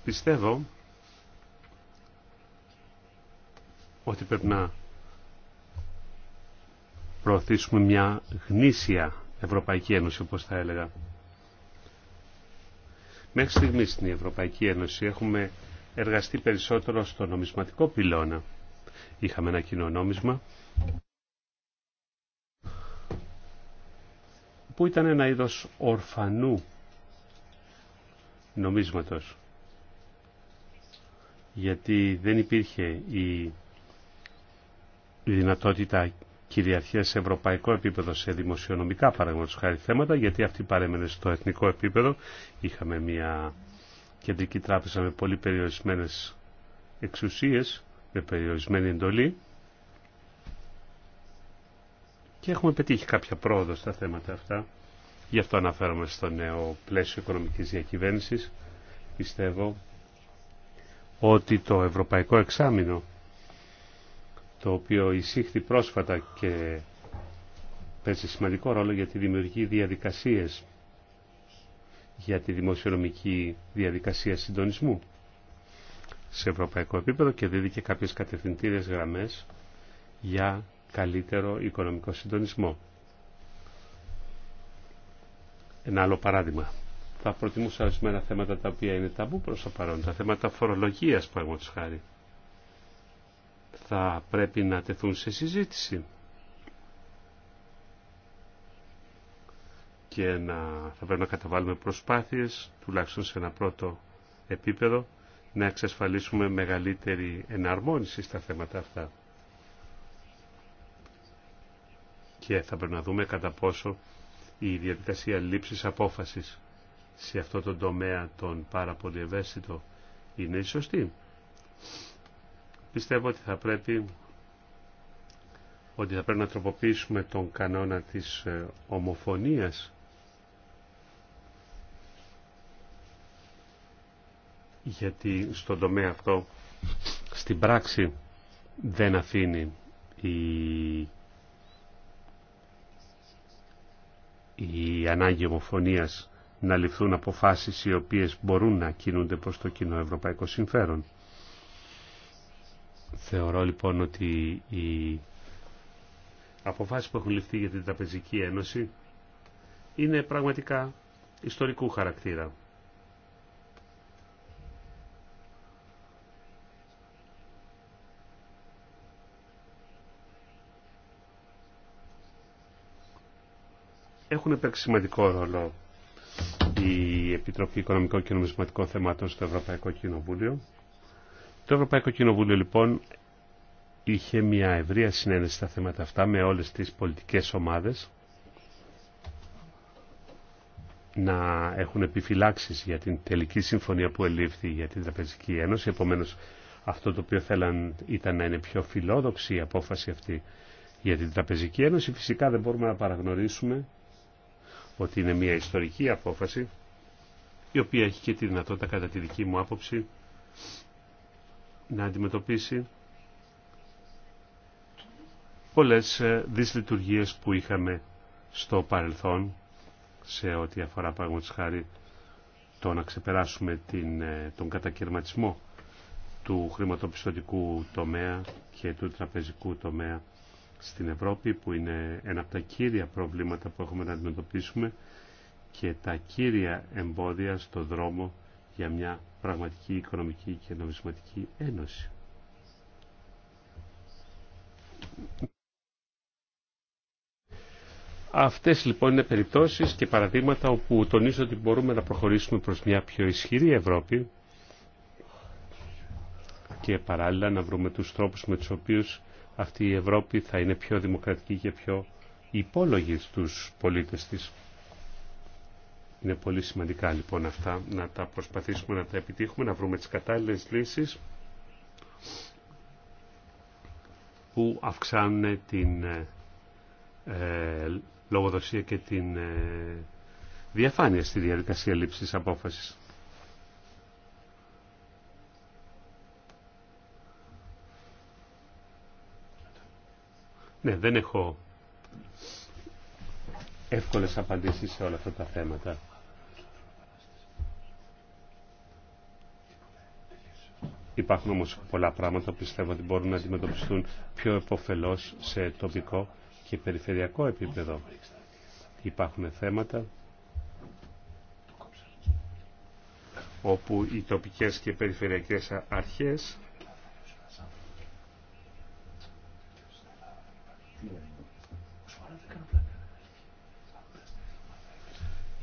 Πιστεύω ότι πρέπει να προωθήσουμε μια γνήσια Ευρωπαϊκή Ένωση, όπως θα έλεγα. Μέχρι στιγμής στην Ευρωπαϊκή Ένωση έχουμε εργαστεί περισσότερο στο νομισματικό πυλώνα. Είχαμε ένα κοινό νόμισμα που ήταν ένα είδος ορφανού νομίσματος γιατί δεν υπήρχε η δυνατότητα κυριαρχία σε ευρωπαϊκό επίπεδο σε δημοσιονομικά παραδείγματο χάρη θέματα, γιατί αυτή παρέμενε στο εθνικό επίπεδο. Είχαμε μια κεντρική τράπεζα με πολύ περιορισμένες εξουσίε, με περιορισμένη εντολή. Και έχουμε πετύχει κάποια πρόοδο στα θέματα αυτά. Γι' αυτό αναφέρομαι στο νέο πλαίσιο οικονομικής διακυβέρνησης. Πιστεύω ότι το Ευρωπαϊκό Εξάμεινο, το οποίο εισήχθη πρόσφατα και παίζει σημαντικό ρόλο τη δημιουργεί διαδικασίες για τη δημοσιονομική διαδικασία συντονισμού σε ευρωπαϊκό επίπεδο και δίδει και κάποιες κατευθυντήριες γραμμές για καλύτερο οικονομικό συντονισμό. Ένα άλλο παράδειγμα θα προτιμούσα ορισμένα θέματα τα οποία είναι ταμπού προς το παρόν. Τα θέματα φορολογίας, του χάρη, θα πρέπει να τεθούν σε συζήτηση. Και να, θα πρέπει να καταβάλουμε προσπάθειες, τουλάχιστον σε ένα πρώτο επίπεδο, να εξασφαλίσουμε μεγαλύτερη εναρμόνιση στα θέματα αυτά. Και θα πρέπει να δούμε κατά πόσο η διαδικασία λήψης απόφασης σε αυτό το τομέα τον πάρα πολύ ευαίσθητο είναι η σωστή. Πιστεύω ότι θα πρέπει ότι θα πρέπει να τροποποιήσουμε τον κανόνα της ε, ομοφωνίας γιατί στον τομέα αυτό στην πράξη δεν αφήνει η, η ανάγκη ομοφωνίας να ληφθούν αποφάσεις οι οποίες μπορούν να κινούνται προς το κοινό ευρωπαϊκό συμφέρον. Θεωρώ λοιπόν ότι οι αποφάσεις που έχουν ληφθεί για την Τραπεζική Ένωση είναι πραγματικά ιστορικού χαρακτήρα. Έχουν παίξει σημαντικό ρόλο η Επιτροπή Οικονομικών και Νομισματικών Θεμάτων στο Ευρωπαϊκό Κοινοβούλιο. Το Ευρωπαϊκό Κοινοβούλιο λοιπόν είχε μια ευρεία συνένεση στα θέματα αυτά με όλες τις πολιτικές ομάδες να έχουν επιφυλάξεις για την τελική συμφωνία που ελήφθη για την Τραπεζική Ένωση. Επομένως αυτό το οποίο θέλαν ήταν να είναι πιο φιλόδοξη η απόφαση αυτή για την Τραπεζική Ένωση. Φυσικά δεν μπορούμε να παραγνωρίσουμε ότι είναι μια ιστορική απόφαση η οποία έχει και τη δυνατότητα κατά τη δική μου άποψη να αντιμετωπίσει πολλές ε, δυσλειτουργίες που είχαμε στο παρελθόν σε ό,τι αφορά της χάρη το να ξεπεράσουμε την, ε, τον κατακαιρματισμό του χρηματοπιστωτικού τομέα και του τραπεζικού τομέα στην Ευρώπη που είναι ένα από τα κύρια προβλήματα που έχουμε να αντιμετωπίσουμε και τα κύρια εμπόδια στο δρόμο για μια πραγματική οικονομική και νομισματική ένωση. Αυτές λοιπόν είναι περιπτώσεις και παραδείγματα όπου τονίζω ότι μπορούμε να προχωρήσουμε προς μια πιο ισχυρή Ευρώπη και παράλληλα να βρούμε τους τρόπους με τους οποίους αυτή η Ευρώπη θα είναι πιο δημοκρατική και πιο υπόλογη στους πολίτες της. Είναι πολύ σημαντικά λοιπόν αυτά να τα προσπαθήσουμε να τα επιτύχουμε, να βρούμε τις κατάλληλες λύσεις που αυξάνουν την ε, λογοδοσία και την ε, διαφάνεια στη διαδικασία λήψης απόφασης. Ναι, δεν έχω εύκολες απαντήσεις σε όλα αυτά τα θέματα. Υπάρχουν όμως πολλά πράγματα που πιστεύω ότι μπορούν να αντιμετωπιστούν πιο εποφελώς σε τοπικό και περιφερειακό επίπεδο. Υπάρχουν θέματα όπου οι τοπικές και περιφερειακές αρχές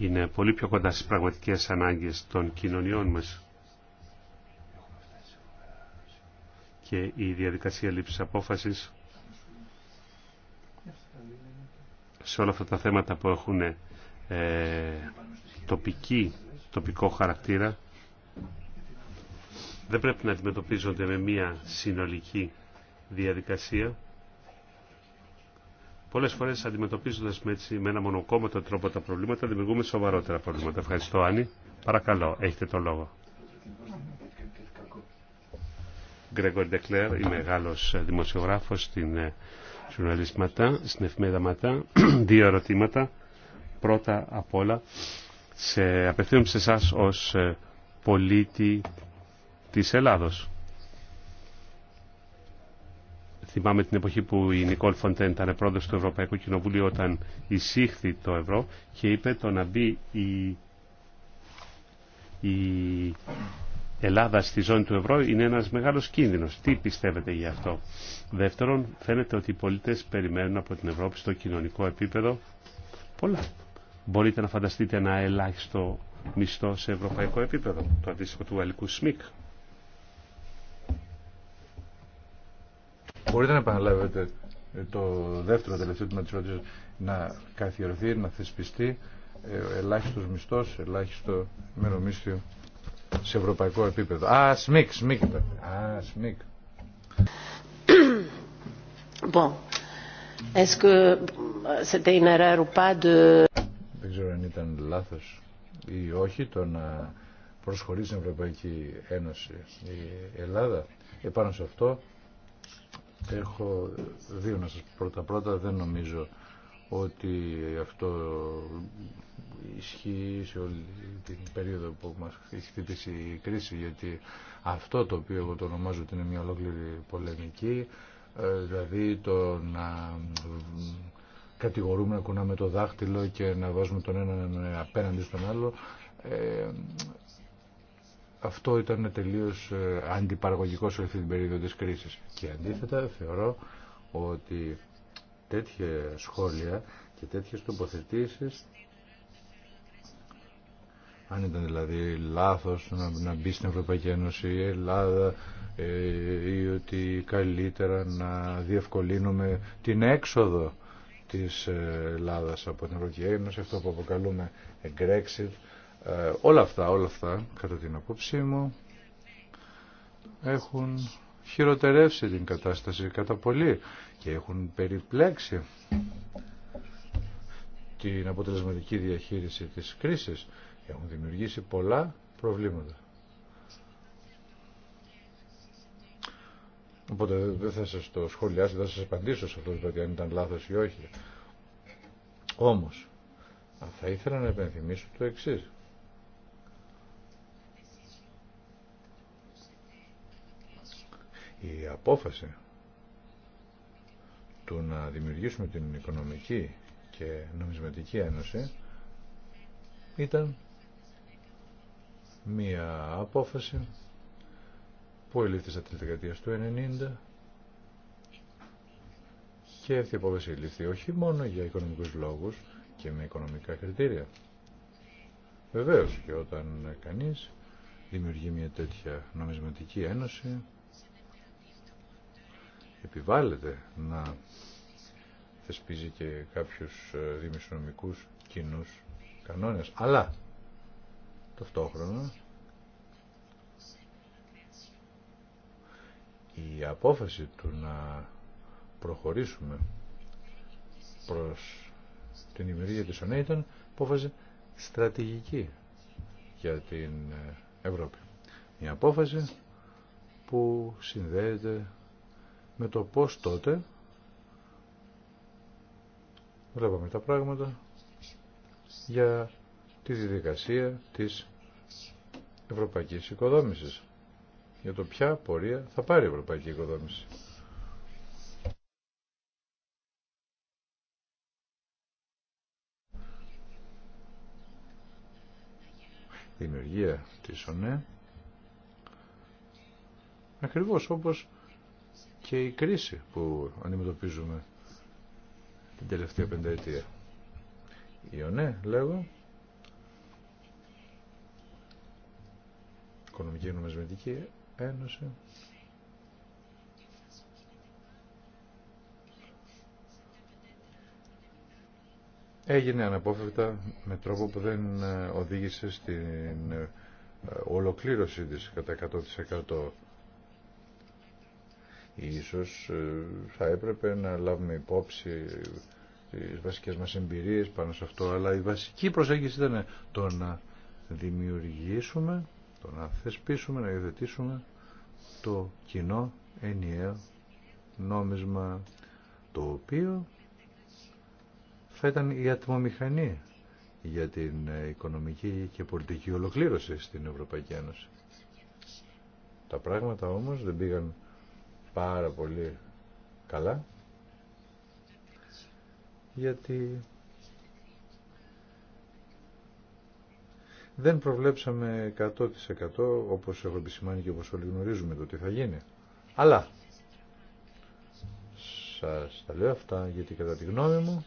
είναι πολύ πιο κοντά στις πραγματικές ανάγκες των κοινωνιών μας. Και η διαδικασία λήψης απόφασης σε όλα αυτά τα θέματα που έχουν ε, τοπική, τοπικό χαρακτήρα δεν πρέπει να αντιμετωπίζονται με μία συνολική διαδικασία Πολλέ φορέ αντιμετωπίζοντα με, με ένα μονοκόμματο τρόπο τα προβλήματα, δημιουργούμε σοβαρότερα προβλήματα. Ευχαριστώ, Άννη. Παρακαλώ, έχετε το λόγο. Γκρέγκορ Ντεκλέρ, είμαι μεγάλο δημοσιογράφο στην Ματά, ε, στην εφημερίδα Ματά. Δύο ερωτήματα. Πρώτα απ' όλα, σε, απευθύνομαι σε εσά ω ε, πολίτη της Ελλάδος. Θυμάμαι την εποχή που η Νικόλ Φοντέν ήταν πρόεδρος του Ευρωπαϊκού Κοινοβουλίου όταν εισήχθη το ευρώ και είπε το να μπει η, η Ελλάδα στη ζώνη του ευρώ είναι ένας μεγάλος κίνδυνος. Τι πιστεύετε γι' αυτό. Δεύτερον, φαίνεται ότι οι πολίτες περιμένουν από την Ευρώπη στο κοινωνικό επίπεδο πολλά. Μπορείτε να φανταστείτε ένα ελάχιστο μισθό σε ευρωπαϊκό επίπεδο, το αντίστοιχο
του γαλλικού ΣΜΙΚ. Μπορείτε να επαναλάβετε το δεύτερο τελευταίο τμήμα της να καθιερωθεί, να θεσπιστεί ε, ελάχιστος μισθός, ελάχιστο μερομίσθιο σε ευρωπαϊκό επίπεδο. Α, σμικ, σμικ. Α, σμικ.
Bon. Est-ce que euh, c'était une erreur pas de...
Δεν ξέρω αν ήταν λάθος ή όχι το να προσχωρήσει στην Ευρωπαϊκή Ένωση η Ελλάδα. Επάνω σε αυτό Έχω δύο να σας πρώτα. Πρώτα δεν νομίζω ότι αυτό ισχύει σε όλη την περίοδο που μας έχει χτυπήσει η κρίση γιατί αυτό το οποίο εγώ το ονομάζω ότι είναι μια ολόκληρη πολεμική ε, δηλαδή το να κατηγορούμε να κουνάμε το δάχτυλο και να βάζουμε τον έναν απέναντι στον άλλο ε, αυτό ήταν τελείως ε, αντιπαραγωγικό σε αυτή την περίοδο της κρίσης. Και αντίθετα θεωρώ ότι τέτοια σχόλια και τέτοιες τοποθετήσεις αν ήταν δηλαδή λάθος να, να μπει στην Ευρωπαϊκή Ένωση η Ελλάδα ε, ή ότι καλύτερα να διευκολύνουμε την έξοδο της ε, Ελλάδας από την Ευρωπαϊκή Ένωση, αυτό που αποκαλούμε εγκρέξιτ. Ε, όλα αυτά, όλα αυτά, κατά την απόψή μου, έχουν χειροτερεύσει την κατάσταση κατά πολύ και έχουν περιπλέξει την αποτελεσματική διαχείριση της κρίσης και έχουν δημιουργήσει πολλά προβλήματα. Οπότε δεν θα σας το σχολιάσω, δεν θα σας απαντήσω σε αυτό, δηλαδή αν ήταν λάθος ή όχι. Όμως, θα ήθελα να επενθυμίσω το εξής. η απόφαση του να δημιουργήσουμε την οικονομική και νομισματική ένωση ήταν μία απόφαση που ελήφθη στα δεκαετία του 90 και αυτή η απόφαση ελήφθη όχι μόνο για οικονομικούς λόγους και με οικονομικά κριτήρια. Βεβαίως και όταν κανείς δημιουργεί μια τέτοια νομισματική ένωση επιβάλλεται να θεσπίζει και κάποιους ε, δημοσιονομικούς κοινού κανόνες. Αλλά ταυτόχρονα η απόφαση του να προχωρήσουμε προς την ημερία της ΟΝΕ ήταν απόφαση στρατηγική για την ε, Ευρώπη. Μια απόφαση που συνδέεται με το πώς τότε βλέπαμε τα πράγματα για τη διδικασία της ευρωπαϊκής οικοδόμησης. Για το ποια πορεία θα πάρει η ευρωπαϊκή οικοδόμηση. Η δημιουργία της ΟΝΕ ακριβώς όπως και η κρίση που αντιμετωπίζουμε την τελευταία πενταετία. Ιωνέ, ναι, λέγω. Οικονομική και Νομισματική Ένωση. Έγινε αναπόφευκτα με τρόπο που δεν ε, οδήγησε στην ε, ολοκλήρωση της κατά 100% Ίσως ε, θα έπρεπε να λάβουμε υπόψη τις βασικές μας εμπειρίες πάνω σε αυτό, αλλά η βασική προσέγγιση ήταν το να δημιουργήσουμε, το να θεσπίσουμε, να υιοθετήσουμε το κοινό ενιαίο νόμισμα το οποίο θα ήταν η ατμομηχανή για την οικονομική και πολιτική ολοκλήρωση στην Ευρωπαϊκή Ένωση. Τα πράγματα όμως δεν πήγαν πάρα πολύ καλά γιατί δεν προβλέψαμε 100% όπως έχω επισημάνει και όπως όλοι γνωρίζουμε το τι θα γίνει. Αλλά σας τα λέω αυτά γιατί κατά τη γνώμη μου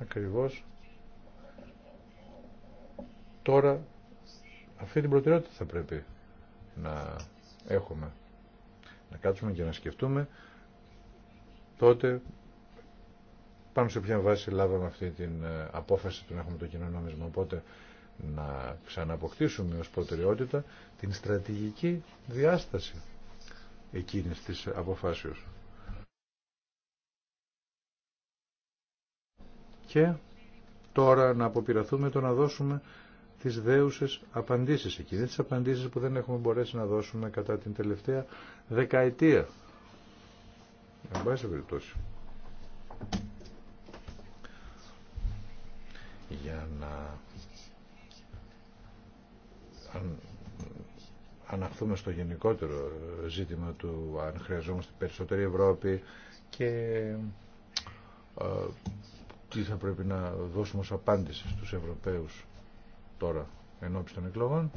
ακριβώς τώρα αυτή την προτεραιότητα θα πρέπει να έχουμε. Να κάτσουμε και να σκεφτούμε τότε πάνω σε ποια βάση λάβαμε αυτή την ε, απόφαση που να έχουμε το κοινό νόμισμα. Οπότε να ξαναποκτήσουμε ως προτεραιότητα την στρατηγική διάσταση εκείνης της αποφάσεως. Και τώρα να αποπειραθούμε το να δώσουμε τις δέουσες απαντήσεις εκεί. τις απαντήσεις που δεν έχουμε μπορέσει να δώσουμε κατά την τελευταία δεκαετία. Εν πάση Για να αν... αναχθούμε στο γενικότερο ζήτημα του αν χρειαζόμαστε περισσότερη Ευρώπη και ε, τι θα πρέπει να δώσουμε ως απάντηση στους Ευρωπαίους τώρα ενώπιση των εκλογών.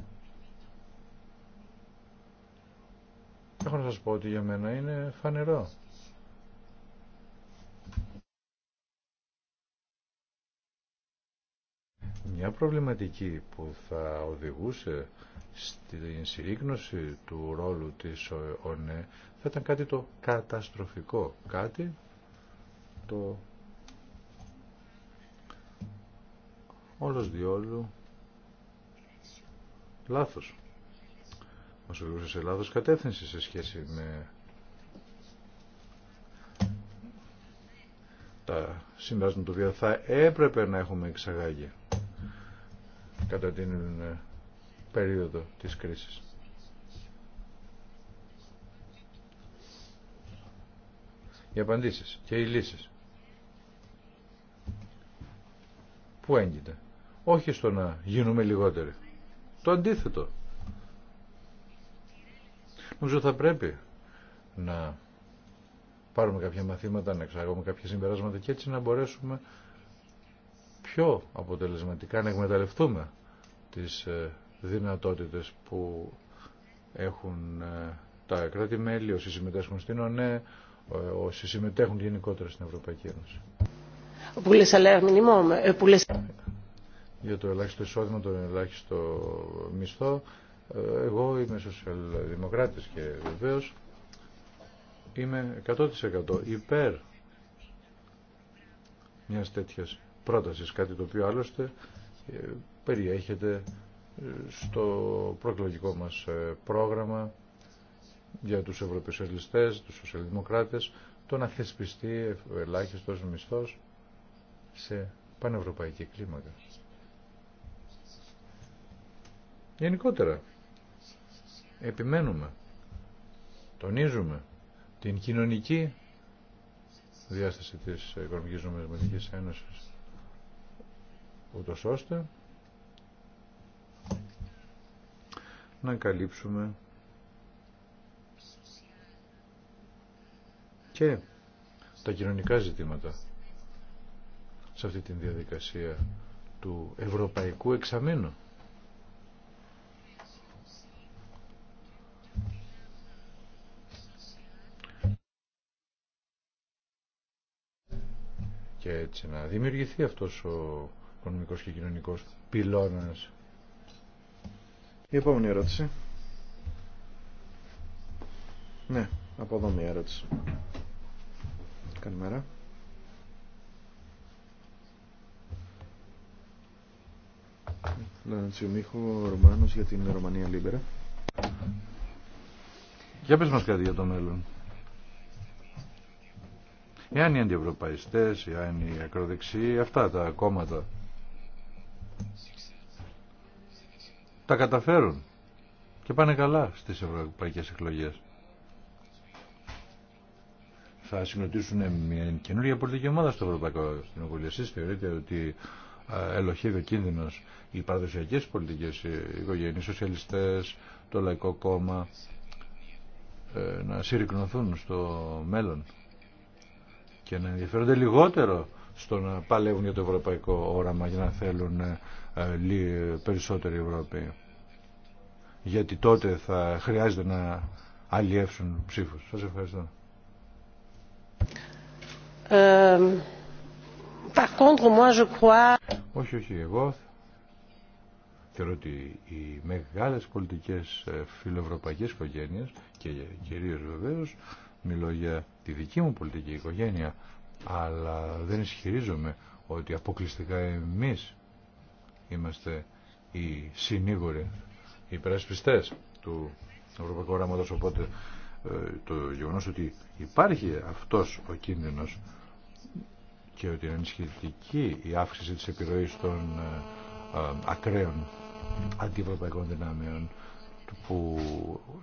Έχω να σας πω ότι για μένα είναι φανερό. Μια προβληματική που θα οδηγούσε στην συρρήκνωση του ρόλου της ΟΝΕ θα ήταν κάτι το καταστροφικό, κάτι το όλος διόλου λάθος. Μας οδηγούσε σε λάθος κατεύθυνση σε σχέση με τα συμπράσματα του οποία θα έπρεπε να έχουμε εξαγάγει κατά την ε, περίοδο της κρίσης. Οι απαντήσεις και οι λύσεις. Πού έγινε. Όχι στο να γίνουμε λιγότεροι το αντίθετο. Νομίζω θα πρέπει να πάρουμε κάποια μαθήματα, να εξαγούμε κάποια συμπεράσματα και έτσι να μπορέσουμε πιο αποτελεσματικά να εκμεταλλευτούμε τις ε, δυνατότητες που έχουν ε, τα κράτη-μέλη, όσοι συμμετέχουν στην ΟΝΕ, ε, όσοι συμμετέχουν γενικότερα στην Ευρωπαϊκή Ένωση για το ελάχιστο εισόδημα, το ελάχιστο μισθό. Ε, εγώ είμαι σοσιαλδημοκράτης και βεβαίως είμαι 100% υπέρ μιας τέτοιας πρότασης, κάτι το οποίο άλλωστε ε, περιέχεται ε, στο προεκλογικό μας πρόγραμμα για τους ευρωπαϊκούς τους σοσιαλδημοκράτες, το να θεσπιστεί ελάχιστος μισθός σε πανευρωπαϊκή κλίμακα. Γενικότερα, επιμένουμε, τονίζουμε την κοινωνική διάσταση της Οικονομικής Νομισματικής Ένωσης, ούτως ώστε να καλύψουμε και τα κοινωνικά ζητήματα σε αυτή τη διαδικασία του ευρωπαϊκού εξαμήνου. έτσι να δημιουργηθεί αυτός ο οικονομικός και κοινωνικός πυλώνας. Η επόμενη ερώτηση.
Ναι, από εδώ μια ερώτηση. Καλημέρα.
Μίχο, Ρωμάνος για την Ρωμανία Λίμπερα. Για πες μας κάτι για το μέλλον. Εάν οι αντιευρωπαϊστές, εάν οι ακροδεξιοί, αυτά τα κόμματα τα καταφέρουν και πάνε καλά στις ευρωπαϊκές εκλογές. Θα συγκροτήσουν μια καινούργια πολιτική ομάδα στο Ευρωπαϊκό Κοινοβούλιο. Εσείς θεωρείτε ότι ελοχεύει ο κίνδυνος οι παραδοσιακές πολιτικές οι οι σοσιαλιστές, το Λαϊκό Κόμμα ε, να συρρυκνωθούν στο μέλλον και να ενδιαφέρονται λιγότερο στο να παλεύουν για το ευρωπαϊκό όραμα για να θέλουν ε, ε, περισσότερη Ευρώπη. Γιατί τότε θα χρειάζεται να αλλιεύσουν ψήφους. Σας ευχαριστώ. Όχι, όχι, εγώ θεωρώ ότι οι μεγάλες πολιτικές ε, φιλοευρωπαϊκές οικογένειες και κυρίως βεβαίως μιλώ για τη δική μου πολιτική οικογένεια, αλλά δεν ισχυρίζομαι ότι αποκλειστικά εμείς είμαστε οι συνήγοροι, οι υπερασπιστές του Ευρωπαϊκού Οράματος, οπότε ε, το γεγονός ότι υπάρχει αυτός ο κίνδυνος και ότι είναι ενισχυτική η αύξηση της επιρροής των ε, ε, ακραίων αντιευρωπαϊκών δυνάμεων που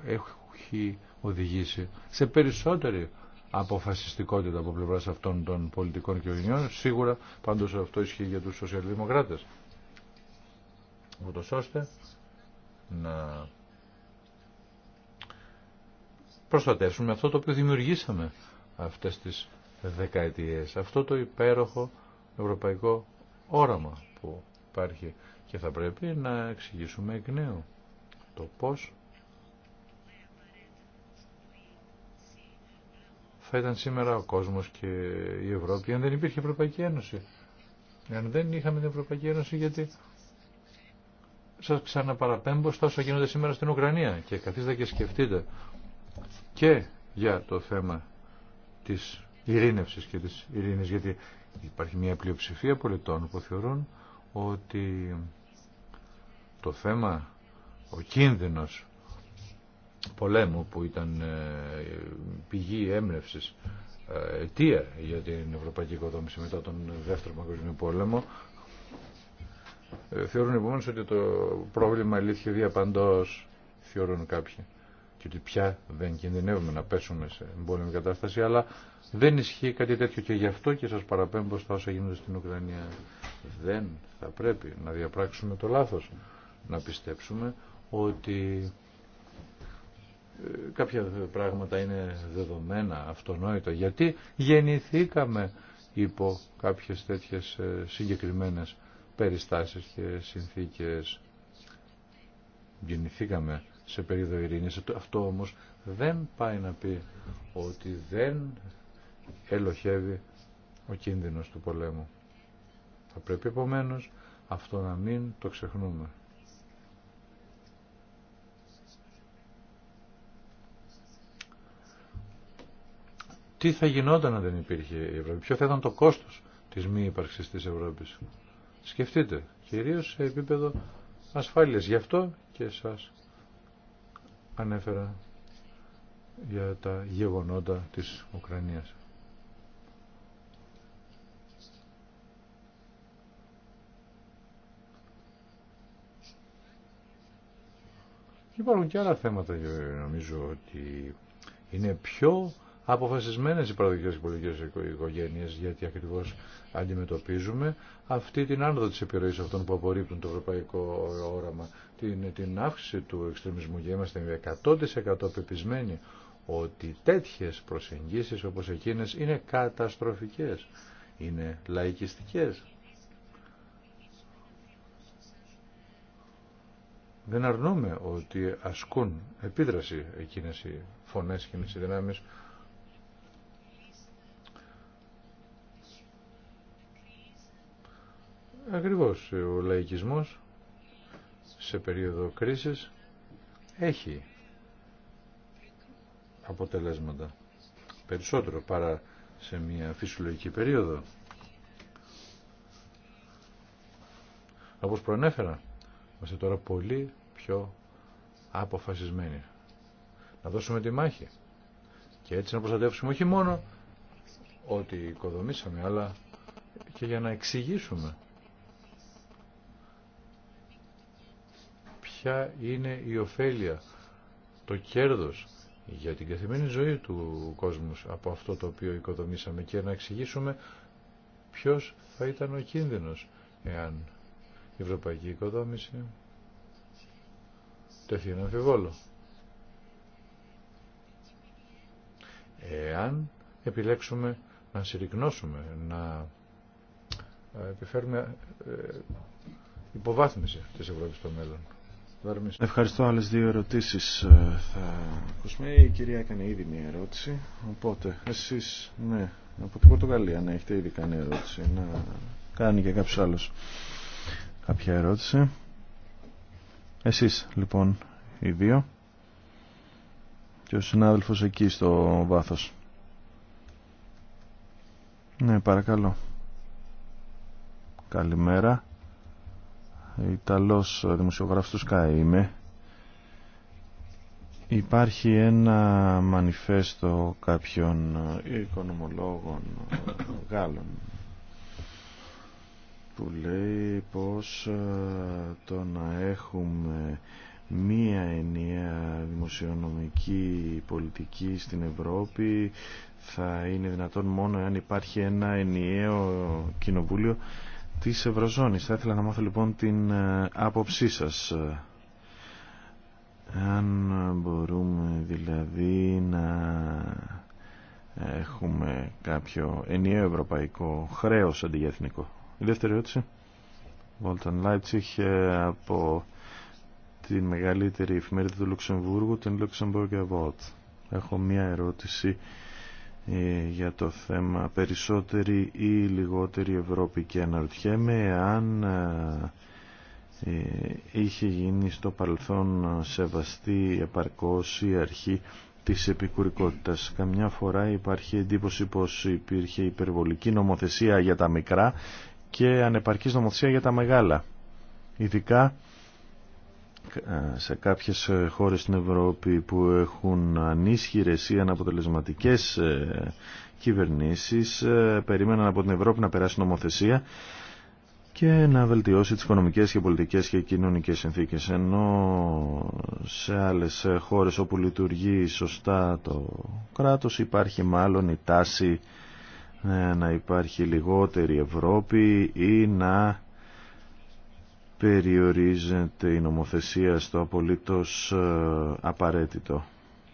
έχει οδηγήσει σε περισσότερη αποφασιστικότητα από πλευρά αυτών των πολιτικών κοινωνιών. Σίγουρα πάντως αυτό ισχύει για τους σοσιαλδημοκράτες. Ούτως ώστε να προστατεύσουμε αυτό το οποίο δημιουργήσαμε αυτές τις δεκαετίες. Αυτό το υπέροχο ευρωπαϊκό όραμα που υπάρχει και θα πρέπει να εξηγήσουμε εκ νέου το πώς θα ήταν σήμερα ο κόσμος και η Ευρώπη αν δεν υπήρχε Ευρωπαϊκή Ένωση. Αν δεν είχαμε την Ευρωπαϊκή Ένωση γιατί σας ξαναπαραπέμπω στα όσα γίνονται σήμερα στην Ουκρανία και καθίστε και σκεφτείτε και για το θέμα της ειρήνευσης και της ειρήνης γιατί υπάρχει μια πλειοψηφία πολιτών που θεωρούν ότι το θέμα, ο κίνδυνος πολέμου που ήταν ε, πηγή έμπνευσης ε, αιτία για την ευρωπαϊκή οικοδόμηση μετά τον δεύτερο παγκόσμιο πόλεμο ε, θεωρούν επομένω ότι το πρόβλημα λύθηκε διαπαντός θεωρούν κάποιοι και ότι πια δεν κινδυνεύουμε να πέσουμε σε εμπόλεμη κατάσταση αλλά δεν ισχύει κάτι τέτοιο και γι' αυτό και σας παραπέμπω στα όσα γίνονται στην Ουκρανία δεν θα πρέπει να διαπράξουμε το λάθος να πιστέψουμε ότι κάποια πράγματα είναι δεδομένα, αυτονόητα, γιατί γεννηθήκαμε υπό κάποιες τέτοιες ε, συγκεκριμένες περιστάσεις και συνθήκες. Γεννηθήκαμε σε περίοδο ειρήνης. Αυτό όμως δεν πάει να πει ότι δεν ελοχεύει ο κίνδυνος του πολέμου. Θα πρέπει επομένως αυτό να μην το ξεχνούμε. τι θα γινόταν αν δεν υπήρχε η Ευρώπη, ποιο θα ήταν το κόστος της μη ύπαρξης της Ευρώπης. Σκεφτείτε, κυρίως σε επίπεδο ασφάλειας. Γι' αυτό και σας ανέφερα για τα γεγονότα της Ουκρανίας. Υπάρχουν και άλλα θέματα νομίζω ότι είναι πιο αποφασισμένες οι παραδοχές και πολιτικές οικογένειες γιατί ακριβώς αντιμετωπίζουμε αυτή την άνοδο της επιρροής αυτών που απορρίπτουν το ευρωπαϊκό όραμα την, την αύξηση του εξτρεμισμού και είμαστε 100% πεπισμένοι ότι τέτοιες προσεγγίσεις όπως εκείνες είναι καταστροφικές, είναι λαϊκιστικές. Δεν αρνούμε ότι ασκούν επίδραση εκείνες οι φωνές και οι δυνάμεις Ακριβώς ο λαϊκισμός σε περίοδο κρίσης έχει αποτελέσματα περισσότερο παρά σε μια φυσιολογική περίοδο. Όπως προανέφερα, είμαστε τώρα πολύ πιο αποφασισμένοι. Να δώσουμε τη μάχη και έτσι να προστατεύσουμε όχι μόνο ότι οικοδομήσαμε, αλλά και για να εξηγήσουμε ποια είναι η ωφέλεια, το κέρδος για την καθημερινή ζωή του κόσμου από αυτό το οποίο οικοδομήσαμε και να εξηγήσουμε ποιος θα ήταν ο κίνδυνος εάν η ευρωπαϊκή οικοδόμηση τεθεί ένα αμφιβόλο. Εάν επιλέξουμε να συρρυκνώσουμε, να ε, επιφέρουμε ε, υποβάθμιση της Ευρώπης στο μέλλον. Ευχαριστώ.
άλλε δύο ερωτήσεις ε,
θα ακούσουμε. Η κυρία έκανε ήδη
μια ερώτηση. Οπότε, εσείς, ναι, από την Πορτογαλία, να έχετε ήδη κάνει ερώτηση. Να κάνει και κάποιο άλλο κάποια ερώτηση. Εσείς, λοιπόν, οι δύο. Και ο συνάδελφο εκεί στο βάθος. Ναι, παρακαλώ. Καλημέρα. Ιταλός δημοσιογράφος του είμαι. Υπάρχει ένα μανιφέστο κάποιων οικονομολόγων Γάλλων που λέει πως ε, το να έχουμε μία ενιαία δημοσιονομική πολιτική στην Ευρώπη θα είναι δυνατόν μόνο αν υπάρχει ένα ενιαίο κοινοβούλιο της Ευρωζώνης. Θα ήθελα να μάθω λοιπόν την ε, άποψή σας. Αν μπορούμε δηλαδή να έχουμε κάποιο ενιαίο ευρωπαϊκό χρέος αντί εθνικό. Η δεύτερη ερώτηση. Βόλταν Λάιτσιχ ε, από την μεγαλύτερη εφημερίδα του Λουξεμβούργου, την Luxembourg Avot. Έχω μία ερώτηση ε, για το θέμα περισσότερη ή λιγότερη Ευρώπη και αναρωτιέμαι αν ε, ε, είχε γίνει στο παρελθόν σεβαστή επαρκώς η αρχή της επικουρικότητας. Καμιά φορά υπάρχει εντύπωση πως υπήρχε υπερβολική νομοθεσία για τα μικρά και ανεπαρκής νομοθεσία για τα μεγάλα. Ειδικά σε κάποιες ε, χώρες στην Ευρώπη που έχουν ανίσχυρες ή αναποτελεσματικές ε, κυβερνήσεις ε, περίμεναν από την Ευρώπη να περάσει νομοθεσία και να βελτιώσει τις οικονομικές και πολιτικές και κοινωνικές συνθήκες ενώ σε άλλες χώρες όπου λειτουργεί σωστά το κράτος υπάρχει μάλλον η τάση να υπάρχει λιγότερη Ευρώπη ή να περιορίζεται η νομοθεσία στο απολύτως ε, απαραίτητο.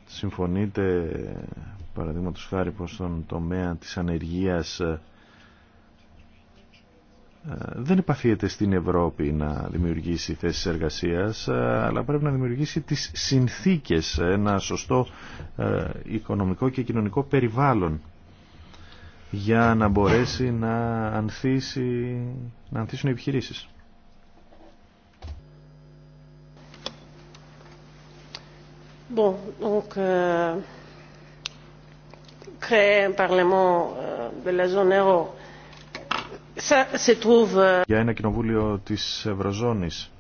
Συμφωνείτε, παραδείγματος χάρη, πως στον τομέα της ανεργίας ε, ε, δεν επαφίεται στην Ευρώπη να δημιουργήσει θέσεις εργασίας, αλλά πρέπει να δημιουργήσει τις συνθήκες, ένα σωστό οικονομικό και κοινωνικό περιβάλλον για να μπορέσει να ανθίσει, να ανθίσουν οι επιχειρήσεις.
Bon, donc euh, créer un parlement euh, euh,
Για ένα κοινοβούλιο της Ευρωζώνης.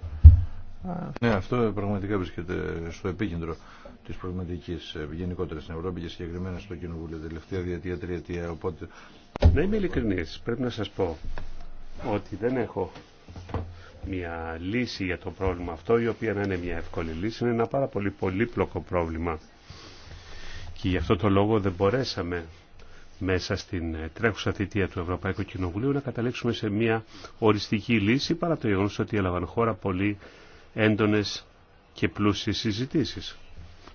Ναι, αυτό πραγματικά βρίσκεται στο επίκεντρο της προβληματικής ε, γενικότερα στην Ευρώπη και συγκεκριμένα στο κοινοβούλιο τελευταία διετία, τριετία, οπότε... Να είμαι ειλικρινής, πρέπει να σας πω
ότι δεν έχω μια λύση για το πρόβλημα αυτό, η οποία να είναι μια εύκολη λύση, είναι ένα πάρα πολύ πολύπλοκο πρόβλημα. Και γι' αυτό το λόγο δεν μπορέσαμε μέσα στην τρέχουσα θητεία του Ευρωπαϊκού Κοινοβουλίου να καταλήξουμε σε μια οριστική λύση παρά το γεγονό ότι έλαβαν χώρα πολύ έντονε και πλούσιε συζητήσει.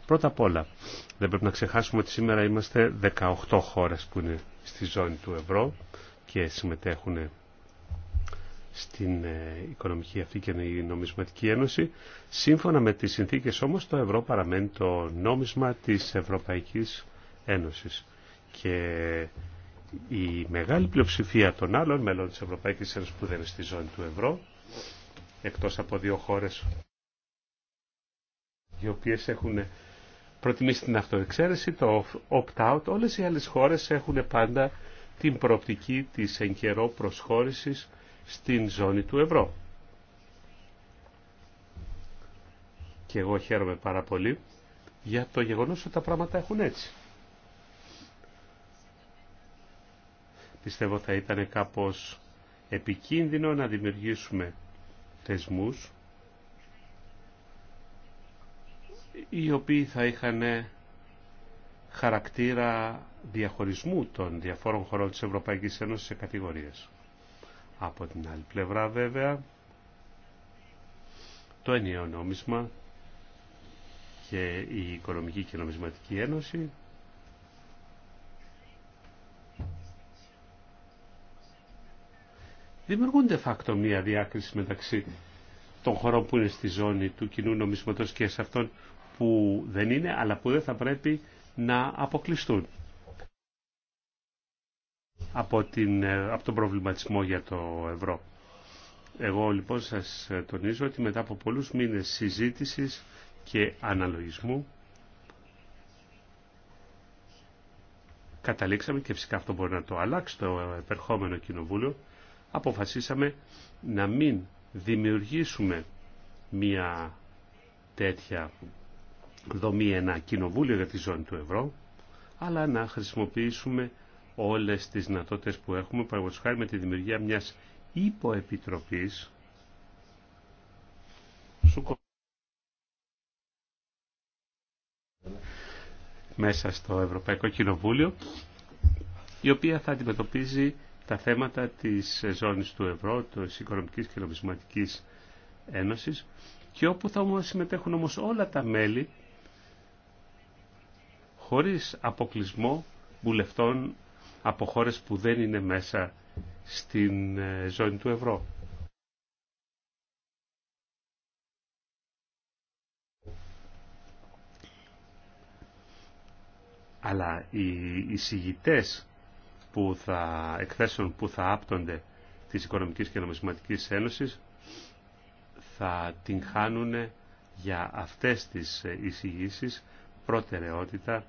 Πρώτα απ' όλα, δεν πρέπει να ξεχάσουμε ότι σήμερα είμαστε 18 χώρε που είναι στη ζώνη του ευρώ και συμμετέχουν στην ε, Οικονομική αυτή και Νομισματική Ένωση. Σύμφωνα με τις συνθήκες όμως το ευρώ παραμένει το νόμισμα της Ευρωπαϊκής Ένωσης. Και η μεγάλη πλειοψηφία των άλλων μελών της Ευρωπαϊκής Ένωσης που δεν είναι στη ζώνη του ευρώ, εκτός από δύο χώρες οι οποίες έχουν προτιμήσει την αυτοεξαίρεση, το opt-out, όλες οι άλλες χώρες έχουν πάντα την προοπτική της εν καιρό προσχώρησης στην ζώνη του ευρώ. Και εγώ χαίρομαι πάρα πολύ για το γεγονός ότι τα πράγματα έχουν έτσι. Πιστεύω θα ήταν κάπως επικίνδυνο να δημιουργήσουμε θεσμούς οι οποίοι θα είχαν χαρακτήρα διαχωρισμού των διαφόρων χωρών της Ευρωπαϊκής Ένωσης σε κατηγορίες. Από την άλλη πλευρά βέβαια το ενιαίο νόμισμα και η Οικονομική και Νομισματική Ένωση δημιουργούν de μία διάκριση μεταξύ των χωρών που είναι στη ζώνη του κοινού νομισματός και σε αυτών που δεν είναι, αλλά που δεν θα πρέπει να αποκλειστούν από, την, ε, από τον προβληματισμό για το ευρώ. Εγώ λοιπόν σας ε, τονίζω ότι μετά από πολλούς μήνες συζήτησης και αναλογισμού καταλήξαμε και φυσικά αυτό μπορεί να το αλλάξει το επερχόμενο κοινοβούλιο αποφασίσαμε να μην δημιουργήσουμε μια τέτοια δομή ένα κοινοβούλιο για τη ζώνη του ευρώ αλλά να χρησιμοποιήσουμε όλες τις δυνατότητες που έχουμε, παραγωγικά χάρη με τη δημιουργία μιας υποεπιτροπής μέσα στο Ευρωπαϊκό Κοινοβούλιο, η οποία θα αντιμετωπίζει τα θέματα της ζώνης του ευρώ, της Οικονομικής και Νομισματικής Ένωσης και όπου θα συμμετέχουν όμως όλα τα μέλη χωρίς αποκλεισμό βουλευτών από χώρες που δεν είναι μέσα στην ε, ζώνη του ευρώ. Αλλά οι εισηγητές που θα εκθέσουν, που θα άπτονται της Οικονομικής και Νομισματικής Ένωσης θα την χάνουν για αυτές τις ε, εισηγήσεις προτεραιότητα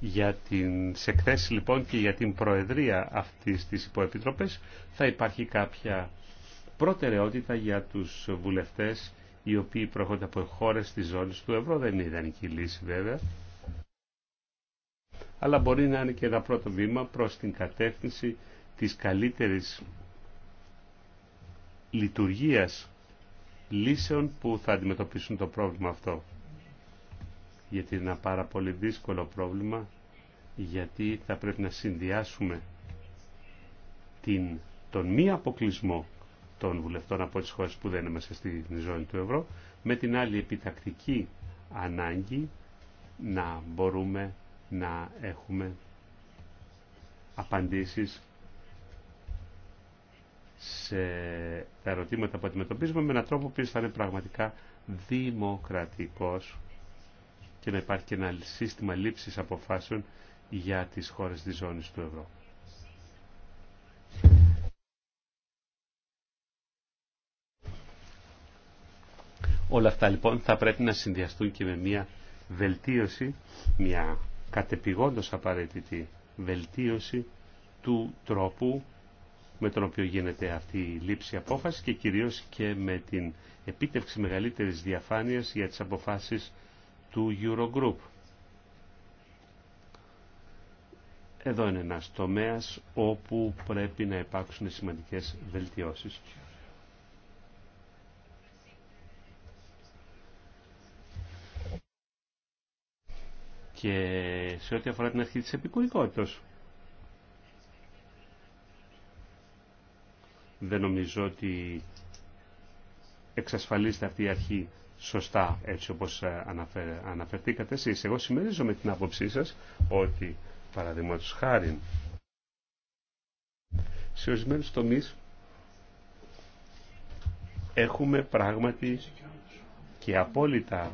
για την εκθέσει λοιπόν και για την προεδρία αυτής της υποεπιτροπής θα υπάρχει κάποια προτεραιότητα για τους βουλευτές οι οποίοι προέρχονται από χώρες της ζώνης του ευρώ. Δεν είναι ιδανική λύση βέβαια. Αλλά μπορεί να είναι και ένα πρώτο βήμα προς την κατεύθυνση της καλύτερης λειτουργίας λύσεων που θα αντιμετωπίσουν το πρόβλημα αυτό γιατί είναι ένα πάρα πολύ δύσκολο πρόβλημα γιατί θα πρέπει να συνδυάσουμε την, τον μη αποκλεισμό των βουλευτών από τις χώρες που δεν είναι μέσα στη ζώνη του ευρώ με την άλλη επιτακτική ανάγκη να μπορούμε να έχουμε απαντήσεις σε τα ερωτήματα που αντιμετωπίζουμε με έναν τρόπο που θα είναι πραγματικά δημοκρατικός και να υπάρχει και ένα σύστημα λήψης αποφάσεων για τις χώρες της ζώνης του ευρώ. Όλα αυτά λοιπόν θα πρέπει να συνδυαστούν και με μια βελτίωση, μια κατεπηγόντως απαραίτητη βελτίωση του τρόπου με τον οποίο γίνεται αυτή η λήψη απόφαση και κυρίως και με την επίτευξη μεγαλύτερης διαφάνειας για τις αποφάσεις του Eurogroup. Εδώ είναι ένας τομέας όπου πρέπει να υπάρξουν σημαντικές βελτιώσεις. Και σε ό,τι αφορά την αρχή της επικουρικότητας. Δεν νομίζω ότι εξασφαλίζεται αυτή η αρχή σωστά έτσι όπως ε, αναφερθήκατε εσείς. Εγώ με την άποψή σας ότι παραδείγματο χάρη σε ορισμένου τομεί έχουμε πράγματι και απόλυτα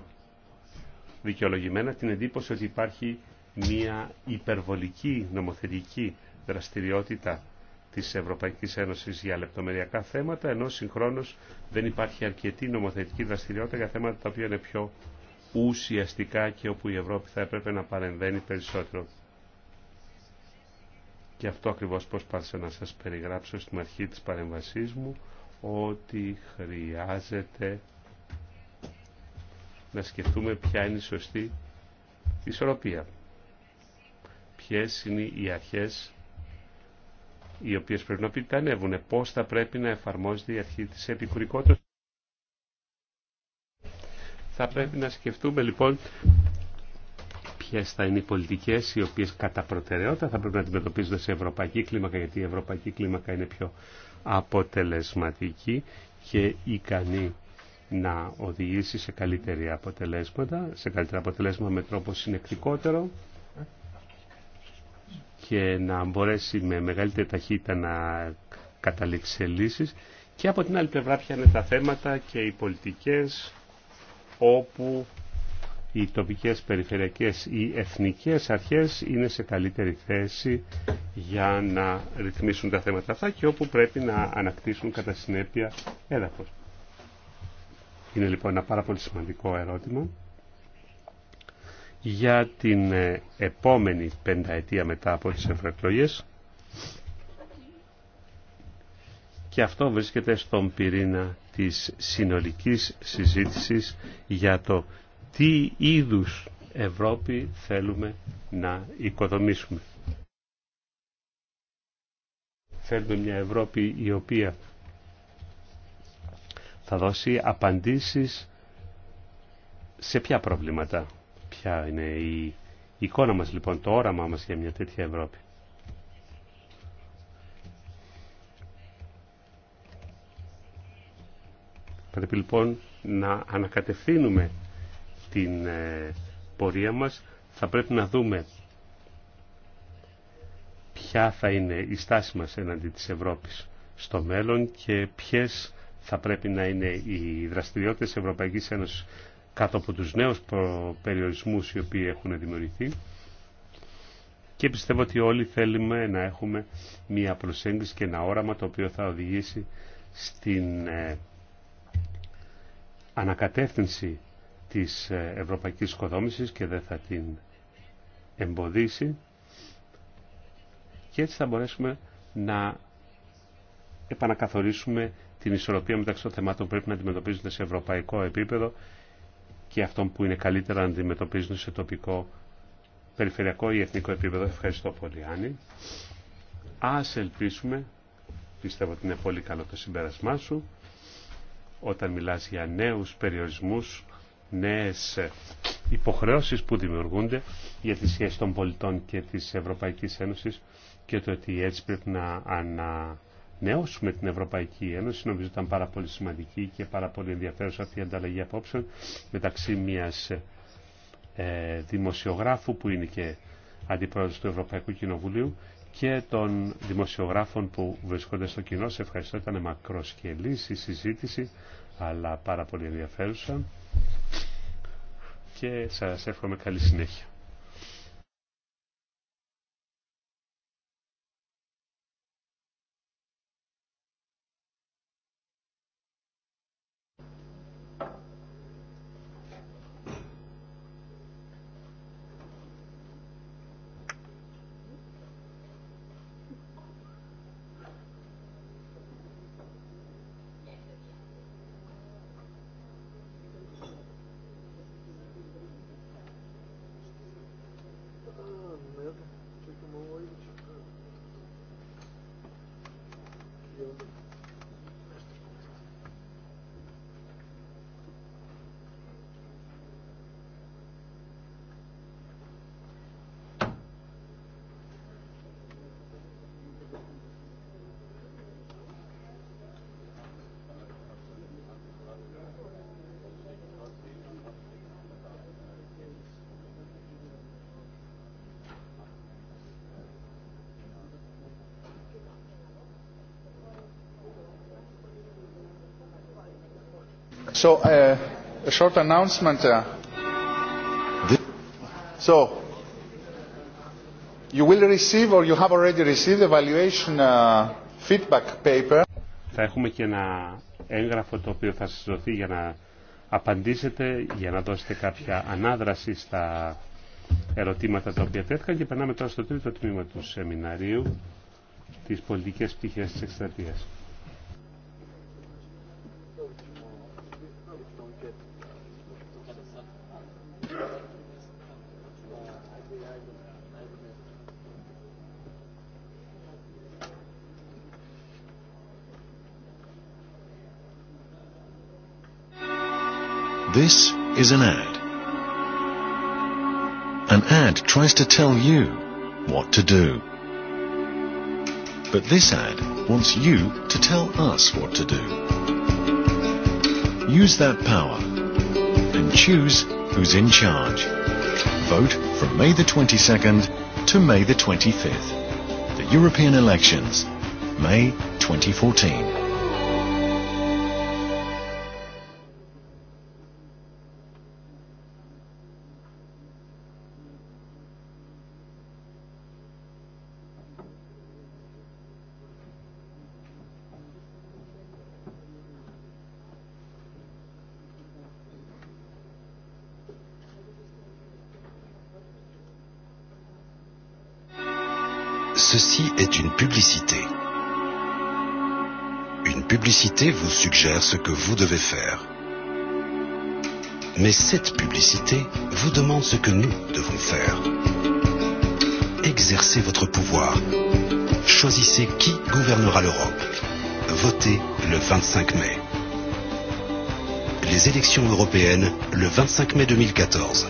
δικαιολογημένα την εντύπωση ότι υπάρχει μια υπερβολική νομοθετική δραστηριότητα της Ευρωπαϊκής Ένωσης για λεπτομεριακά θέματα, ενώ συγχρόνως δεν υπάρχει αρκετή νομοθετική δραστηριότητα για θέματα τα οποία είναι πιο ουσιαστικά και όπου η Ευρώπη θα έπρεπε να παρεμβαίνει περισσότερο. Και αυτό ακριβώς προσπάθησα να σας περιγράψω στην αρχή της παρεμβασής μου, ότι χρειάζεται να σκεφτούμε ποια είναι η σωστή ισορροπία. Ποιες είναι οι αρχές οι οποίες πρέπει να πιτανεύουν πώς θα πρέπει να εφαρμόζεται η αρχή της επικουρικότητας. Θα πρέπει να σκεφτούμε λοιπόν ποιε θα είναι οι πολιτικές οι οποίες κατά προτεραιότητα θα πρέπει να αντιμετωπίζονται σε ευρωπαϊκή κλίμακα, γιατί η ευρωπαϊκή κλίμακα είναι πιο αποτελεσματική και ικανή να οδηγήσει σε καλύτερη αποτελέσματα, σε καλύτερα αποτελέσματα με τρόπο συνεκτικότερο και να μπορέσει με μεγαλύτερη ταχύτητα να καταλήξει σε λύσεις. Και από την άλλη πλευρά πια είναι τα θέματα και οι πολιτικές όπου οι τοπικές, περιφερειακές ή εθνικές αρχές είναι σε καλύτερη θέση για να ρυθμίσουν τα θέματα αυτά και όπου πρέπει να ανακτήσουν κατά συνέπεια έδαφος. Είναι λοιπόν ένα πάρα πολύ σημαντικό ερώτημα για την ε, επόμενη πενταετία μετά από τις ευρωεκλογέ. και αυτό βρίσκεται στον πυρήνα της συνολικής συζήτησης για το τι είδους Ευρώπη θέλουμε να οικοδομήσουμε. Θέλουμε μια Ευρώπη η οποία θα δώσει απαντήσεις σε ποια προβλήματα. Ποια είναι η εικόνα μας λοιπόν, το όραμά μας για μια τέτοια Ευρώπη. Πρέπει λοιπόν να ανακατευθύνουμε την ε, πορεία μας. Θα πρέπει να δούμε ποια θα είναι η στάση μας εναντί της Ευρώπης στο μέλλον και ποιες θα πρέπει να είναι οι δραστηριότητες Ευρωπαϊκής Ένωσης κάτω από τους νέους περιορισμούς οι οποίοι έχουν δημιουργηθεί και πιστεύω ότι όλοι θέλουμε να έχουμε μια προσέγγιση και ένα όραμα το οποίο θα οδηγήσει στην ε, ανακατεύθυνση της ε, ευρωπαϊκής οικοδόμησης και δεν θα την εμποδίσει και έτσι θα μπορέσουμε να επανακαθορίσουμε την ισορροπία μεταξύ των θεμάτων που πρέπει να αντιμετωπίζονται σε ευρωπαϊκό επίπεδο και αυτών που είναι καλύτερα να αντιμετωπίζουν σε τοπικό, περιφερειακό ή εθνικό επίπεδο. Ευχαριστώ πολύ, Άννη. Ας ελπίσουμε, πιστεύω ότι είναι πολύ καλό το συμπέρασμά σου, όταν μιλάς για νέους περιορισμούς, νέες υποχρεώσεις που δημιουργούνται για τη σχέση των πολιτών και της Ευρωπαϊκής Ένωσης και το ότι έτσι πρέπει να ανα ναι, με την Ευρωπαϊκή Ένωση. Νομίζω ήταν πάρα πολύ σημαντική και πάρα πολύ ενδιαφέρουσα αυτή η ανταλλαγή απόψεων μεταξύ μιας ε, δημοσιογράφου που είναι και αντιπρόεδρος του Ευρωπαϊκού Κοινοβουλίου και των δημοσιογράφων που βρισκόνται στο κοινό. Σε ευχαριστώ, ήταν λύση η συζήτηση, αλλά πάρα πολύ ενδιαφέρουσα και σας εύχομαι καλή συνέχεια.
So, uh, a short announcement. So,
Θα έχουμε και ένα έγγραφο το οποίο θα σας δοθεί για να απαντήσετε, για να δώσετε κάποια ανάδραση στα ερωτήματα τα οποία τέθηκαν και περνάμε τώρα στο τρίτο τμήμα του σεμιναρίου, της πολιτικής πτυχίας της εκστρατείας.
This is an ad. An ad tries to tell you what to do. But this ad wants you to tell us what
to do. Use that power and choose who's in charge. Vote from May the 22nd to May the 25th. The European elections, May
2014.
publicité. Une publicité vous suggère ce que vous devez faire. Mais cette publicité vous demande ce que nous devons faire. Exercez votre pouvoir. Choisissez qui gouvernera l'Europe.
Votez le 25 mai. Les élections européennes le 25 mai 2014.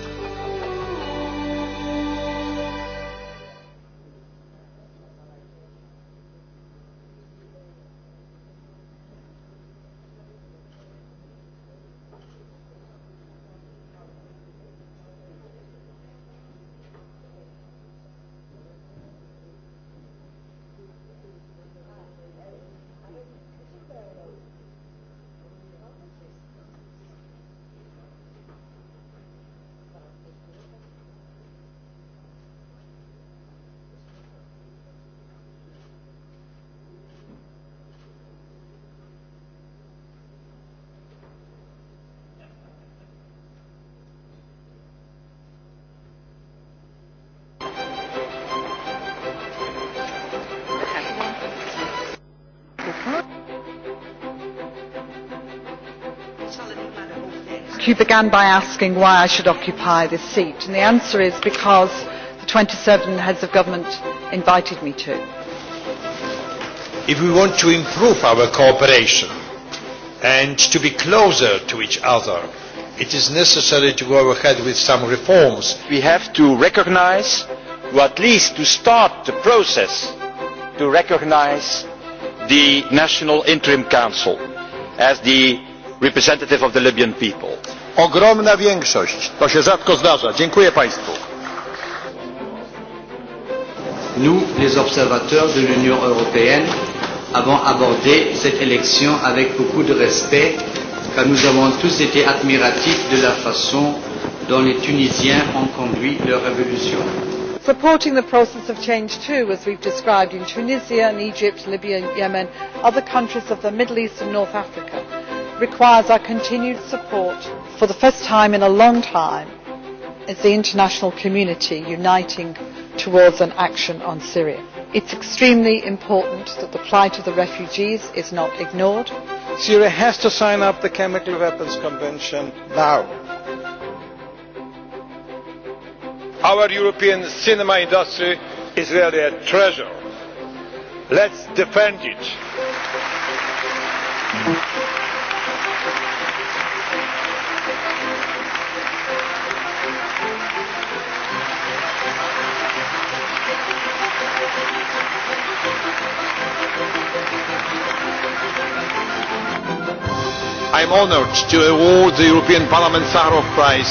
you began by asking why I should occupy this seat, and the answer is because the 27 heads of government invited me to.
If we want
to improve our cooperation and to be closer to each other, it is necessary to go ahead with some reforms. We have to recognize, or at least to start the process, to recognize the National Interim Council as the representative of the Libyan people.
Ogromna większość.
To się rzadko zdarza. Dziękuję Państwu.
Nous, les observateurs de l'Union européenne, avons abordé cette élection avec beaucoup de respect, car nous avons tous été admiratifs de la façon dont les Tunisiens ont conduit leur révolution.
Supporting the process of change too, as we've described in Tunisia and Egypt, Libya and Yemen, other countries of the Middle East and North Africa requires our continued support for the first time in a long time as the international community uniting towards an action on syria. It's extremely important that the plight of the refugees is not ignored. syria has to sign up the chemical weapons convention
now. our european cinema industry is really a treasure. Let's defend it. I am honoured to award the European
Parliament Sakharov Prize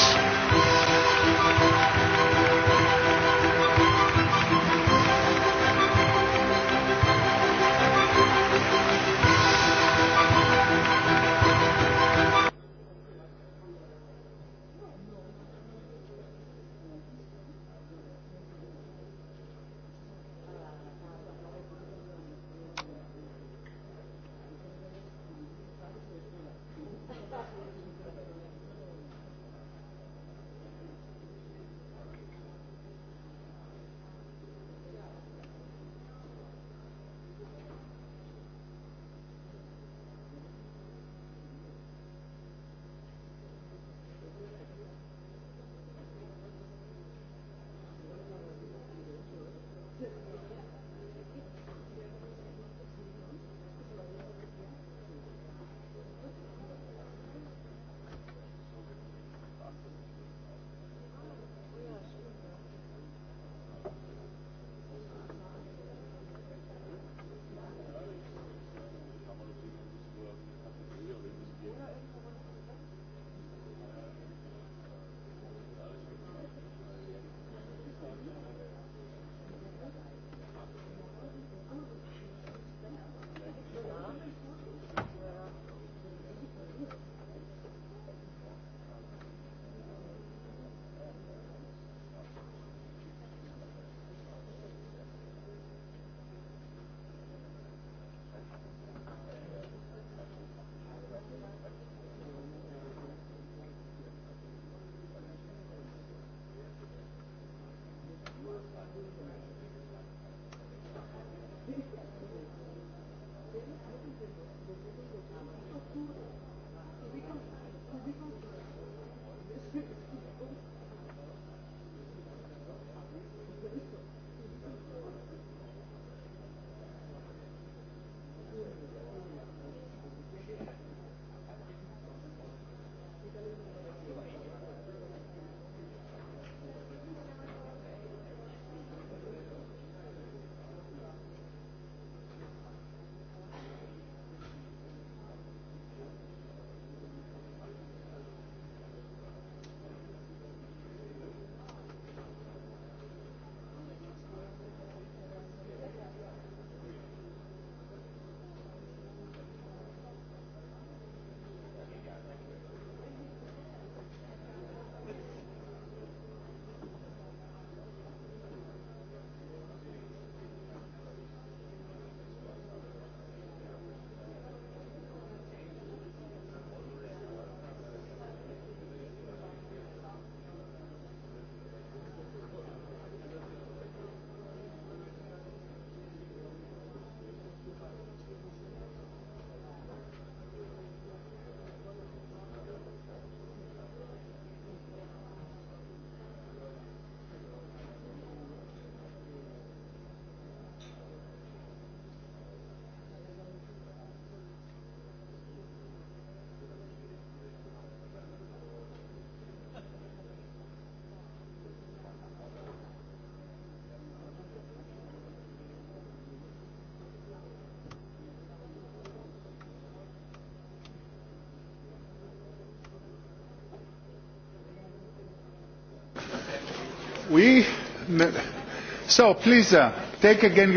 So, please, uh, take again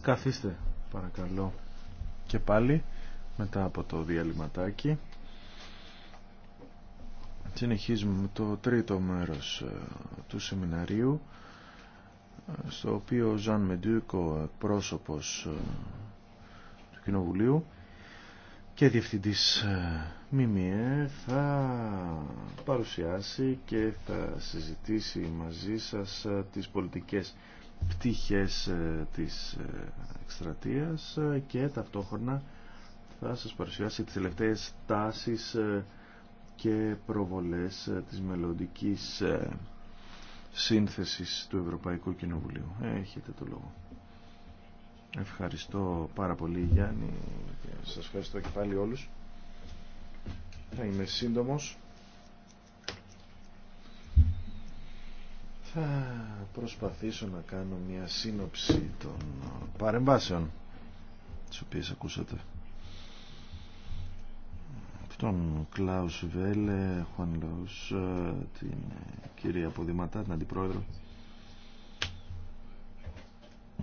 Καθίστε, παρακαλώ. Και
πάλι, μετά από το διαλυματάκι. Συνεχίζουμε με το τρίτο μέρος ε, του σεμιναρίου, ε, στο οποίο ο Ζαν Μεντούκο, πρόσωπος ε, του Κοινοβουλίου, και διευθυντής ΜΜΕ θα παρουσιάσει και θα συζητήσει μαζί σας τις πολιτικές πτυχές ε, της ε, εκστρατείας ε, και ταυτόχρονα θα σας παρουσιάσει τις τελευταίες τάσεις και προβολές της μελλοντική σύνθεσης του Ευρωπαϊκού Κοινοβουλίου. Έχετε το λόγο. Ευχαριστώ πάρα πολύ Γιάννη. Σας ευχαριστώ και πάλι όλους. Θα είμαι σύντομος. Θα προσπαθήσω να κάνω μια σύνοψη των ε, παρεμβάσεων τις οποίες ακούσατε. Τον Κλάους Βέλε, Χουαν Λαούς, ε, την ε, κυρία Ποδηματά, την Αντιπρόεδρο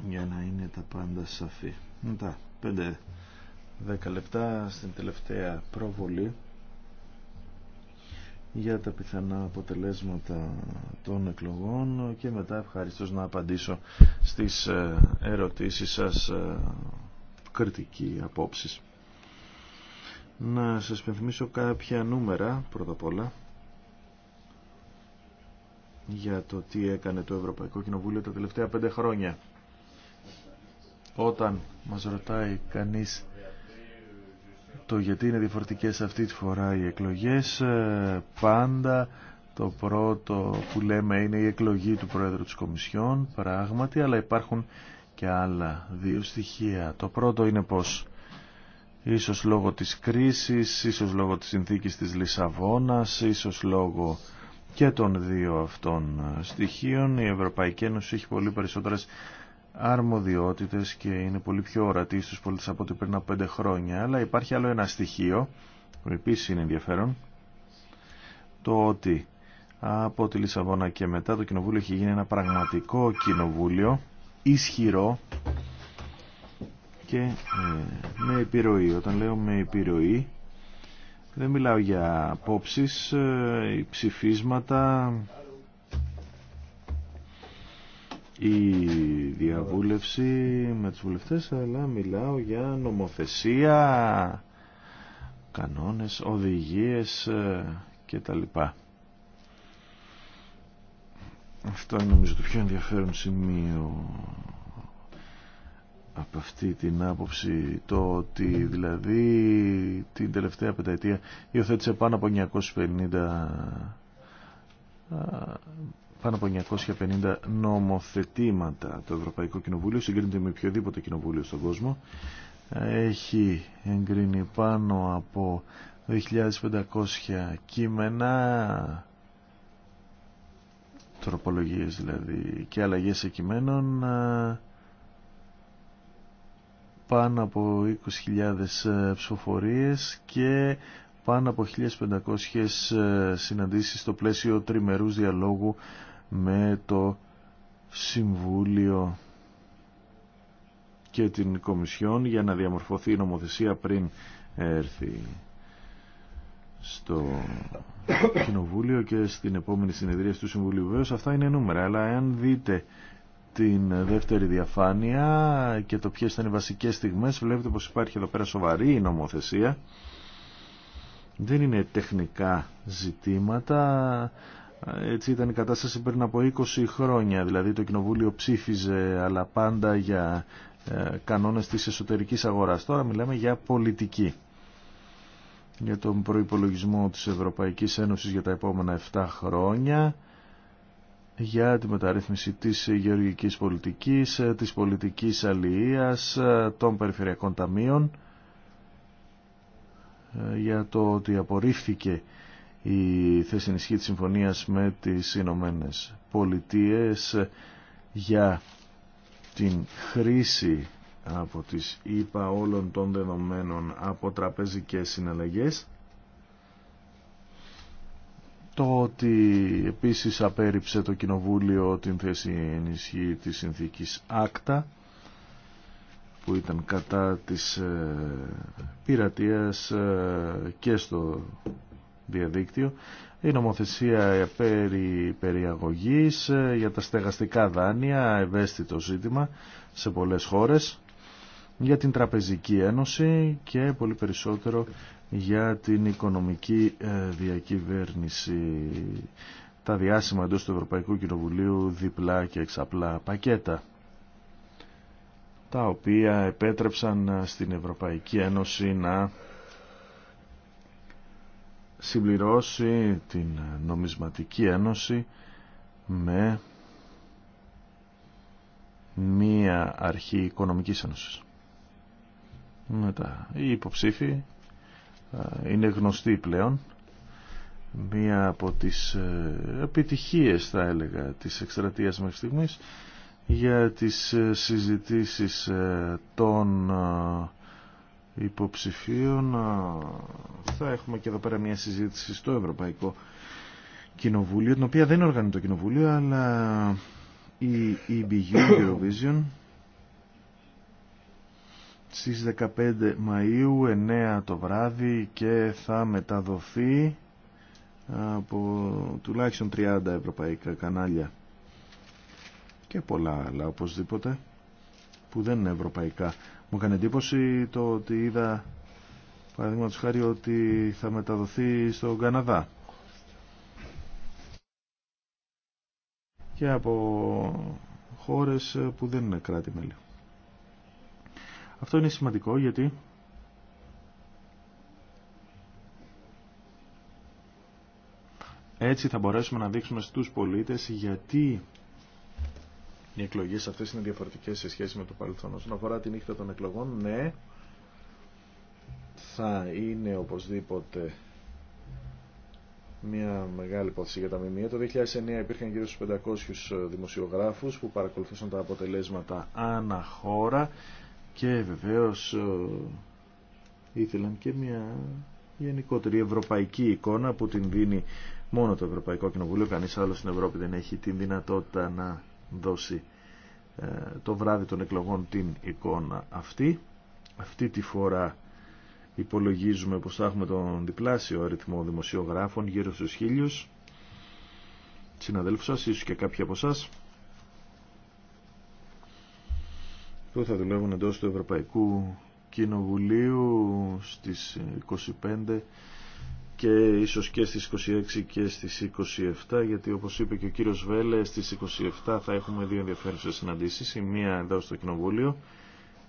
για να είναι τα πάντα σαφή. Μετά, 5-10 λεπτά στην τελευταία προβολή για τα πιθανά αποτελέσματα των εκλογών και μετά ευχαριστώ να απαντήσω στις ε, ερωτήσεις σας ε, κριτική απόψεις. Να σας πενθυμίσω κάποια νούμερα πρώτα απ' όλα για το τι έκανε το Ευρωπαϊκό Κοινοβούλιο τα τελευταία πέντε χρόνια. Όταν μας ρωτάει κανείς το γιατί είναι διαφορετικές αυτή τη φορά οι εκλογές. Ε, πάντα το πρώτο που λέμε είναι η εκλογή του Πρόεδρου της Κομισιόν, πράγματι, αλλά υπάρχουν και άλλα δύο στοιχεία. Το πρώτο είναι πως ίσως λόγω της κρίσης, ίσως λόγω της συνθήκης της Λισαβόνας, ίσως λόγω και των δύο αυτών στοιχείων η Ευρωπαϊκή Ένωση έχει πολύ περισσότερες αρμοδιότητες και είναι πολύ πιο ορατή στους πολίτες από ό,τι πριν από πέντε χρόνια. Αλλά υπάρχει άλλο ένα στοιχείο που επίσης είναι ενδιαφέρον, το ότι από τη Λισαβόνα και μετά το κοινοβούλιο έχει γίνει ένα πραγματικό κοινοβούλιο, ισχυρό και ε, με επιρροή. Όταν λέω με επιρροή, δεν μιλάω για απόψεις, ε, ψηφίσματα, η διαβούλευση με τους βουλευτές αλλά μιλάω για νομοθεσία κανόνες, οδηγίες ε, και τα λοιπά. Αυτό είναι νομίζω το πιο ενδιαφέρον σημείο από αυτή την άποψη το ότι δηλαδή την τελευταία πενταετία υιοθέτησε πάνω από 950 ε, πάνω από 950 νομοθετήματα το Ευρωπαϊκό Κοινοβούλιο, συγκρίνεται με οποιοδήποτε κοινοβούλιο στον κόσμο. Έχει εγκρίνει πάνω από 2.500 κείμενα, τροπολογίες δηλαδή και αλλαγές κειμένων, πάνω από 20.000 ε, ψηφοφορίες και πάνω από 1.500 ε, συναντήσεις στο πλαίσιο τριμερούς διαλόγου με το Συμβούλιο και την Κομισιόν για να διαμορφωθεί η νομοθεσία πριν έρθει στο Κοινοβούλιο και στην επόμενη συνεδρία του Συμβουλίου. Βέβαια αυτά είναι νούμερα, αλλά εάν δείτε την δεύτερη διαφάνεια και το ποιες ήταν οι βασικές στιγμές βλέπετε πως υπάρχει εδώ πέρα σοβαρή νομοθεσία δεν είναι τεχνικά ζητήματα έτσι ήταν η κατάσταση πριν από 20 χρόνια, δηλαδή το Κοινοβούλιο ψήφιζε αλλά πάντα για ε, κανόνες της εσωτερικής αγοράς. Τώρα μιλάμε για πολιτική, για τον προϋπολογισμό της Ευρωπαϊκής Ένωσης για τα επόμενα 7 χρόνια, για τη μεταρρύθμιση της γεωργικής πολιτικής, ε, της πολιτικής αλληλείας, ε, των περιφερειακών ταμείων, για το ότι απορρίφθηκε η θέση ενισχύ τη συμφωνίας με τις Ηνωμένε Πολιτείε για την χρήση από τις ΙΠΑ όλων των δεδομένων από τραπεζικές συναλλαγές το ότι επίσης απέρριψε το Κοινοβούλιο την θέση ενισχύ της συνθήκης ΑΚΤΑ που ήταν κατά της ε, πειρατείας ε, και στο διαδίκτυο, η νομοθεσία περί περιαγωγής, ε, για τα στεγαστικά δάνεια, ευαίσθητο ζήτημα σε πολλές χώρες, για την Τραπεζική Ένωση και πολύ περισσότερο για την οικονομική ε, διακυβέρνηση. Τα διάσημα εντός του Ευρωπαϊκού Κοινοβουλίου διπλά και εξαπλά πακέτα τα οποία επέτρεψαν ε, στην Ευρωπαϊκή Ένωση να συμπληρώσει την νομισματική ένωση με μία αρχή οικονομικής ένωσης. Μετά, οι υποψήφοι είναι γνωστοί πλέον. Μία από τις ε, επιτυχίες, θα έλεγα, της εκστρατείας μέχρι στιγμής για τις ε, συζητήσεις ε, των υποψηφίων θα έχουμε και εδώ πέρα μια συζήτηση στο Ευρωπαϊκό Κοινοβούλιο την οποία δεν οργανή το Κοινοβούλιο αλλά η EBU Eurovision στις 15 Μαΐου 9 το βράδυ και θα μεταδοθεί από τουλάχιστον 30 ευρωπαϊκά κανάλια και πολλά άλλα οπωσδήποτε που δεν είναι ευρωπαϊκά μου έκανε εντύπωση το ότι είδα παραδείγματος χάρη ότι θα μεταδοθεί στον Καναδά. και από χώρες που δεν είναι κράτη-μέλη. Αυτό είναι σημαντικό γιατί έτσι θα μπορέσουμε να δείξουμε στους πολίτες γιατί οι εκλογέ αυτές είναι διαφορετικές σε σχέση με το παρελθόν. Όσον αφορά τη νύχτα των εκλογών, ναι, θα είναι οπωσδήποτε μια μεγάλη υπόθεση για τα ΜΜΕ. Το 2009 υπήρχαν γύρω στους 500 δημοσιογράφους που παρακολουθούσαν τα αποτελέσματα ανά χώρα και βεβαίω ε, ήθελαν και μια γενικότερη ευρωπαϊκή εικόνα που την δίνει μόνο το Ευρωπαϊκό Κοινοβούλιο. Κανείς άλλος στην Ευρώπη δεν έχει την δυνατότητα να δώσει ε, το βράδυ των εκλογών την εικόνα αυτή. Αυτή τη φορά υπολογίζουμε πως θα έχουμε τον διπλάσιο αριθμό δημοσιογράφων γύρω στους χίλιους συναδέλφους σας, ίσως και κάποιοι από σας που θα δουλεύουν εντός του Ευρωπαϊκού Κοινοβουλίου στις 25 και ίσως και στις 26 και στις 27 γιατί όπως είπε και ο κύριος Βέλε στις 27 θα έχουμε δύο ενδιαφέρουσες συναντήσεις η μία εδώ στο Κοινοβούλιο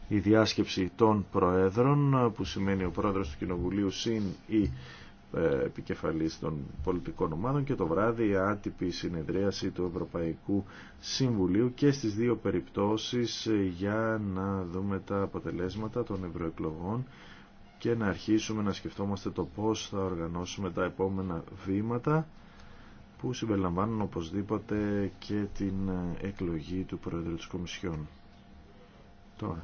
η διάσκεψη των Προέδρων που σημαίνει ο Πρόεδρος του Κοινοβουλίου συν ή ε, επικεφαλής των πολιτικών ομάδων και το βράδυ η άτυπη συνεδρίαση του Ευρωπαϊκού Συμβουλίου και στις δύο περιπτώσεις για να δούμε τα αποτελέσματα των ευρωεκλογών και να αρχίσουμε να σκεφτόμαστε το πώς θα οργανώσουμε τα επόμενα βήματα που συμπεριλαμβάνουν οπωσδήποτε και την ε, εκλογή του Πρόεδρου της Κομισιόν. Τώρα,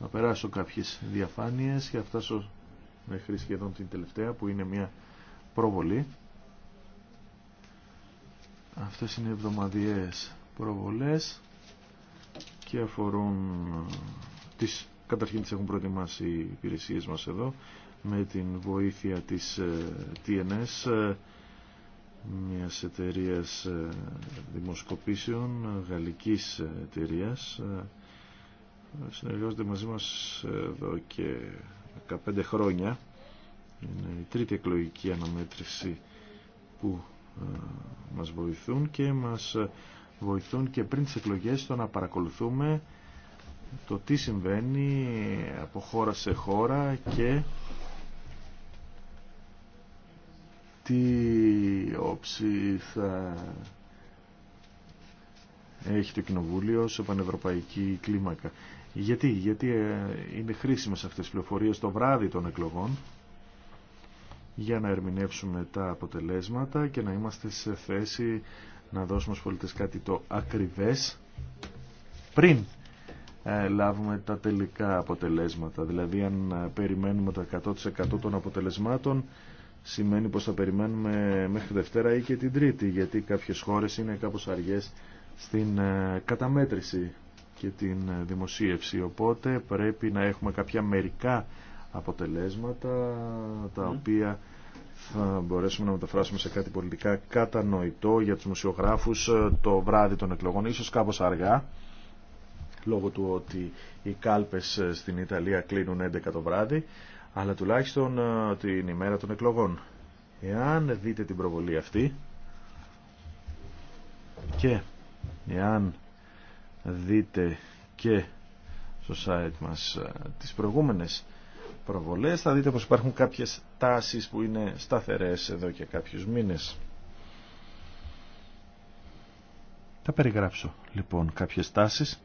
να περάσω κάποιες διαφάνειες και θα φτάσω μέχρι σχεδόν την τελευταία που είναι μια προβολή. Αυτές είναι εβδομαδιαίες προβολές και αφορούν ε, τις καταρχήν τις έχουν προετοιμάσει οι υπηρεσίες μας εδώ με την βοήθεια της ε, TNS ε, μιας εταιρείας ε, δημοσκοπήσεων γαλλικής εταιρείας συνεργάζονται μαζί μας εδώ και 15 χρόνια είναι η τρίτη εκλογική αναμέτρηση που μας βοηθούν και μας βοηθούν και πριν τις εκλογές στο να παρακολουθούμε το τι συμβαίνει από χώρα σε χώρα και τι όψη θα έχει το Κοινοβούλιο σε πανευρωπαϊκή κλίμακα. Γιατί, γιατί ε, είναι χρήσιμες αυτές τις πληροφορίες το βράδυ των εκλογών για να ερμηνεύσουμε τα αποτελέσματα και να είμαστε σε θέση να δώσουμε στους πολίτες κάτι το ακριβές πριν ε, λάβουμε τα τελικά αποτελέσματα. Δηλαδή αν ε, περιμένουμε τα 100% των αποτελεσμάτων σημαίνει πως θα περιμένουμε μέχρι Δευτέρα ή και την Τρίτη γιατί κάποιες χώρες είναι κάπως αργές στην ε, καταμέτρηση και την δημοσίευση. Οπότε πρέπει να έχουμε κάποια μερικά αποτελέσματα τα οποία θα μπορέσουμε να μεταφράσουμε σε κάτι πολιτικά κατανοητό για τους μουσιογράφους το βράδυ των εκλογών, ίσως κάπως αργά λόγω του ότι οι κάλπες ε, στην Ιταλία κλείνουν 11 το βράδυ, αλλά τουλάχιστον ε, την ημέρα των εκλογών. Εάν δείτε την προβολή αυτή και εάν δείτε και στο site μας ε, τις προηγούμενες προβολές θα δείτε πως υπάρχουν κάποιες τάσεις που είναι σταθερές εδώ και κάποιους μήνες. Θα περιγράψω λοιπόν κάποιες τάσεις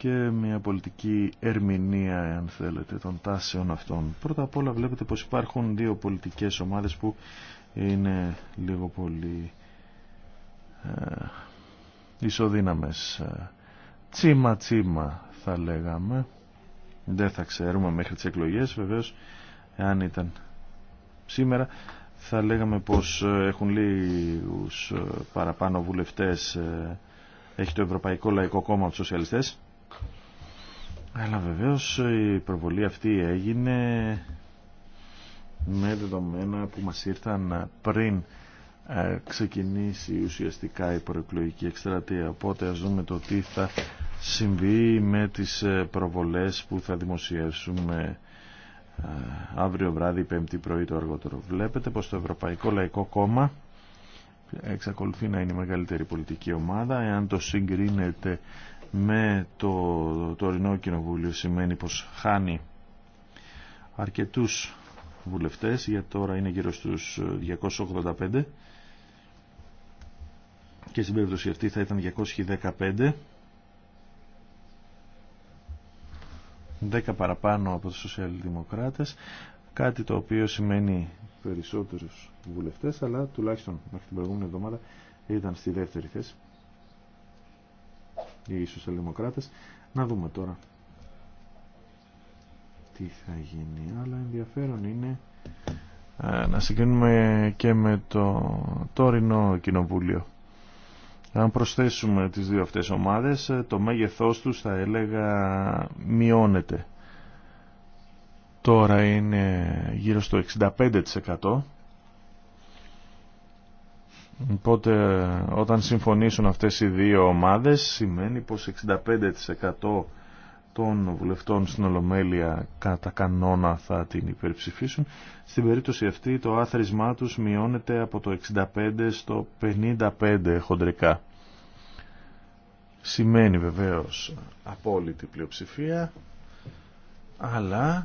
και μια πολιτική ερμηνεία, αν θέλετε, των τάσεων αυτών. Πρώτα απ' όλα βλέπετε πως υπάρχουν δύο πολιτικές ομάδες που είναι λίγο πολύ ε, ισοδύναμες. Τσίμα-τσίμα ε, θα λέγαμε. Δεν θα ξέρουμε μέχρι τις εκλογές βεβαίως, αν ήταν σήμερα θα λέγαμε πως ε, έχουν λίγους ε, παραπάνω βουλευτές έχει το Ευρωπαϊκό Λαϊκό Κόμμα από τους Σοσιαλιστές αλλά βεβαίως η προβολή αυτή έγινε με δεδομένα που μας ήρθαν πριν ε, ξεκινήσει ουσιαστικά η προεκλογική εκστρατεία. Οπότε ας δούμε το τι θα συμβεί με τις ε, προβολές που θα δημοσιεύσουμε ε, αύριο βράδυ, πέμπτη πρωί το αργότερο. Βλέπετε πως το Ευρωπαϊκό Λαϊκό Κόμμα εξακολουθεί να είναι η μεγαλύτερη πολιτική ομάδα. Εάν το συγκρίνεται με το τωρινό κοινοβούλιο σημαίνει πως χάνει αρκετούς βουλευτές για τώρα είναι γύρω στους 285 και στην περίπτωση αυτή θα ήταν 215 10 παραπάνω από τους σοσιαλδημοκράτες κάτι το οποίο σημαίνει περισσότερους βουλευτές αλλά τουλάχιστον μέχρι την προηγούμενη εβδομάδα ήταν στη δεύτερη θέση οι σοσιαλδημοκράτες. Να δούμε τώρα τι θα γίνει. Αλλά ενδιαφέρον είναι ε, να συγκρίνουμε και με το τωρινό κοινοβούλιο. Αν προσθέσουμε τις δύο αυτές ομάδες, ε, το μέγεθός τους θα έλεγα μειώνεται. Τώρα είναι γύρω στο 65%. Οπότε όταν συμφωνήσουν αυτές οι δύο ομάδες σημαίνει πως 65% των βουλευτών στην Ολομέλεια κατά κανόνα θα την υπερψηφίσουν. Στην περίπτωση αυτή το άθροισμά τους μειώνεται από το 65% στο 55% χοντρικά. Σημαίνει βεβαίως απόλυτη πλειοψηφία, αλλά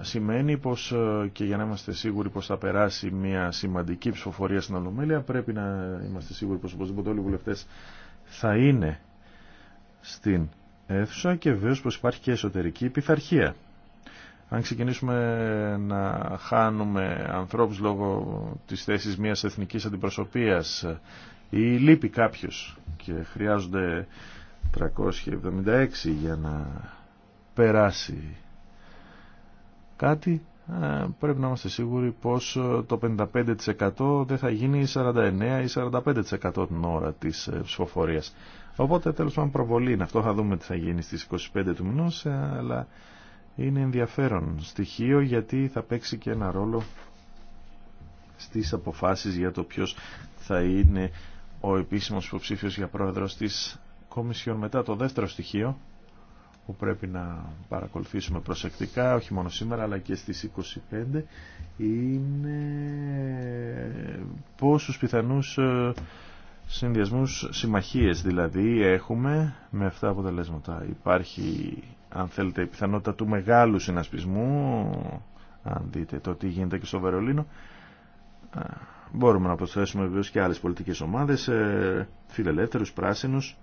Σημαίνει πως ε, και για να είμαστε σίγουροι πως θα περάσει μια σημαντική ψηφοφορία στην Ολομέλεια πρέπει να είμαστε σίγουροι πως οπωσδήποτε όλοι οι βουλευτές θα είναι στην αίθουσα και βεβαίω πως υπάρχει και εσωτερική πειθαρχία. Αν ξεκινήσουμε να χάνουμε ανθρώπους λόγω της θέσης μιας εθνικής αντιπροσωπείας ή λείπει κάποιος και χρειάζονται 376 για να περάσει κάτι, ε, πρέπει να είμαστε σίγουροι πως ε, το 55% δεν θα γίνει 49% ή 45% την ώρα της ε, ψηφοφορίας. Οπότε τέλος πάντων προβολή είναι αυτό, θα δούμε τι θα γίνει στις 25 του μηνός, αλλά είναι ενδιαφέρον στοιχείο γιατί θα παίξει και ένα ρόλο στις αποφάσεις για το ποιος θα είναι ο επίσημος υποψήφιος για πρόεδρος της Κομισιόν μετά το δεύτερο στοιχείο που πρέπει να παρακολουθήσουμε προσεκτικά, όχι μόνο σήμερα αλλά και στις 25, είναι πόσους πιθανούς ε, συνδυασμούς συμμαχίες δηλαδή έχουμε με αυτά αποτελέσματα. Υπάρχει, αν θέλετε, η πιθανότητα του μεγάλου συνασπισμού, αν δείτε το τι γίνεται και στο Βερολίνο, ε, μπορούμε να προσθέσουμε βεβαίως και άλλες πολιτικές ομάδες, ε, φιλελεύθερους, πράσινους,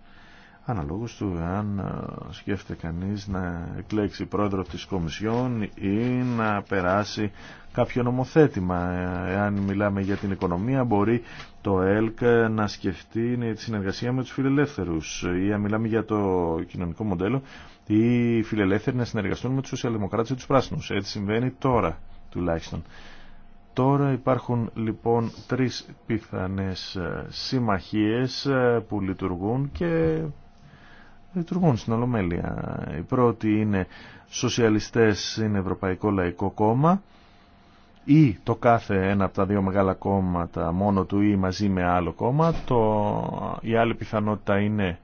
αναλόγως του αν ε, σκέφτεται κανείς να εκλέξει πρόεδρο της Κομισιόν ή να περάσει κάποιο νομοθέτημα. Ε, εάν μιλάμε για την οικονομία μπορεί το ΕΛΚ να σκεφτεί τη συνεργασία με τους φιλελεύθερους ή αν μιλάμε για το κοινωνικό μοντέλο οι φιλελεύθεροι να συνεργαστούν με τους σοσιαλδημοκράτες ή τους πράσινους. Έτσι συμβαίνει τώρα τουλάχιστον. Τώρα υπάρχουν λοιπόν τρεις πιθανές ε, συμμαχίες που λειτουργούν και λειτουργούν στην Ολομέλεια. Οι πρώτη είναι σοσιαλιστές, είναι Ευρωπαϊκό Λαϊκό Κόμμα ή το κάθε ένα από τα δύο μεγάλα κόμματα μόνο του ή μαζί με άλλο κόμμα. Το, η άλλη πιθανότητα είναι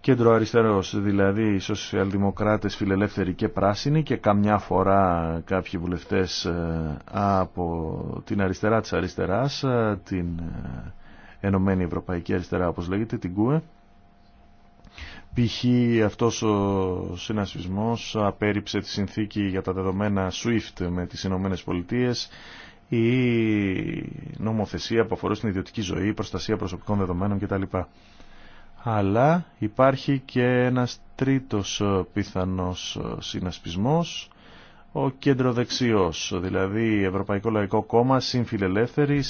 κέντρο αριστερός, δηλαδή σοσιαλδημοκράτες, φιλελεύθεροι και πράσινοι και καμιά φορά κάποιοι βουλευτές ε, από την αριστερά της αριστεράς, ε, την ε, Ενωμένη Ευρωπαϊκή Αριστερά όπως λέγεται, την ΚΟΕ. Π.χ. αυτός ο συνασπισμός απέρριψε τη συνθήκη για τα δεδομένα SWIFT με τις Ηνωμένε Πολιτείες ή νομοθεσία που αφορούσε στην ιδιωτική ζωή, προστασία προσωπικών δεδομένων κτλ. Αλλά υπάρχει και ένας τρίτος πιθανός συνασπισμός, ο κεντροδεξιός, δηλαδή Ευρωπαϊκό Λαϊκό Κόμμα, συμφιλελεύθερη,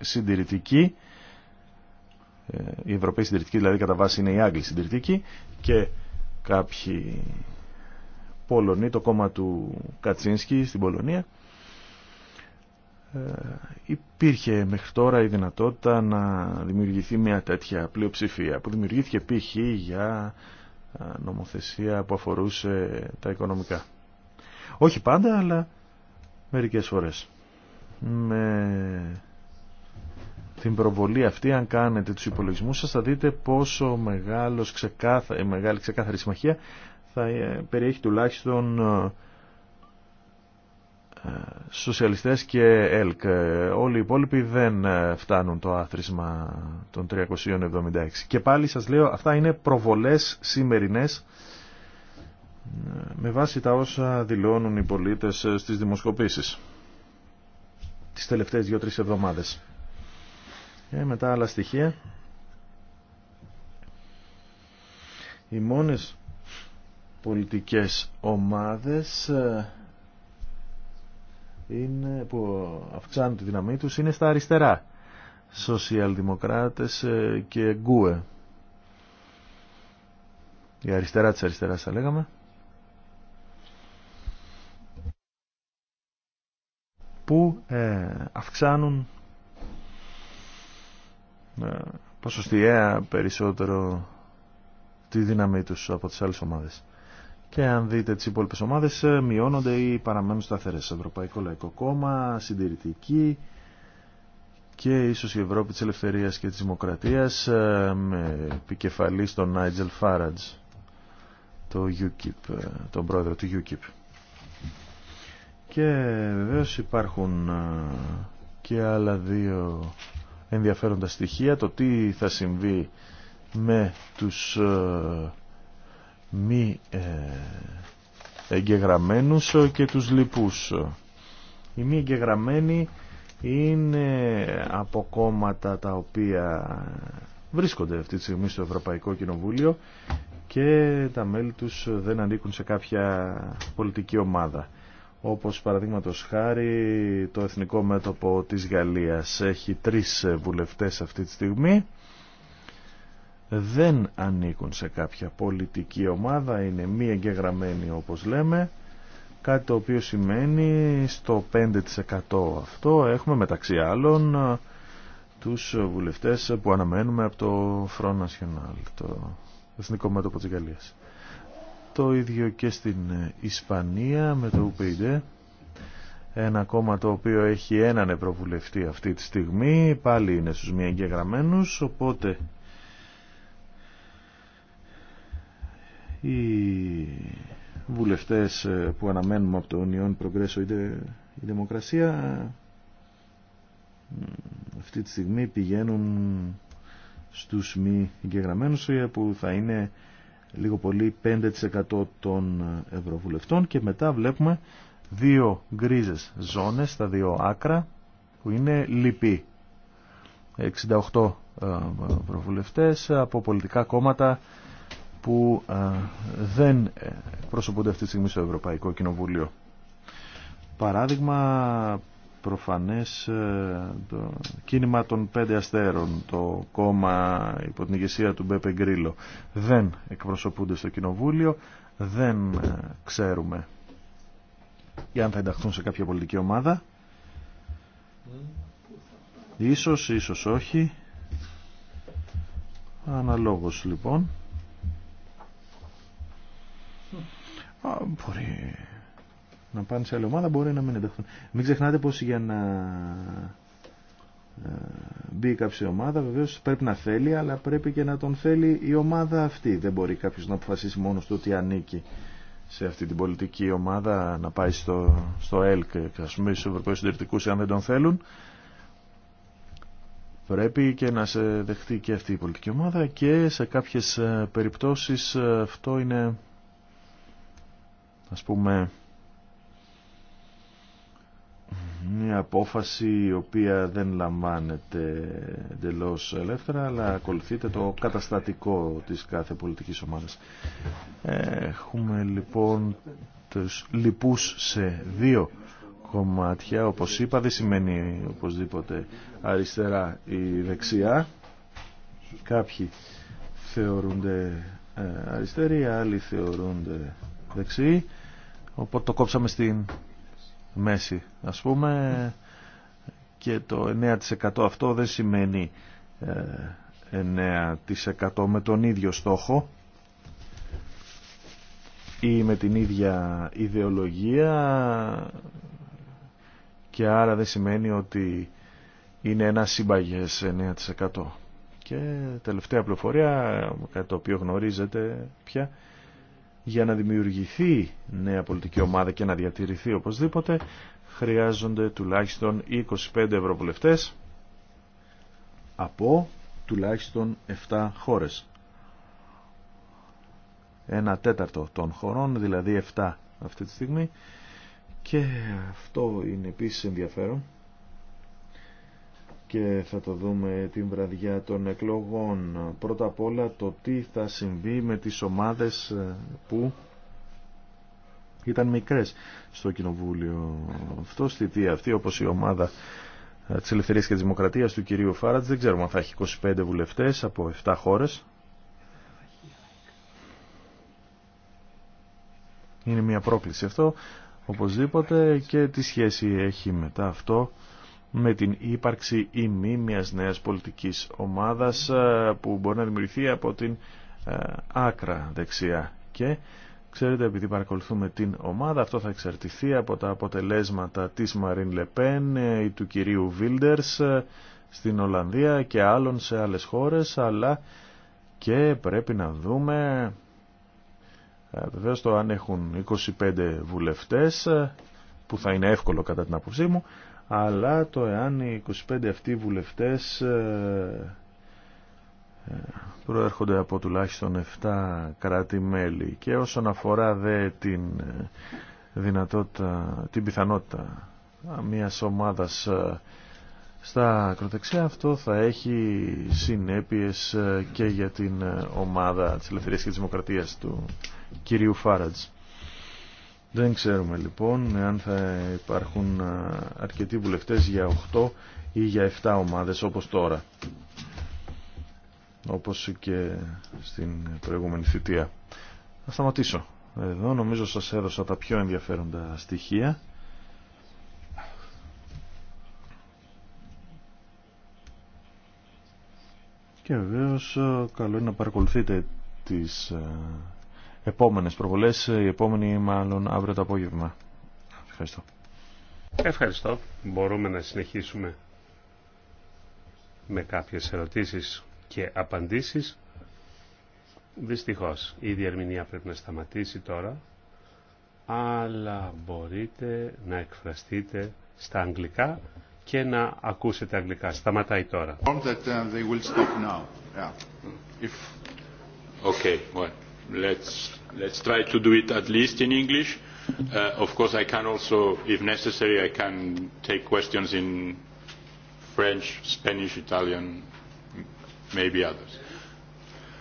συντηρητική η ε, Ευρωπαϊκή Συντηρητική δηλαδή κατά βάση είναι η Άγγλη Συντηρητική και κάποιοι Πολωνοί, το κόμμα του Κατσίνσκι στην Πολωνία ε, υπήρχε μέχρι τώρα η δυνατότητα να δημιουργηθεί μια τέτοια πλειοψηφία που δημιουργήθηκε π.χ. για ε, νομοθεσία που αφορούσε τα οικονομικά. Όχι πάντα, αλλά μερικές φορές. Με την προβολή αυτή, αν κάνετε τους υπολογισμούς σας, θα δείτε πόσο μεγάλος ξεκάθα, ε, μεγάλη ξεκάθαρη συμμαχία θα ε, περιέχει τουλάχιστον ε, σοσιαλιστές και ΕΛΚ. Όλοι οι υπόλοιποι δεν φτάνουν το άθροισμα των 376. Και πάλι σας λέω, αυτά είναι προβολές σημερινές με βάση τα όσα δηλώνουν οι πολίτες στις δημοσκοπήσεις τις τελευταίες δύο-τρεις εβδομάδες μετά άλλα στοιχεία. Οι μόνες πολιτικές ομάδες ε, είναι, που αυξάνουν τη δύναμή τους είναι στα αριστερά. Σοσιαλδημοκράτες ε, και γκούε. Η αριστερά της αριστεράς θα λέγαμε. Που ε, αυξάνουν ναι. ποσοστιαία περισσότερο τη δύναμή τους από τις άλλες ομάδες. Και αν δείτε τις υπόλοιπες ομάδες ε, μειώνονται ή παραμένουν σταθερές. Ευρωπαϊκό Λαϊκό Κόμμα, συντηρητική και ίσως η Ευρώπη της Ελευθερίας και της Δημοκρατίας ε, με επικεφαλή στον Νάιτζελ Φάραντζ, το UKIP, ε, τον πρόεδρο του UKIP. Και βεβαίως υπάρχουν και άλλα δύο ενδιαφέροντα στοιχεία, το τι θα συμβεί με τους ε, μη ε, εγγεγραμμένους ε, και τους λοιπούς. Οι μη εγγεγραμμένοι είναι από κόμματα τα οποία βρίσκονται αυτή τη στιγμή στο Ευρωπαϊκό Κοινοβούλιο και τα μέλη τους δεν ανήκουν σε κάποια πολιτική ομάδα όπως παραδείγματο χάρη το Εθνικό Μέτωπο της Γαλλίας έχει τρεις βουλευτές αυτή τη στιγμή δεν ανήκουν σε κάποια πολιτική ομάδα είναι μη εγγεγραμμένοι όπως λέμε κάτι το οποίο σημαίνει στο 5% αυτό έχουμε μεταξύ άλλων τους βουλευτές που αναμένουμε από το Front National το Εθνικό Μέτωπο της Γαλλίας το ίδιο και στην Ισπανία με το UPD. Ένα κόμμα το οποίο έχει έναν ευρωβουλευτή αυτή τη στιγμή, πάλι είναι στους μη εγγεγραμμένους, οπότε οι βουλευτές που αναμένουμε από το Ιόν Προγκρέσο είναι η Δημοκρασία αυτή τη στιγμή πηγαίνουν στους μη εγγεγραμμένους που θα είναι λίγο πολύ 5% των ευρωβουλευτών και μετά βλέπουμε δύο γκρίζες ζώνες στα δύο άκρα που είναι λυπή. 68 ε, ευρωβουλευτές από πολιτικά κόμματα που ε, δεν ε, προσωπούνται αυτή τη στιγμή στο Ευρωπαϊκό Κοινοβούλιο. Παράδειγμα προφανές ε, το κίνημα των πέντε αστέρων, το κόμμα υπό την ηγεσία του Μπέπε Γκρίλο. Δεν εκπροσωπούνται στο Κοινοβούλιο, δεν ε, ξέρουμε για αν θα ενταχθούν σε κάποια πολιτική ομάδα. Ίσως, ίσως όχι. Αναλόγως λοιπόν. μπορεί να πάνε σε άλλη ομάδα μπορεί να μην ενταχθούν. Μην ξεχνάτε πως για να ε, μπει κάποια ομάδα βεβαίως πρέπει να θέλει αλλά πρέπει και να τον θέλει η ομάδα αυτή. Δεν μπορεί κάποιος να αποφασίσει μόνος του ότι ανήκει σε αυτή την πολιτική ομάδα να πάει στο, στο ΕΛΚ και ας πούμε στους Ευρωπαϊκούς Συντηρητικούς αν δεν τον θέλουν πρέπει και να σε δεχτεί και αυτή η πολιτική ομάδα και σε κάποιες ε, περιπτώσεις ε, αυτό είναι ας πούμε μια απόφαση η οποία δεν λαμβάνεται εντελώ ελεύθερα αλλά ακολουθείται το καταστατικό της κάθε πολιτικής ομάδας. Έχουμε λοιπόν τους λοιπούς σε δύο κομμάτια όπως είπα δεν σημαίνει οπωσδήποτε αριστερά ή δεξιά κάποιοι θεωρούνται ε, αριστεροί άλλοι θεωρούνται δεξιοί οπότε το κόψαμε στην μέση ας πούμε και το 9% αυτό δεν σημαίνει 9% ε, με τον ίδιο στόχο ή με την ίδια ιδεολογία και άρα δεν σημαίνει ότι είναι ένα συμπαγές 9%. Και τελευταία πληροφορία, κάτι το οποίο γνωρίζετε πια, για να δημιουργηθεί νέα πολιτική ομάδα και να διατηρηθεί οπωσδήποτε χρειάζονται τουλάχιστον 25 ευρωβουλευτές από τουλάχιστον 7 χώρες. Ένα τέταρτο των χωρών, δηλαδή 7 αυτή τη στιγμή και αυτό είναι επίσης ενδιαφέρον και θα το δούμε την βραδιά των εκλογών. Πρώτα απ' όλα το τι θα συμβεί με τις ομάδες ε, που ήταν μικρές στο κοινοβούλιο. Αυτό στη τι αυτή, όπως η ομάδα ε, της Ελευθερίας και της Δημοκρατίας του κυρίου Φάρατς, δεν ξέρουμε αν θα έχει 25 βουλευτές από 7 χώρες. Είναι μια πρόκληση αυτό, οπωσδήποτε, και τι σχέση έχει μετά αυτό με την ύπαρξη ή μη μιας νέας πολιτικής ομάδας ε, που μπορεί να δημιουργηθεί από την ε, άκρα δεξιά. Και ξέρετε επειδή παρακολουθούμε την ομάδα αυτό θα εξαρτηθεί από τα αποτελέσματα της Μαρίν Λεπέν ή του κυρίου Βίλντερς ε, στην Ολλανδία και άλλων σε άλλες χώρες αλλά και πρέπει να δούμε βεβαίως το αν έχουν 25 βουλευτές που θα είναι εύκολο κατά την άποψή μου αλλά το εάν οι 25 αυτοί βουλευτές ε, ε, προέρχονται από τουλάχιστον 7 κράτη-μέλη και όσον αφορά δε την ε, δυνατότητα, την πιθανότητα μια ομάδας στα ακροτεξιά αυτό θα έχει συνέπειες και για την ομάδα της Ελευθερίας και της Δημοκρατίας του κυρίου Φάρατζ. Δεν ξέρουμε λοιπόν αν θα υπάρχουν αρκετοί βουλευτές για 8 ή για 7 ομάδες όπως τώρα. Όπως και στην προηγούμενη θητεία. Θα σταματήσω. Εδώ νομίζω σας έδωσα τα πιο ενδιαφέροντα στοιχεία. Και βεβαίως καλό είναι να παρακολουθείτε τις επόμενες προβολές, ε, η επόμενη μάλλον αύριο το απόγευμα. Ευχαριστώ.
Ευχαριστώ. Μπορούμε να συνεχίσουμε με κάποιες ερωτήσεις και απαντήσεις. Δυστυχώς η διερμηνία πρέπει να σταματήσει τώρα, αλλά μπορείτε να εκφραστείτε στα αγγλικά και να ακούσετε αγγλικά. Σταματάει τώρα
let's try to do it at least in English. Of course, I can also, if necessary, I can take questions in French, Spanish, Italian, maybe others.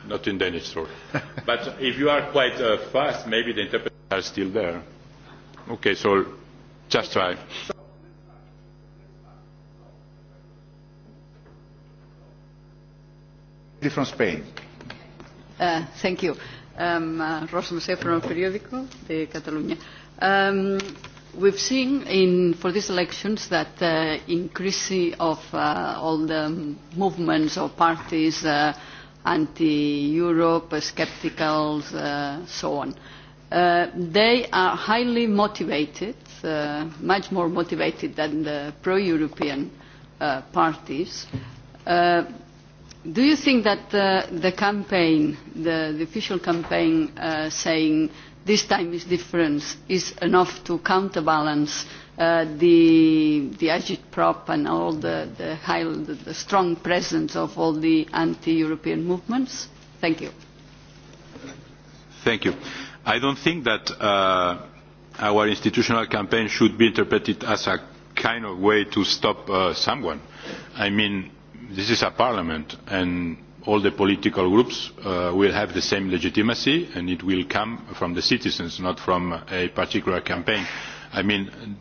Not in Danish, sorry. But if you are quite fast, maybe the interpreters are still there. Okay, so just try. From Spain.
Thank you. Rosa from Periódico de Catalunya. We've seen in for these elections that the increase of all the movements or parties, anti-Europe, and so on. They are highly motivated, much more motivated than the pro-European parties. Do you think that the campaign, the official campaign saying this time is different, is enough to counterbalance the agitprop and all the strong presence of all the anti-European movements? Thank you.
Thank you. I don't think that our institutional campaign should be interpreted as a kind of way to stop someone. I mean this is a parliament and all the political groups will have the same legitimacy and it will come from the citizens not from a particular campaign. i mean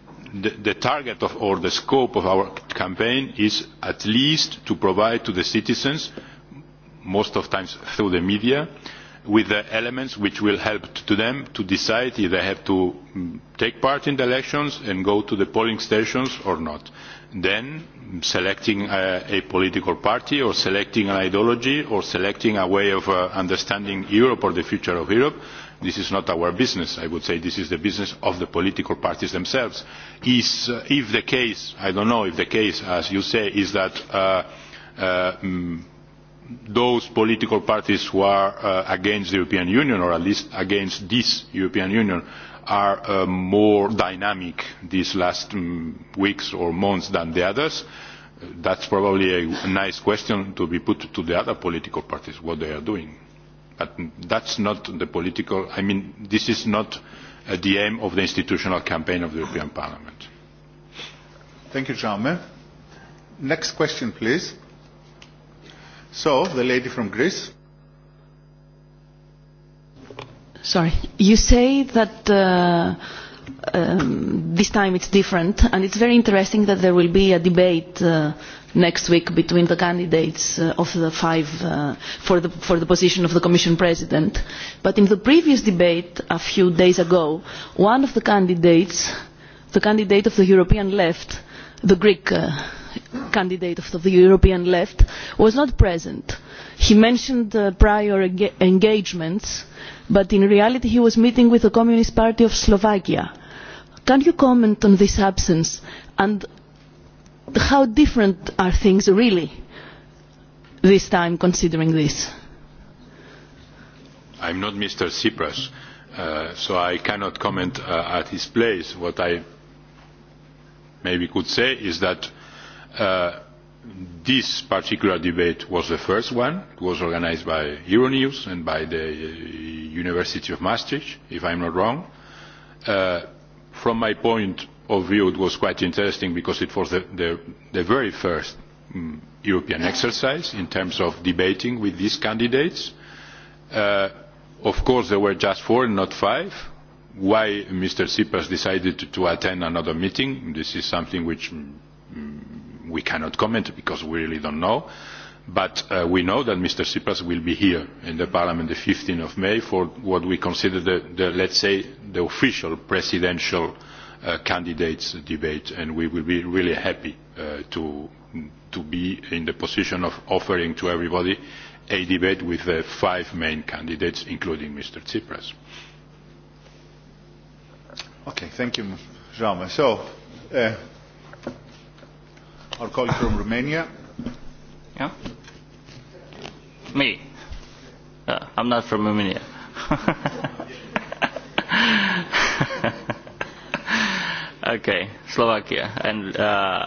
the target or the scope of our campaign is at least to provide to the citizens most of times through the media with the elements which will help to them to decide if they have to take part in the elections and go to the polling stations or not then selecting a political party or selecting an ideology or selecting a way of understanding Europe or the future of Europe, this is not our business. I would say this is the business of the political parties themselves. If the case, I don't know if the case, as you say, is that those political parties who are against the European Union or at least against this European Union are more dynamic these last weeks or months than the others. That's probably a nice question to be put to the other political parties, what they are doing. But that's not the political, I mean, this is not the aim of the institutional campaign of the European Parliament.
Thank you, Jaume. Next question, please. So, the lady from Greece.
Sorry. You say that this time it's different, and it's very interesting that there will be a debate next week between the candidates of the five for the position of the Commission President. But in the previous debate a few days ago, one of the candidates, the candidate of the European left, the Greek candidate of the European left, was not present. He mentioned prior engagements but in reality he was meeting with the Communist Party of Slovakia. Can you comment on this absence and how different are things really this time considering this?
I'm not Mr. Tsipras, so I cannot comment at his place. What I maybe could say is that This particular debate was the first one. It was organised by Euronews and by the University of Maastricht, if I'm not wrong. From my point of view, it was quite interesting because it was the very first European exercise in terms of debating with these candidates. Of course, there were just four not five. Why Mr. Tsipras decided to attend another meeting, this is something which we cannot comment because we really don't know. But we know that Mr. Tsipras will be here in the Parliament the 15th of May for what we consider the, let's say, the official presidential candidates debate, and we will be really happy to to be in the position of offering to everybody a debate with the five main candidates, including Mr. Tsipras.
Okay, thank you,
Jean. So
Our colleague from Romania.
Yeah. Me. I'm not from Romania. okay, Slovakia. And uh,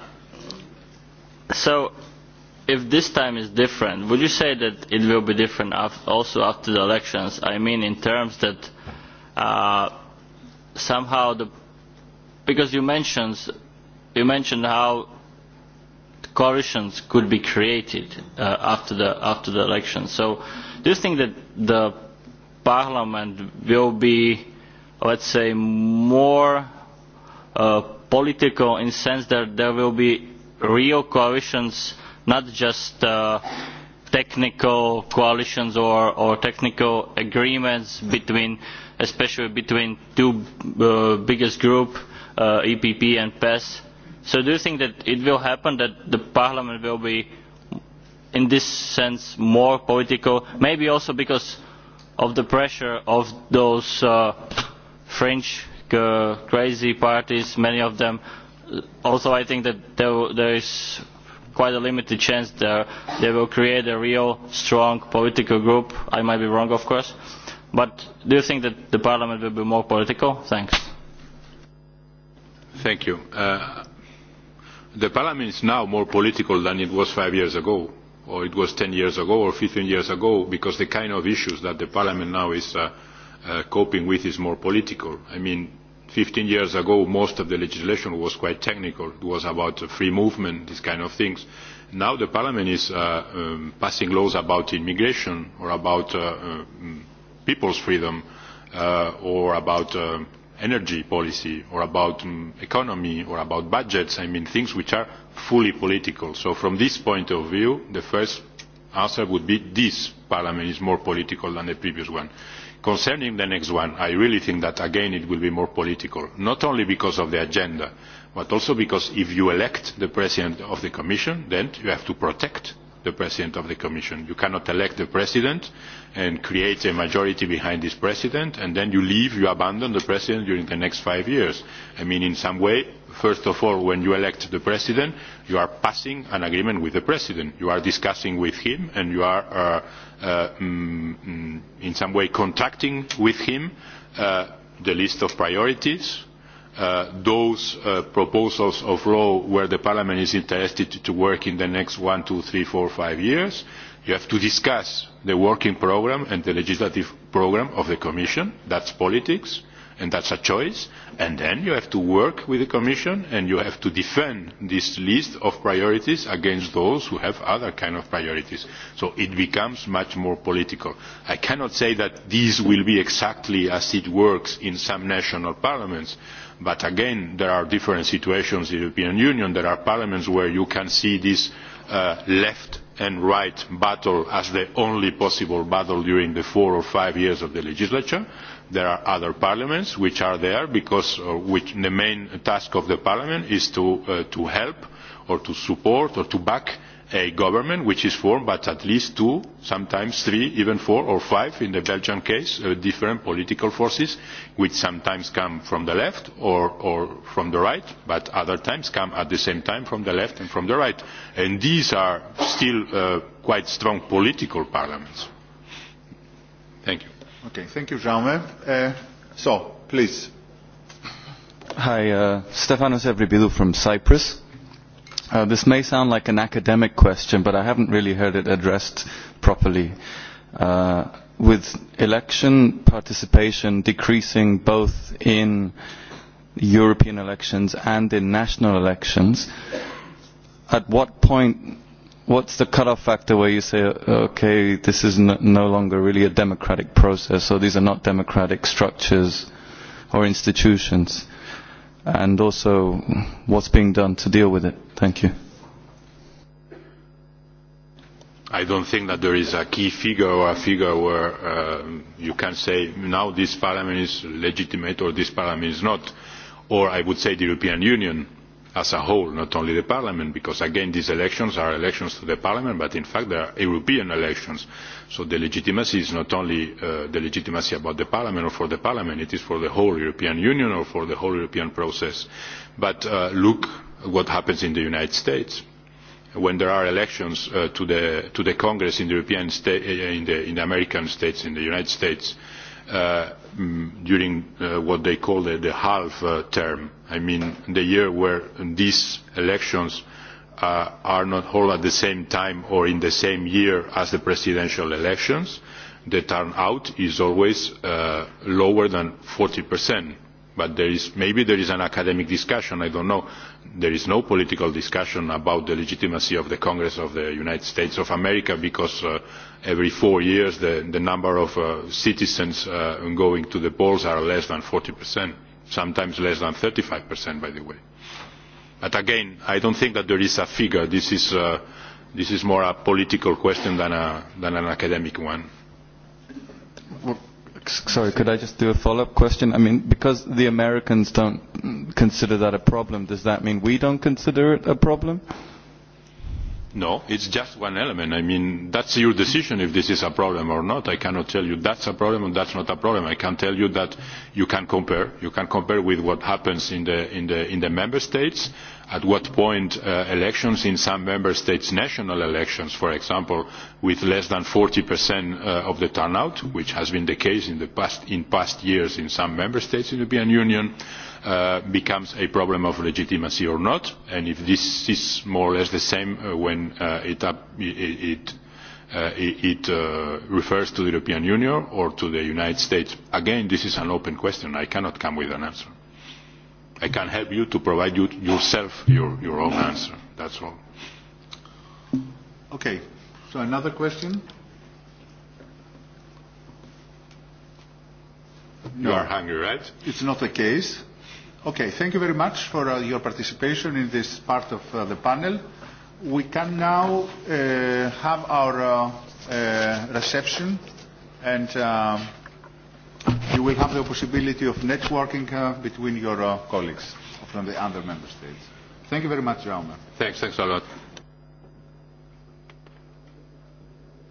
so, if this time is different, would you say that it will be different also after the elections? I mean, in terms that uh, somehow the because you mentioned you mentioned how coalitions could be created after the after the election. So do you think that the Parliament will be, let's say, more political in the sense that there will be real coalitions, not just technical coalitions or or technical agreements between, especially between two biggest groups, EPP and PES So do you think that it will happen that the Parliament will be, in this sense, more political, maybe also because of the pressure of those French crazy parties, many of them? Also, I think that there is quite a limited chance that they will create a real strong political group. I might be wrong, of course. But do you think that the Parliament will be more political? Thanks. Thank you the parliament is
now more political than it was five years ago or it was ten years ago or fifteen years ago because the kind of issues that the parliament now is coping with is more political. I mean, fifteen years ago most of the legislation was quite technical. It was about free movement, these kind of things. Now the parliament is passing laws about immigration or about people's freedom or about energy policy or about economy or about budgets, I mean things which are fully political. So from this point of view, the first answer would be this Parliament is more political than the previous one. Concerning the next one, I really think that again it will be more political, not only because of the agenda, but also because if you elect the President of the Commission, then you have to protect the President of the Commission. You cannot elect the President and create a majority behind this President and then you leave, you abandon the President during the next five years. I mean, in some way, first of all, when you elect the President, you are passing an agreement with the President. You are discussing with him and you are, in some way, contacting with him the list of priorities those proposals of law where the Parliament is interested to work in the next one, two, three, four, five years. You have to discuss the working programme and the legislative programme of the Commission. that is politics, and that is a choice. And then you have to work with the Commission and you have to defend this list of priorities against those who have other kinds of priorities. So it becomes much more political. I cannot say that this will be exactly as it works in some national parliaments But again, there are different situations in the European Union. There are parliaments where you can see this left and right battle as the only possible battle during the four or five years of the legislature. There are other parliaments which are there because the main task of the parliament is to help or to support or to back a government which is formed by at least two, sometimes three, even four or five, in the Belgian case, different political forces, which sometimes come from the left or from the right, but other times come at the same time from the left and from the right. And these are still quite strong political parliaments. Thank you.
Okay, thank you, Jaume. So, please.
Hi, Stefanos Evribidou from Cyprus This may sound like an academic question, but I haven't really heard it addressed properly. With election participation decreasing both in European elections and in national elections, at what point, what's the cut-off factor where you say, okay, this is no longer really a democratic process, so these are not democratic structures or institutions, and also what's being done to deal with it? Thank you.
I don't think that there is a key figure or a figure where you can say now this parliament is legitimate or this parliament is not, or I would say the European Union as a whole, not only the parliament, because again these elections are elections to the parliament, but in fact they are European elections. So the legitimacy is not only the legitimacy about the parliament or for the parliament, it is for the whole European Union or for the whole European process. But look what happens in the United States. When there are elections to the Congress in the European in the American states, in the United States, during what they call the half term, I mean the year where these elections are not held at the same time or in the same year as the presidential elections, the turnout is always lower than 40%. But maybe there is an academic discussion, I don't know there is no political discussion about the legitimacy of the Congress of the United States of America because every four years the number of citizens going to the polls are less than 40%, sometimes less than thirty five by the way. But again, I not think that there is a figure. This is more a political question than an academic one.
Sorry, could I just do a follow-up question? I mean, because the Americans don't consider that a problem, does that mean we don't consider it a problem?
No, it's just one element. I mean, that's your decision if this is a problem or not. I cannot tell you that's a problem and that's not a problem. I can tell you that you can compare. You can compare with what happens in the member states at what point elections in some member states national elections for example with less than 40% of the turnout which has been the case in the past years in some member states in the European Union becomes a problem of legitimacy or not and if this is more or less the same when it it refers to the European Union or to the United States again this is an open question I cannot come with an answer I can help you to provide you yourself your your own answer. That's all. Okay.
So another question? You are hungry, right? It's not the case. Okay. Thank you very much for your participation in this part of the panel. We can now have our reception and You will have the possibility of networking between your colleagues from the other member states. Thank you very much, Jaume.
Thanks, thanks a lot.